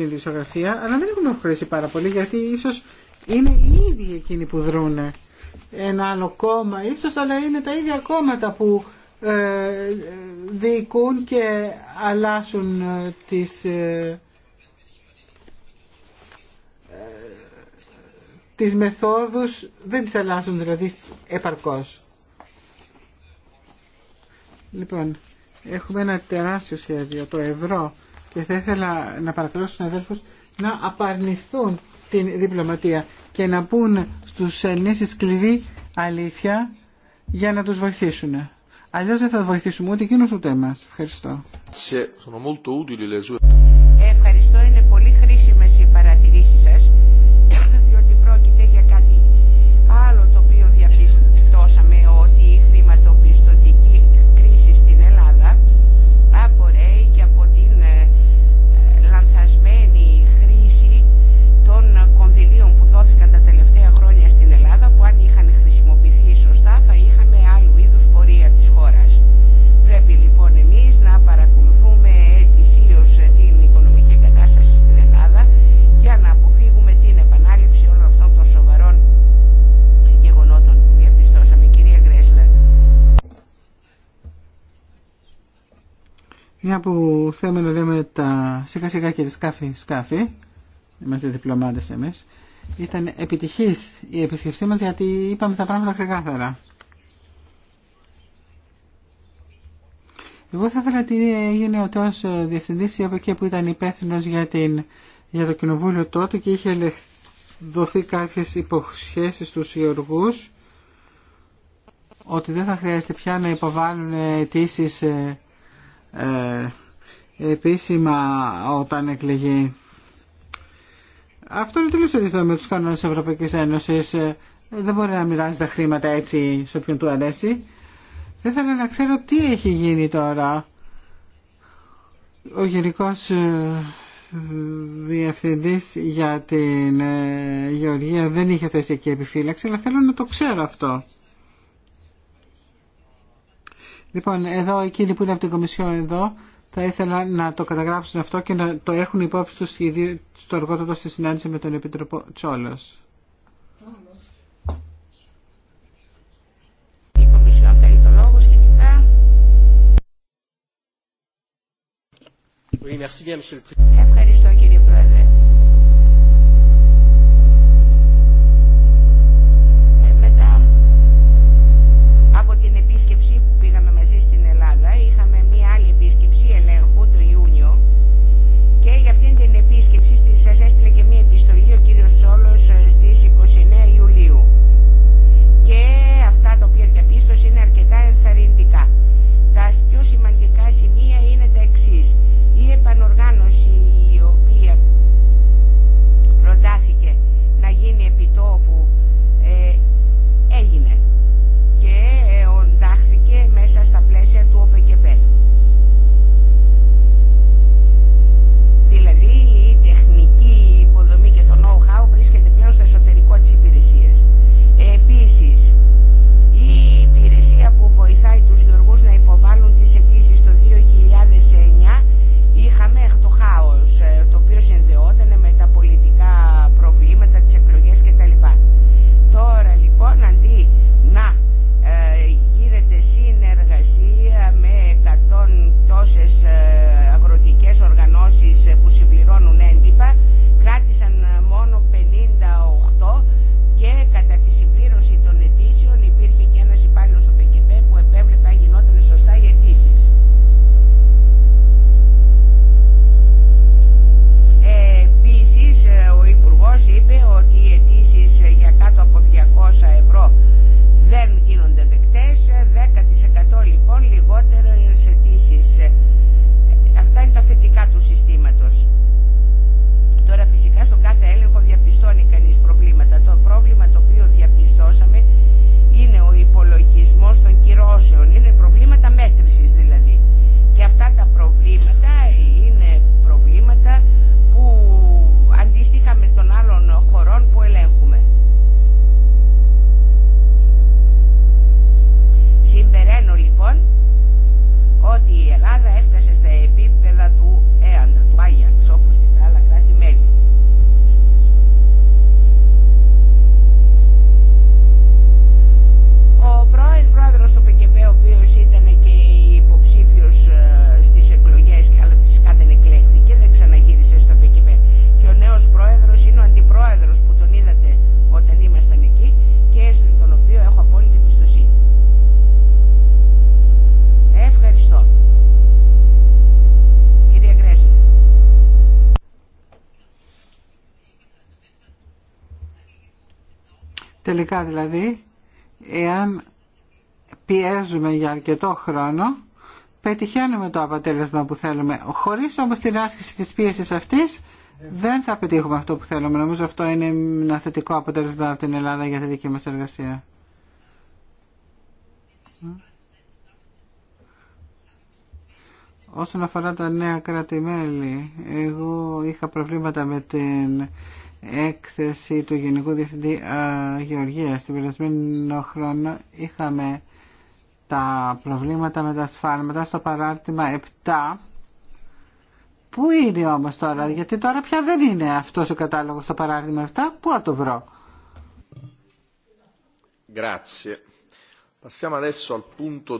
της, αλλά δεν έχουν χρήσει πάρα πολύ, γιατί ίσως είναι οι ίδιοι εκείνοι που δρούνε ένα άλλο κόμμα, ίσως, αλλά είναι τα ίδια κόμματα που ε, διοικούν και αλλάσουν ε, τις, ε, τις μεθόδους, δεν τις αλλάσουν δηλαδή επαρκώς. Λοιπόν, έχουμε ένα τεράστιο σχέδιο, το ευρώ, και θα ήθελα να παρακαλώ στους αδέρφους να απαρνηθούν την διπλωματία και να πούν στους Ελληνές σκληρή αλήθεια για να τους βοηθήσουν. Αλλιώς δεν θα βοηθήσουμε ούτε εκείνους ούτε εμάς. Ευχαριστώ. Μια που θέλουμε να λέμε τα σιγά σιγά και σκάφη σκάφη, είμαστε διπλωμάτε εμεί. ήταν επιτυχη η επισκεψή μα γιατί είπαμε τα πράγματα ξεκάθαρα. Εγώ θα ήθελα ότι έγινε ο τέος ε, διευθυντή από εκεί που ήταν υπεύθυνο για, την, για το κοινοβούλιο τότε και είχε δοθεί κάποιε υποσχέσει στου υιοργού ότι δεν θα χρειάζεται πια να υποβάλουν αιτήσει ε, ε, επίσημα όταν εκλεγεί. Αυτό είναι τελείως αντίθετο με τους κανόνες της Ευρωπαϊκής Ένωσης. Ε, δεν μπορεί να μοιράζει τα χρήματα έτσι σε όποιον του αρέσει. Δεν θέλω να ξέρω τι έχει γίνει τώρα. Ο γενικός ε, διευθυντής για την Γεωργία δεν είχε θέση εκεί επιφύλαξη, αλλά θέλω να το ξέρω αυτό. Λοιπόν, εδώ εκείνοι που είναι από την Κομισιόν εδώ θα ήθελα να το καταγράψουν αυτό και να το έχουν υπόψη τους στο αργότερο στη συνάντηση με τον Επίτροπο Τσόλος. Ευχαριστώ κύριε Πρόεδρε. για αρκετό χρόνο, πετυχαίνουμε το αποτέλεσμα που θέλουμε. Χωρίς όμως την άσκηση της πίεσης αυτής, δεν θα πετύχουμε αυτό που θέλουμε. Νομίζω αυτό είναι ένα θετικό αποτέλεσμα από την Ελλάδα για τη δική μας εργασία. Όσον αφορά τα νέα κράτη-μέλη, εγώ είχα προβλήματα με την έκθεση του Γενικού Διευθυντή Γεωργίας. Την περασμένο χρόνο είχαμε τα προβλήματα με τα ασφάλματα στο παράρτημα 7 Πού είναι όμως τώρα, γιατί τώρα πια δεν είναι αυτός ο κατάλογος στο παράρτημα 7, πού θα το βρω. Grazie. Passiamo adesso al punto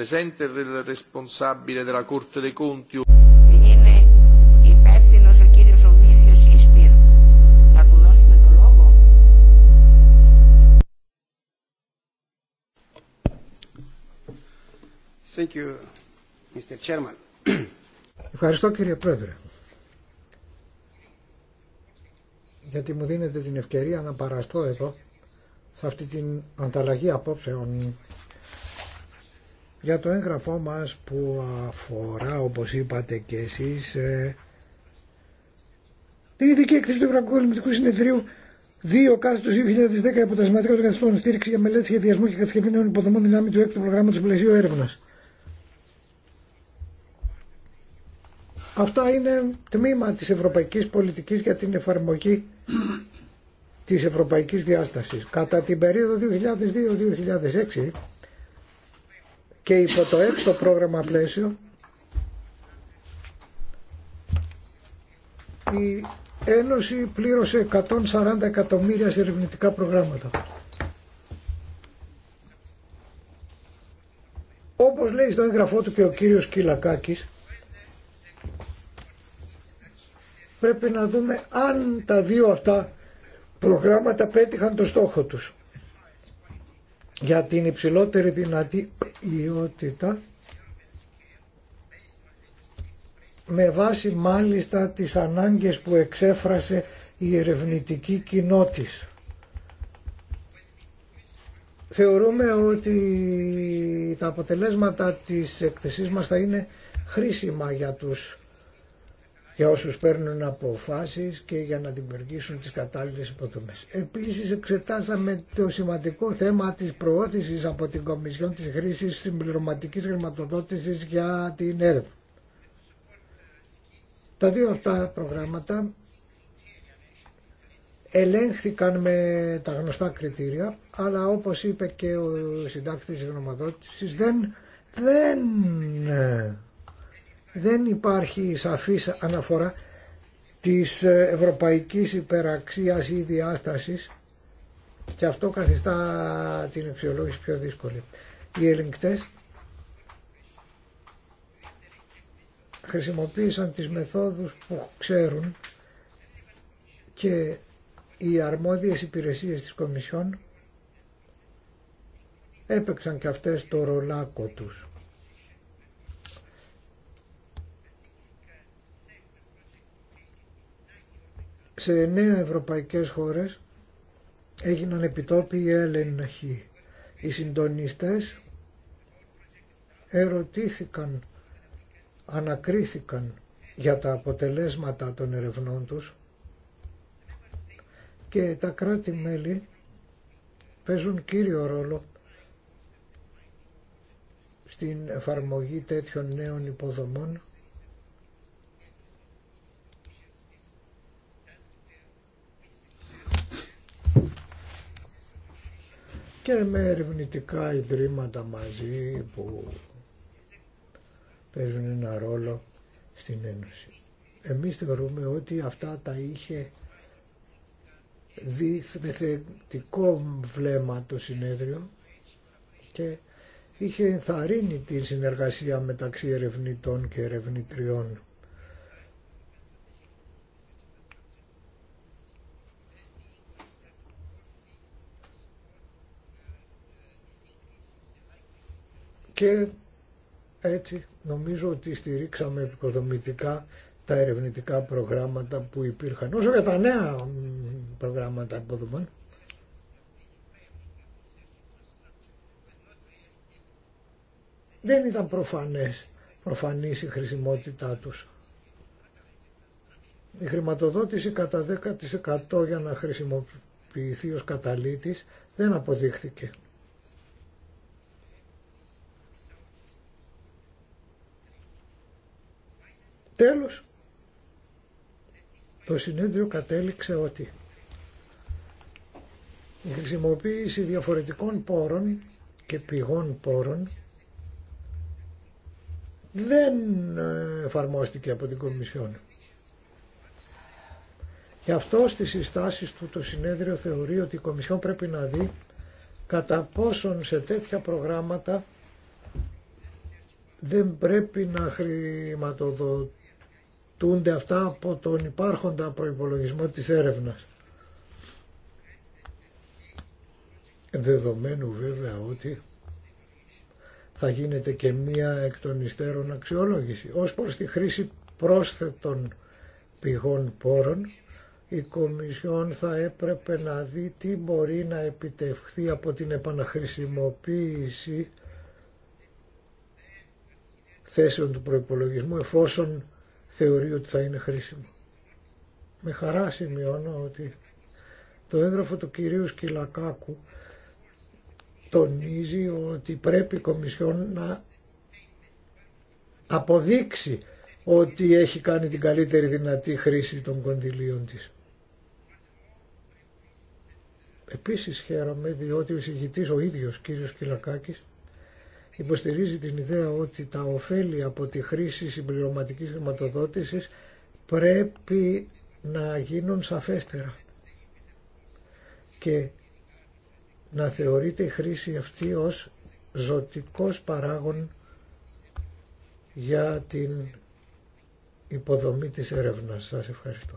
presente il responsabile della Corte dei Conti Thank you, Mr. Chairman. Ευχαριστώ κύριε Πρόεδρε γιατί μου δίνετε την ευκαιρία να παραστώ εδώ σε αυτή την ανταλλαγή απόψεων για το έγγραφό μας που αφορά, όπως είπατε και εσείς, ε, την ειδική έκθεση του Ευρωπαϊκού Ελληνικού Συνεδρίου 2 Κάστος 2010 από τα σημαντικά του καθιστών στήριξη για μελέτη σχεδιασμού και κατασκευή νέων υποδομών δυνάμει του έκτου προγράμματο πλαισίου έρευνα. Αυτά είναι τμήμα της ευρωπαϊκής πολιτικής για την εφαρμογή της ευρωπαϊκής διάστασης. Κατά την περίοδο 2002-2006 και υπό το έκτο πρόγραμμα πλαίσιο η Ένωση πλήρωσε 140 εκατομμύρια σε ερευνητικά προγράμματα. Όπως λέει στο έγγραφό του και ο κύριος Κυλακάκης, πρέπει να δούμε αν τα δύο αυτά προγράμματα πέτυχαν το στόχο τους για την υψηλότερη δυνατή ιότητα με βάση μάλιστα τις ανάγκες που εξέφρασε η ερευνητική κοινότης. Θεωρούμε ότι τα αποτελέσματα της εκθεσής μας θα είναι χρήσιμα για τους για όσους παίρνουν αποφάσεις και για να δημιουργήσουν τις κατάλληλες υποδομές. Επίσης εξετάσαμε το σημαντικό θέμα της προώθησης από την Κομισιόν της χρήσης συμπληρωματικής χρηματοδότησης για την έρευνα. Τα δύο αυτά προγράμματα ελέγχθηκαν με τα γνωστά κριτήρια, αλλά όπως είπε και ο συντάκτης της δεν, δεν ε, δεν υπάρχει σαφής αναφορά της ευρωπαϊκής υπεραξίας ή διάστασης και αυτό καθιστά την αξιολόγηση πιο δύσκολη. Οι ελεγκτές χρησιμοποίησαν τις μεθόδους που ξέρουν και οι αρμόδιες υπηρεσίες της Κομισιόν έπαιξαν και αυτές το ρολάκο τους. σε εννέα ευρωπαϊκές χώρες έγιναν επιτόπιοι έλεγχοι. Οι συντονιστές ερωτήθηκαν, ανακρίθηκαν για τα αποτελέσματα των ερευνών τους και τα κράτη-μέλη παίζουν κύριο ρόλο στην εφαρμογή τέτοιων νέων υποδομών και με ερευνητικά ιδρύματα μαζί που παίζουν ένα ρόλο στην Ένωση. Εμείς θεωρούμε ότι αυτά τα είχε δει με θετικό βλέμμα το συνέδριο και είχε ενθαρρύνει τη συνεργασία μεταξύ ερευνητών και ερευνητριών. και έτσι νομίζω ότι στηρίξαμε επικοδομητικά τα ερευνητικά προγράμματα που υπήρχαν. Όσο για τα νέα προγράμματα υποδομών, δεν ήταν προφανές, προφανής η χρησιμότητά τους. Η χρηματοδότηση κατά 10% για να χρησιμοποιηθεί ως καταλήτης δεν αποδείχθηκε. Τέλος, το συνέδριο κατέληξε ότι η χρησιμοποίηση διαφορετικών πόρων και πηγών πόρων δεν εφαρμόστηκε από την Κομισιόν. Γι' αυτό στις συστάσεις του το συνέδριο θεωρεί ότι η Κομισιόν πρέπει να δει κατά πόσον σε τέτοια προγράμματα δεν πρέπει να χρηματοδοτούν Τούνται αυτά από τον υπάρχοντα προϋπολογισμό της έρευνας. Δεδομένου βέβαια ότι θα γίνεται και μία εκ των υστέρων αξιολόγηση. Ως προς τη χρήση πρόσθετων πηγών πόρων, η Κομισιόν θα έπρεπε να δει τι μπορεί να επιτευχθεί από την επαναχρησιμοποίηση θέσεων του προϋπολογισμού εφόσον θεωρεί ότι θα είναι χρήσιμο. Με χαρά σημειώνω ότι το έγγραφο του κυρίου Σκυλακάκου τονίζει ότι πρέπει η Κομισιόν να αποδείξει ότι έχει κάνει την καλύτερη δυνατή χρήση των κονδυλίων της. Επίσης χαίρομαι διότι ο εισηγητής ο ίδιος κύριος Κυλακάκης υποστηρίζει την ιδέα ότι τα ωφέλη από τη χρήση συμπληρωματικής χρηματοδότησης πρέπει να γίνουν σαφέστερα και να θεωρείται η χρήση αυτή ως ζωτικός παράγων για την υποδομή της έρευνας. Σας ευχαριστώ.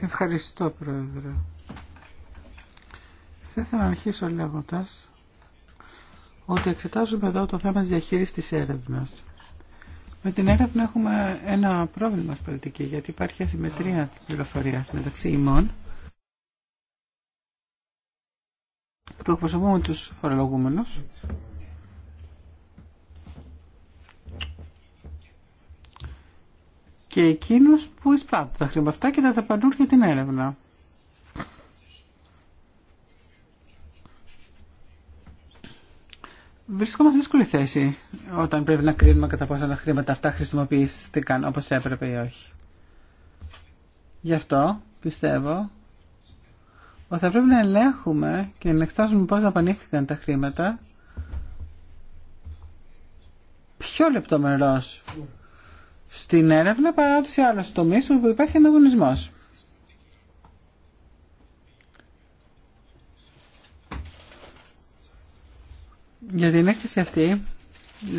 Ευχαριστώ, Πρόεδρε. Θα ήθελα να αρχίσω λέγοντας ότι εξετάζουμε εδώ το θέμα της διαχείρισης της έρευνας. Με την έρευνα έχουμε ένα πρόβλημα στην πολιτική, γιατί υπάρχει ασυμμετρία τη πληροφορία μεταξύ ημών που εκπροσωπούμε τους φορολογούμενους και εκείνους που εισπράττουν τα χρήματα αυτά και τα δαπανούν για την έρευνα. Βρισκόμαστε σε δύσκολη θέση όταν πρέπει να κρίνουμε κατά πόσο τα χρήματα αυτά χρησιμοποιήθηκαν όπως έπρεπε ή όχι. Γι' αυτό πιστεύω ότι θα πρέπει να ελέγχουμε και να εξετάζουμε πώς δαπανήθηκαν τα χρήματα πιο λεπτομερώς στην έρευνα παρά σε άλλους τομείς όπου υπάρχει ανταγωνισμός. Για την έκθεση αυτή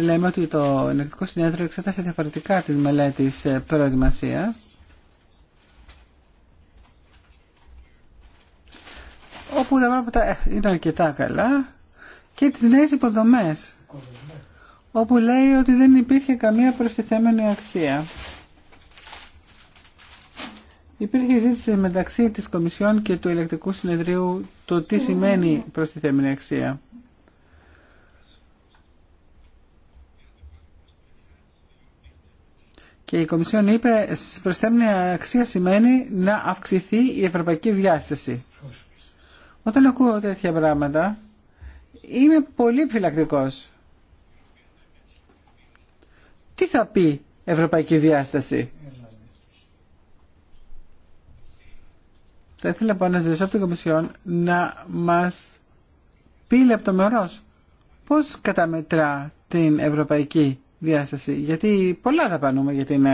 λέμε ότι το ενεργητικό συνέδριο εξέτασε διαφορετικά τις μελέτης ε, προετοιμασίας όπου τα πράγματα ε, ήταν αρκετά καλά και τις νέες υποδομές όπου λέει ότι δεν υπήρχε καμία προστιθέμενη αξία. Υπήρχε ζήτηση μεταξύ της Κομισιόν και του Ελεκτικού Συνεδρίου το τι σημαίνει προστιθέμενη αξία. Και η Κομισιόν είπε προστιθέμενη αξία σημαίνει να αυξηθεί η ευρωπαϊκή διάσταση. Όταν ακούω τέτοια πράγματα είμαι πολύ φυλακτικός τι θα πει ευρωπαϊκή διάσταση. Θα ήθελα από λοιπόν να ζητήσω από την Κομισιόν να μας πει λεπτομερώς πώς καταμετρά την ευρωπαϊκή διάσταση. Γιατί πολλά θα πανούμε για την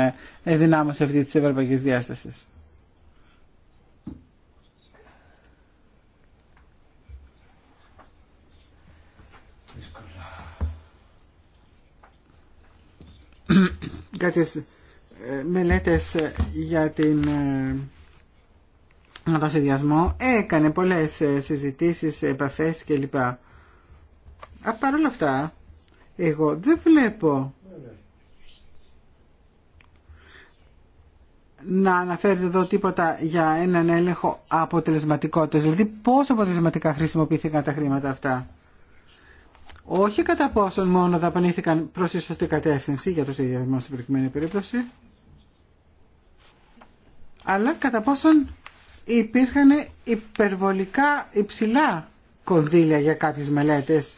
ενδυνάμωση αυτή της ευρωπαϊκής διάστασης. για ε, μελέτες για την ε, τον συνδυασμό έκανε πολλές ε, συζητήσεις, επαφές κλπ. λοιπά. παρ' όλα αυτά, εγώ δεν βλέπω να αναφέρεται εδώ τίποτα για έναν έλεγχο αποτελεσματικότητας. Δηλαδή πόσο αποτελεσματικά χρησιμοποιήθηκαν τα χρήματα αυτά όχι κατά πόσον μόνο δαπανήθηκαν προς τη σωστή κατεύθυνση για το σχεδιασμό στην προηγουμένη περίπτωση, αλλά κατά πόσον υπήρχαν υπερβολικά υψηλά κονδύλια για κάποιες μελέτες.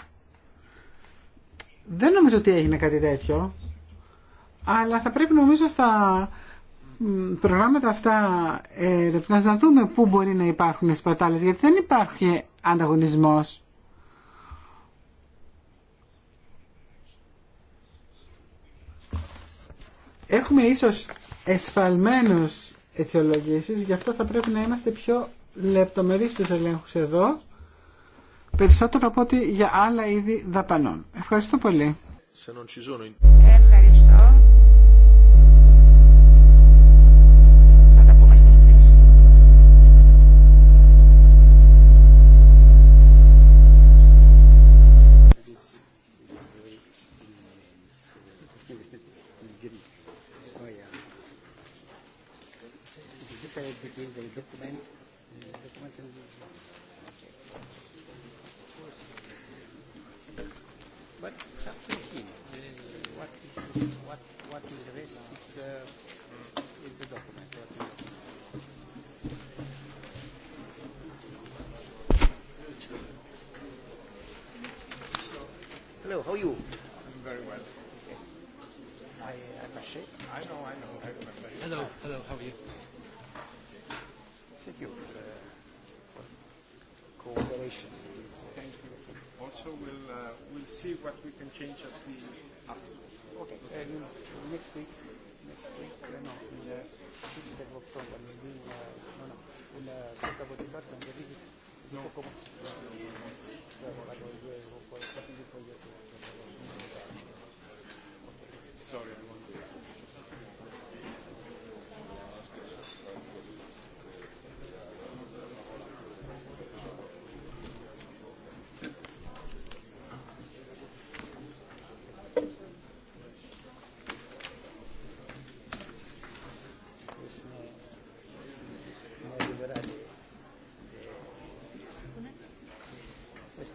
Δεν νομίζω ότι έγινε κάτι τέτοιο, αλλά θα πρέπει νομίζω στα προγράμματα αυτά ε, να δούμε πού μπορεί να υπάρχουν σπατάλες, γιατί δεν υπάρχει ανταγωνισμός. Έχουμε ίσως εσφαλμένους αιτιολογήσεις, γι' αυτό θα πρέπει να είμαστε πιο λεπτομερείς στους ελέγχους εδώ, περισσότερο από ότι για άλλα είδη δαπανών. Ευχαριστώ πολύ.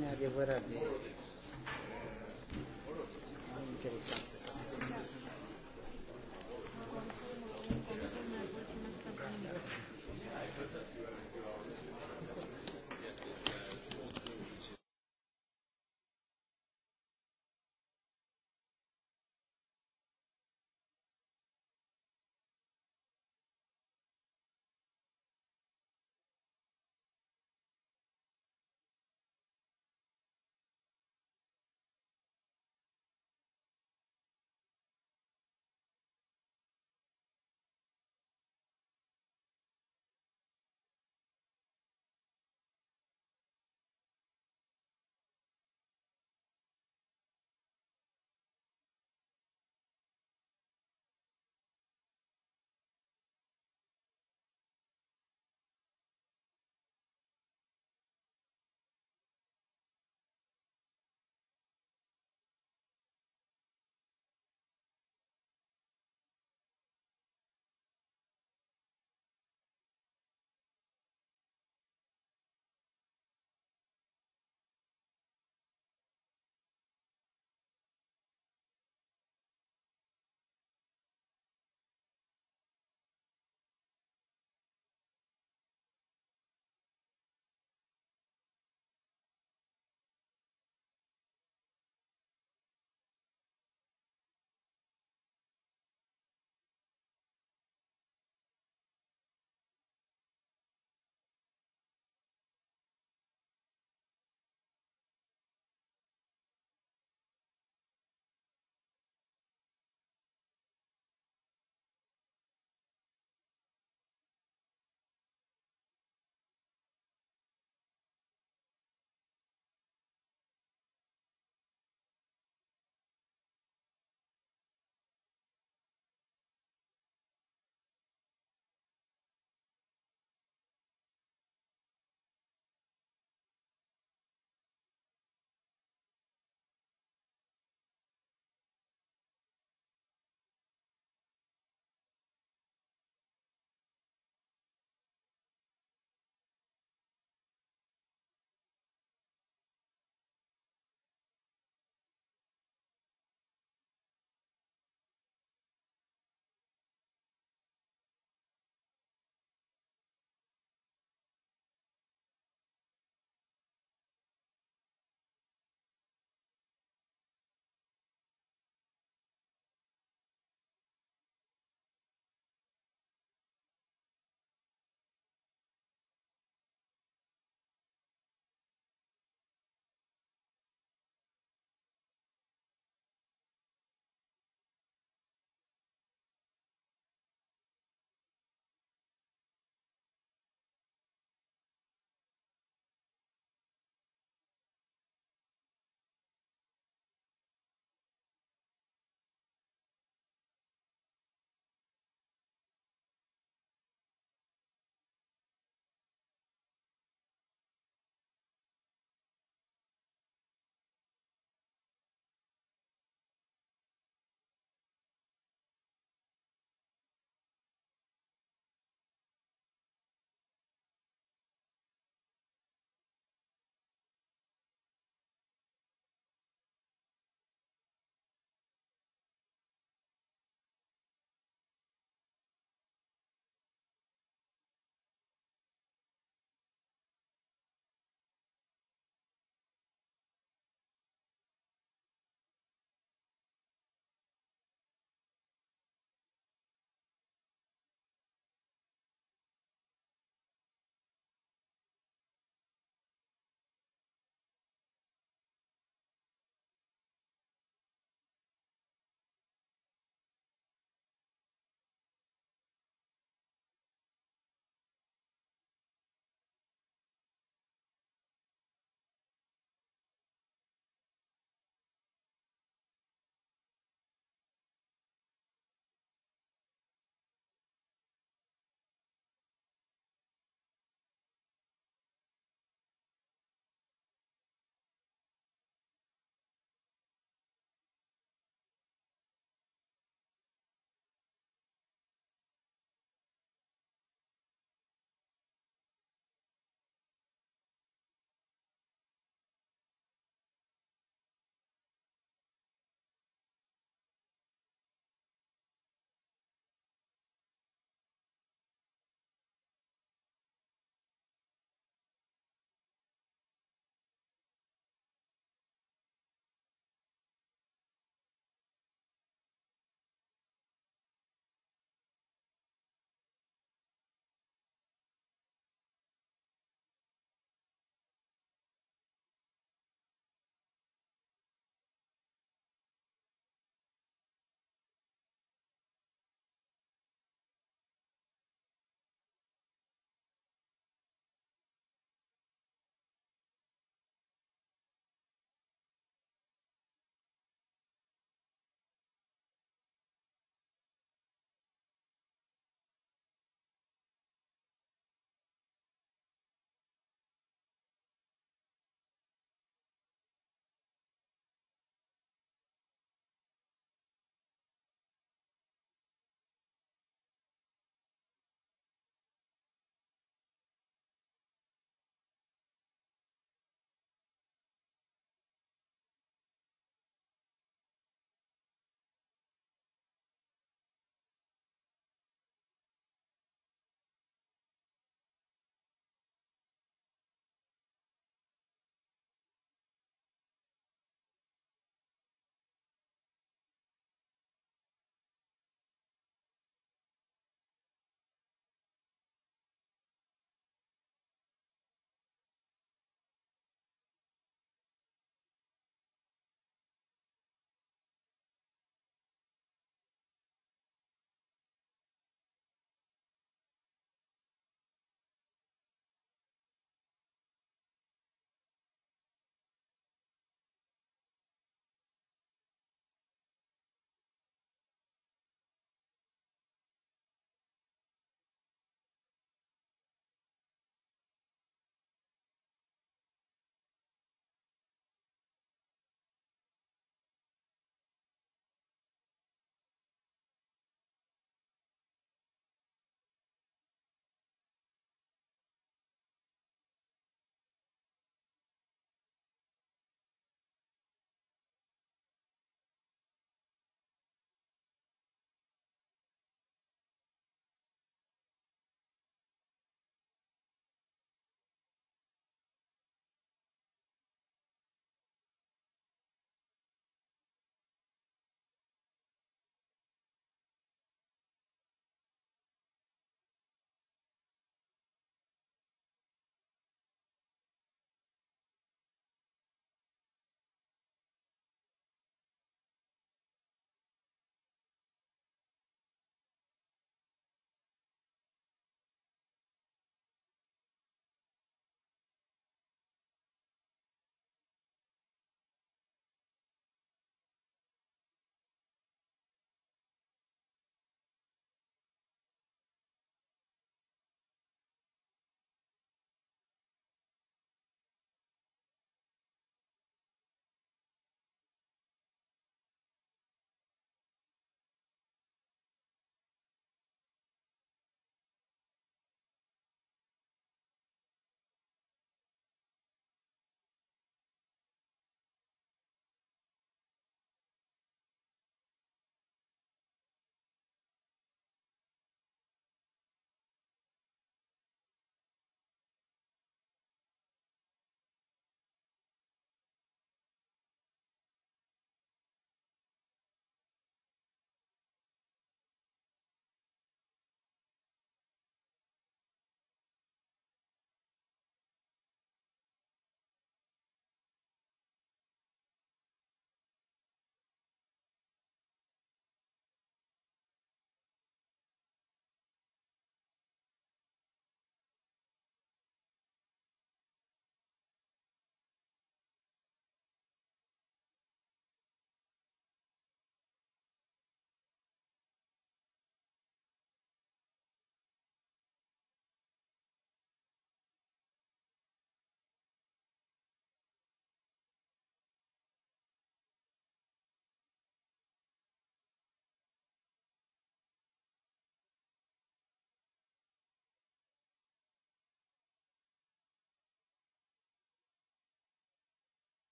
είναι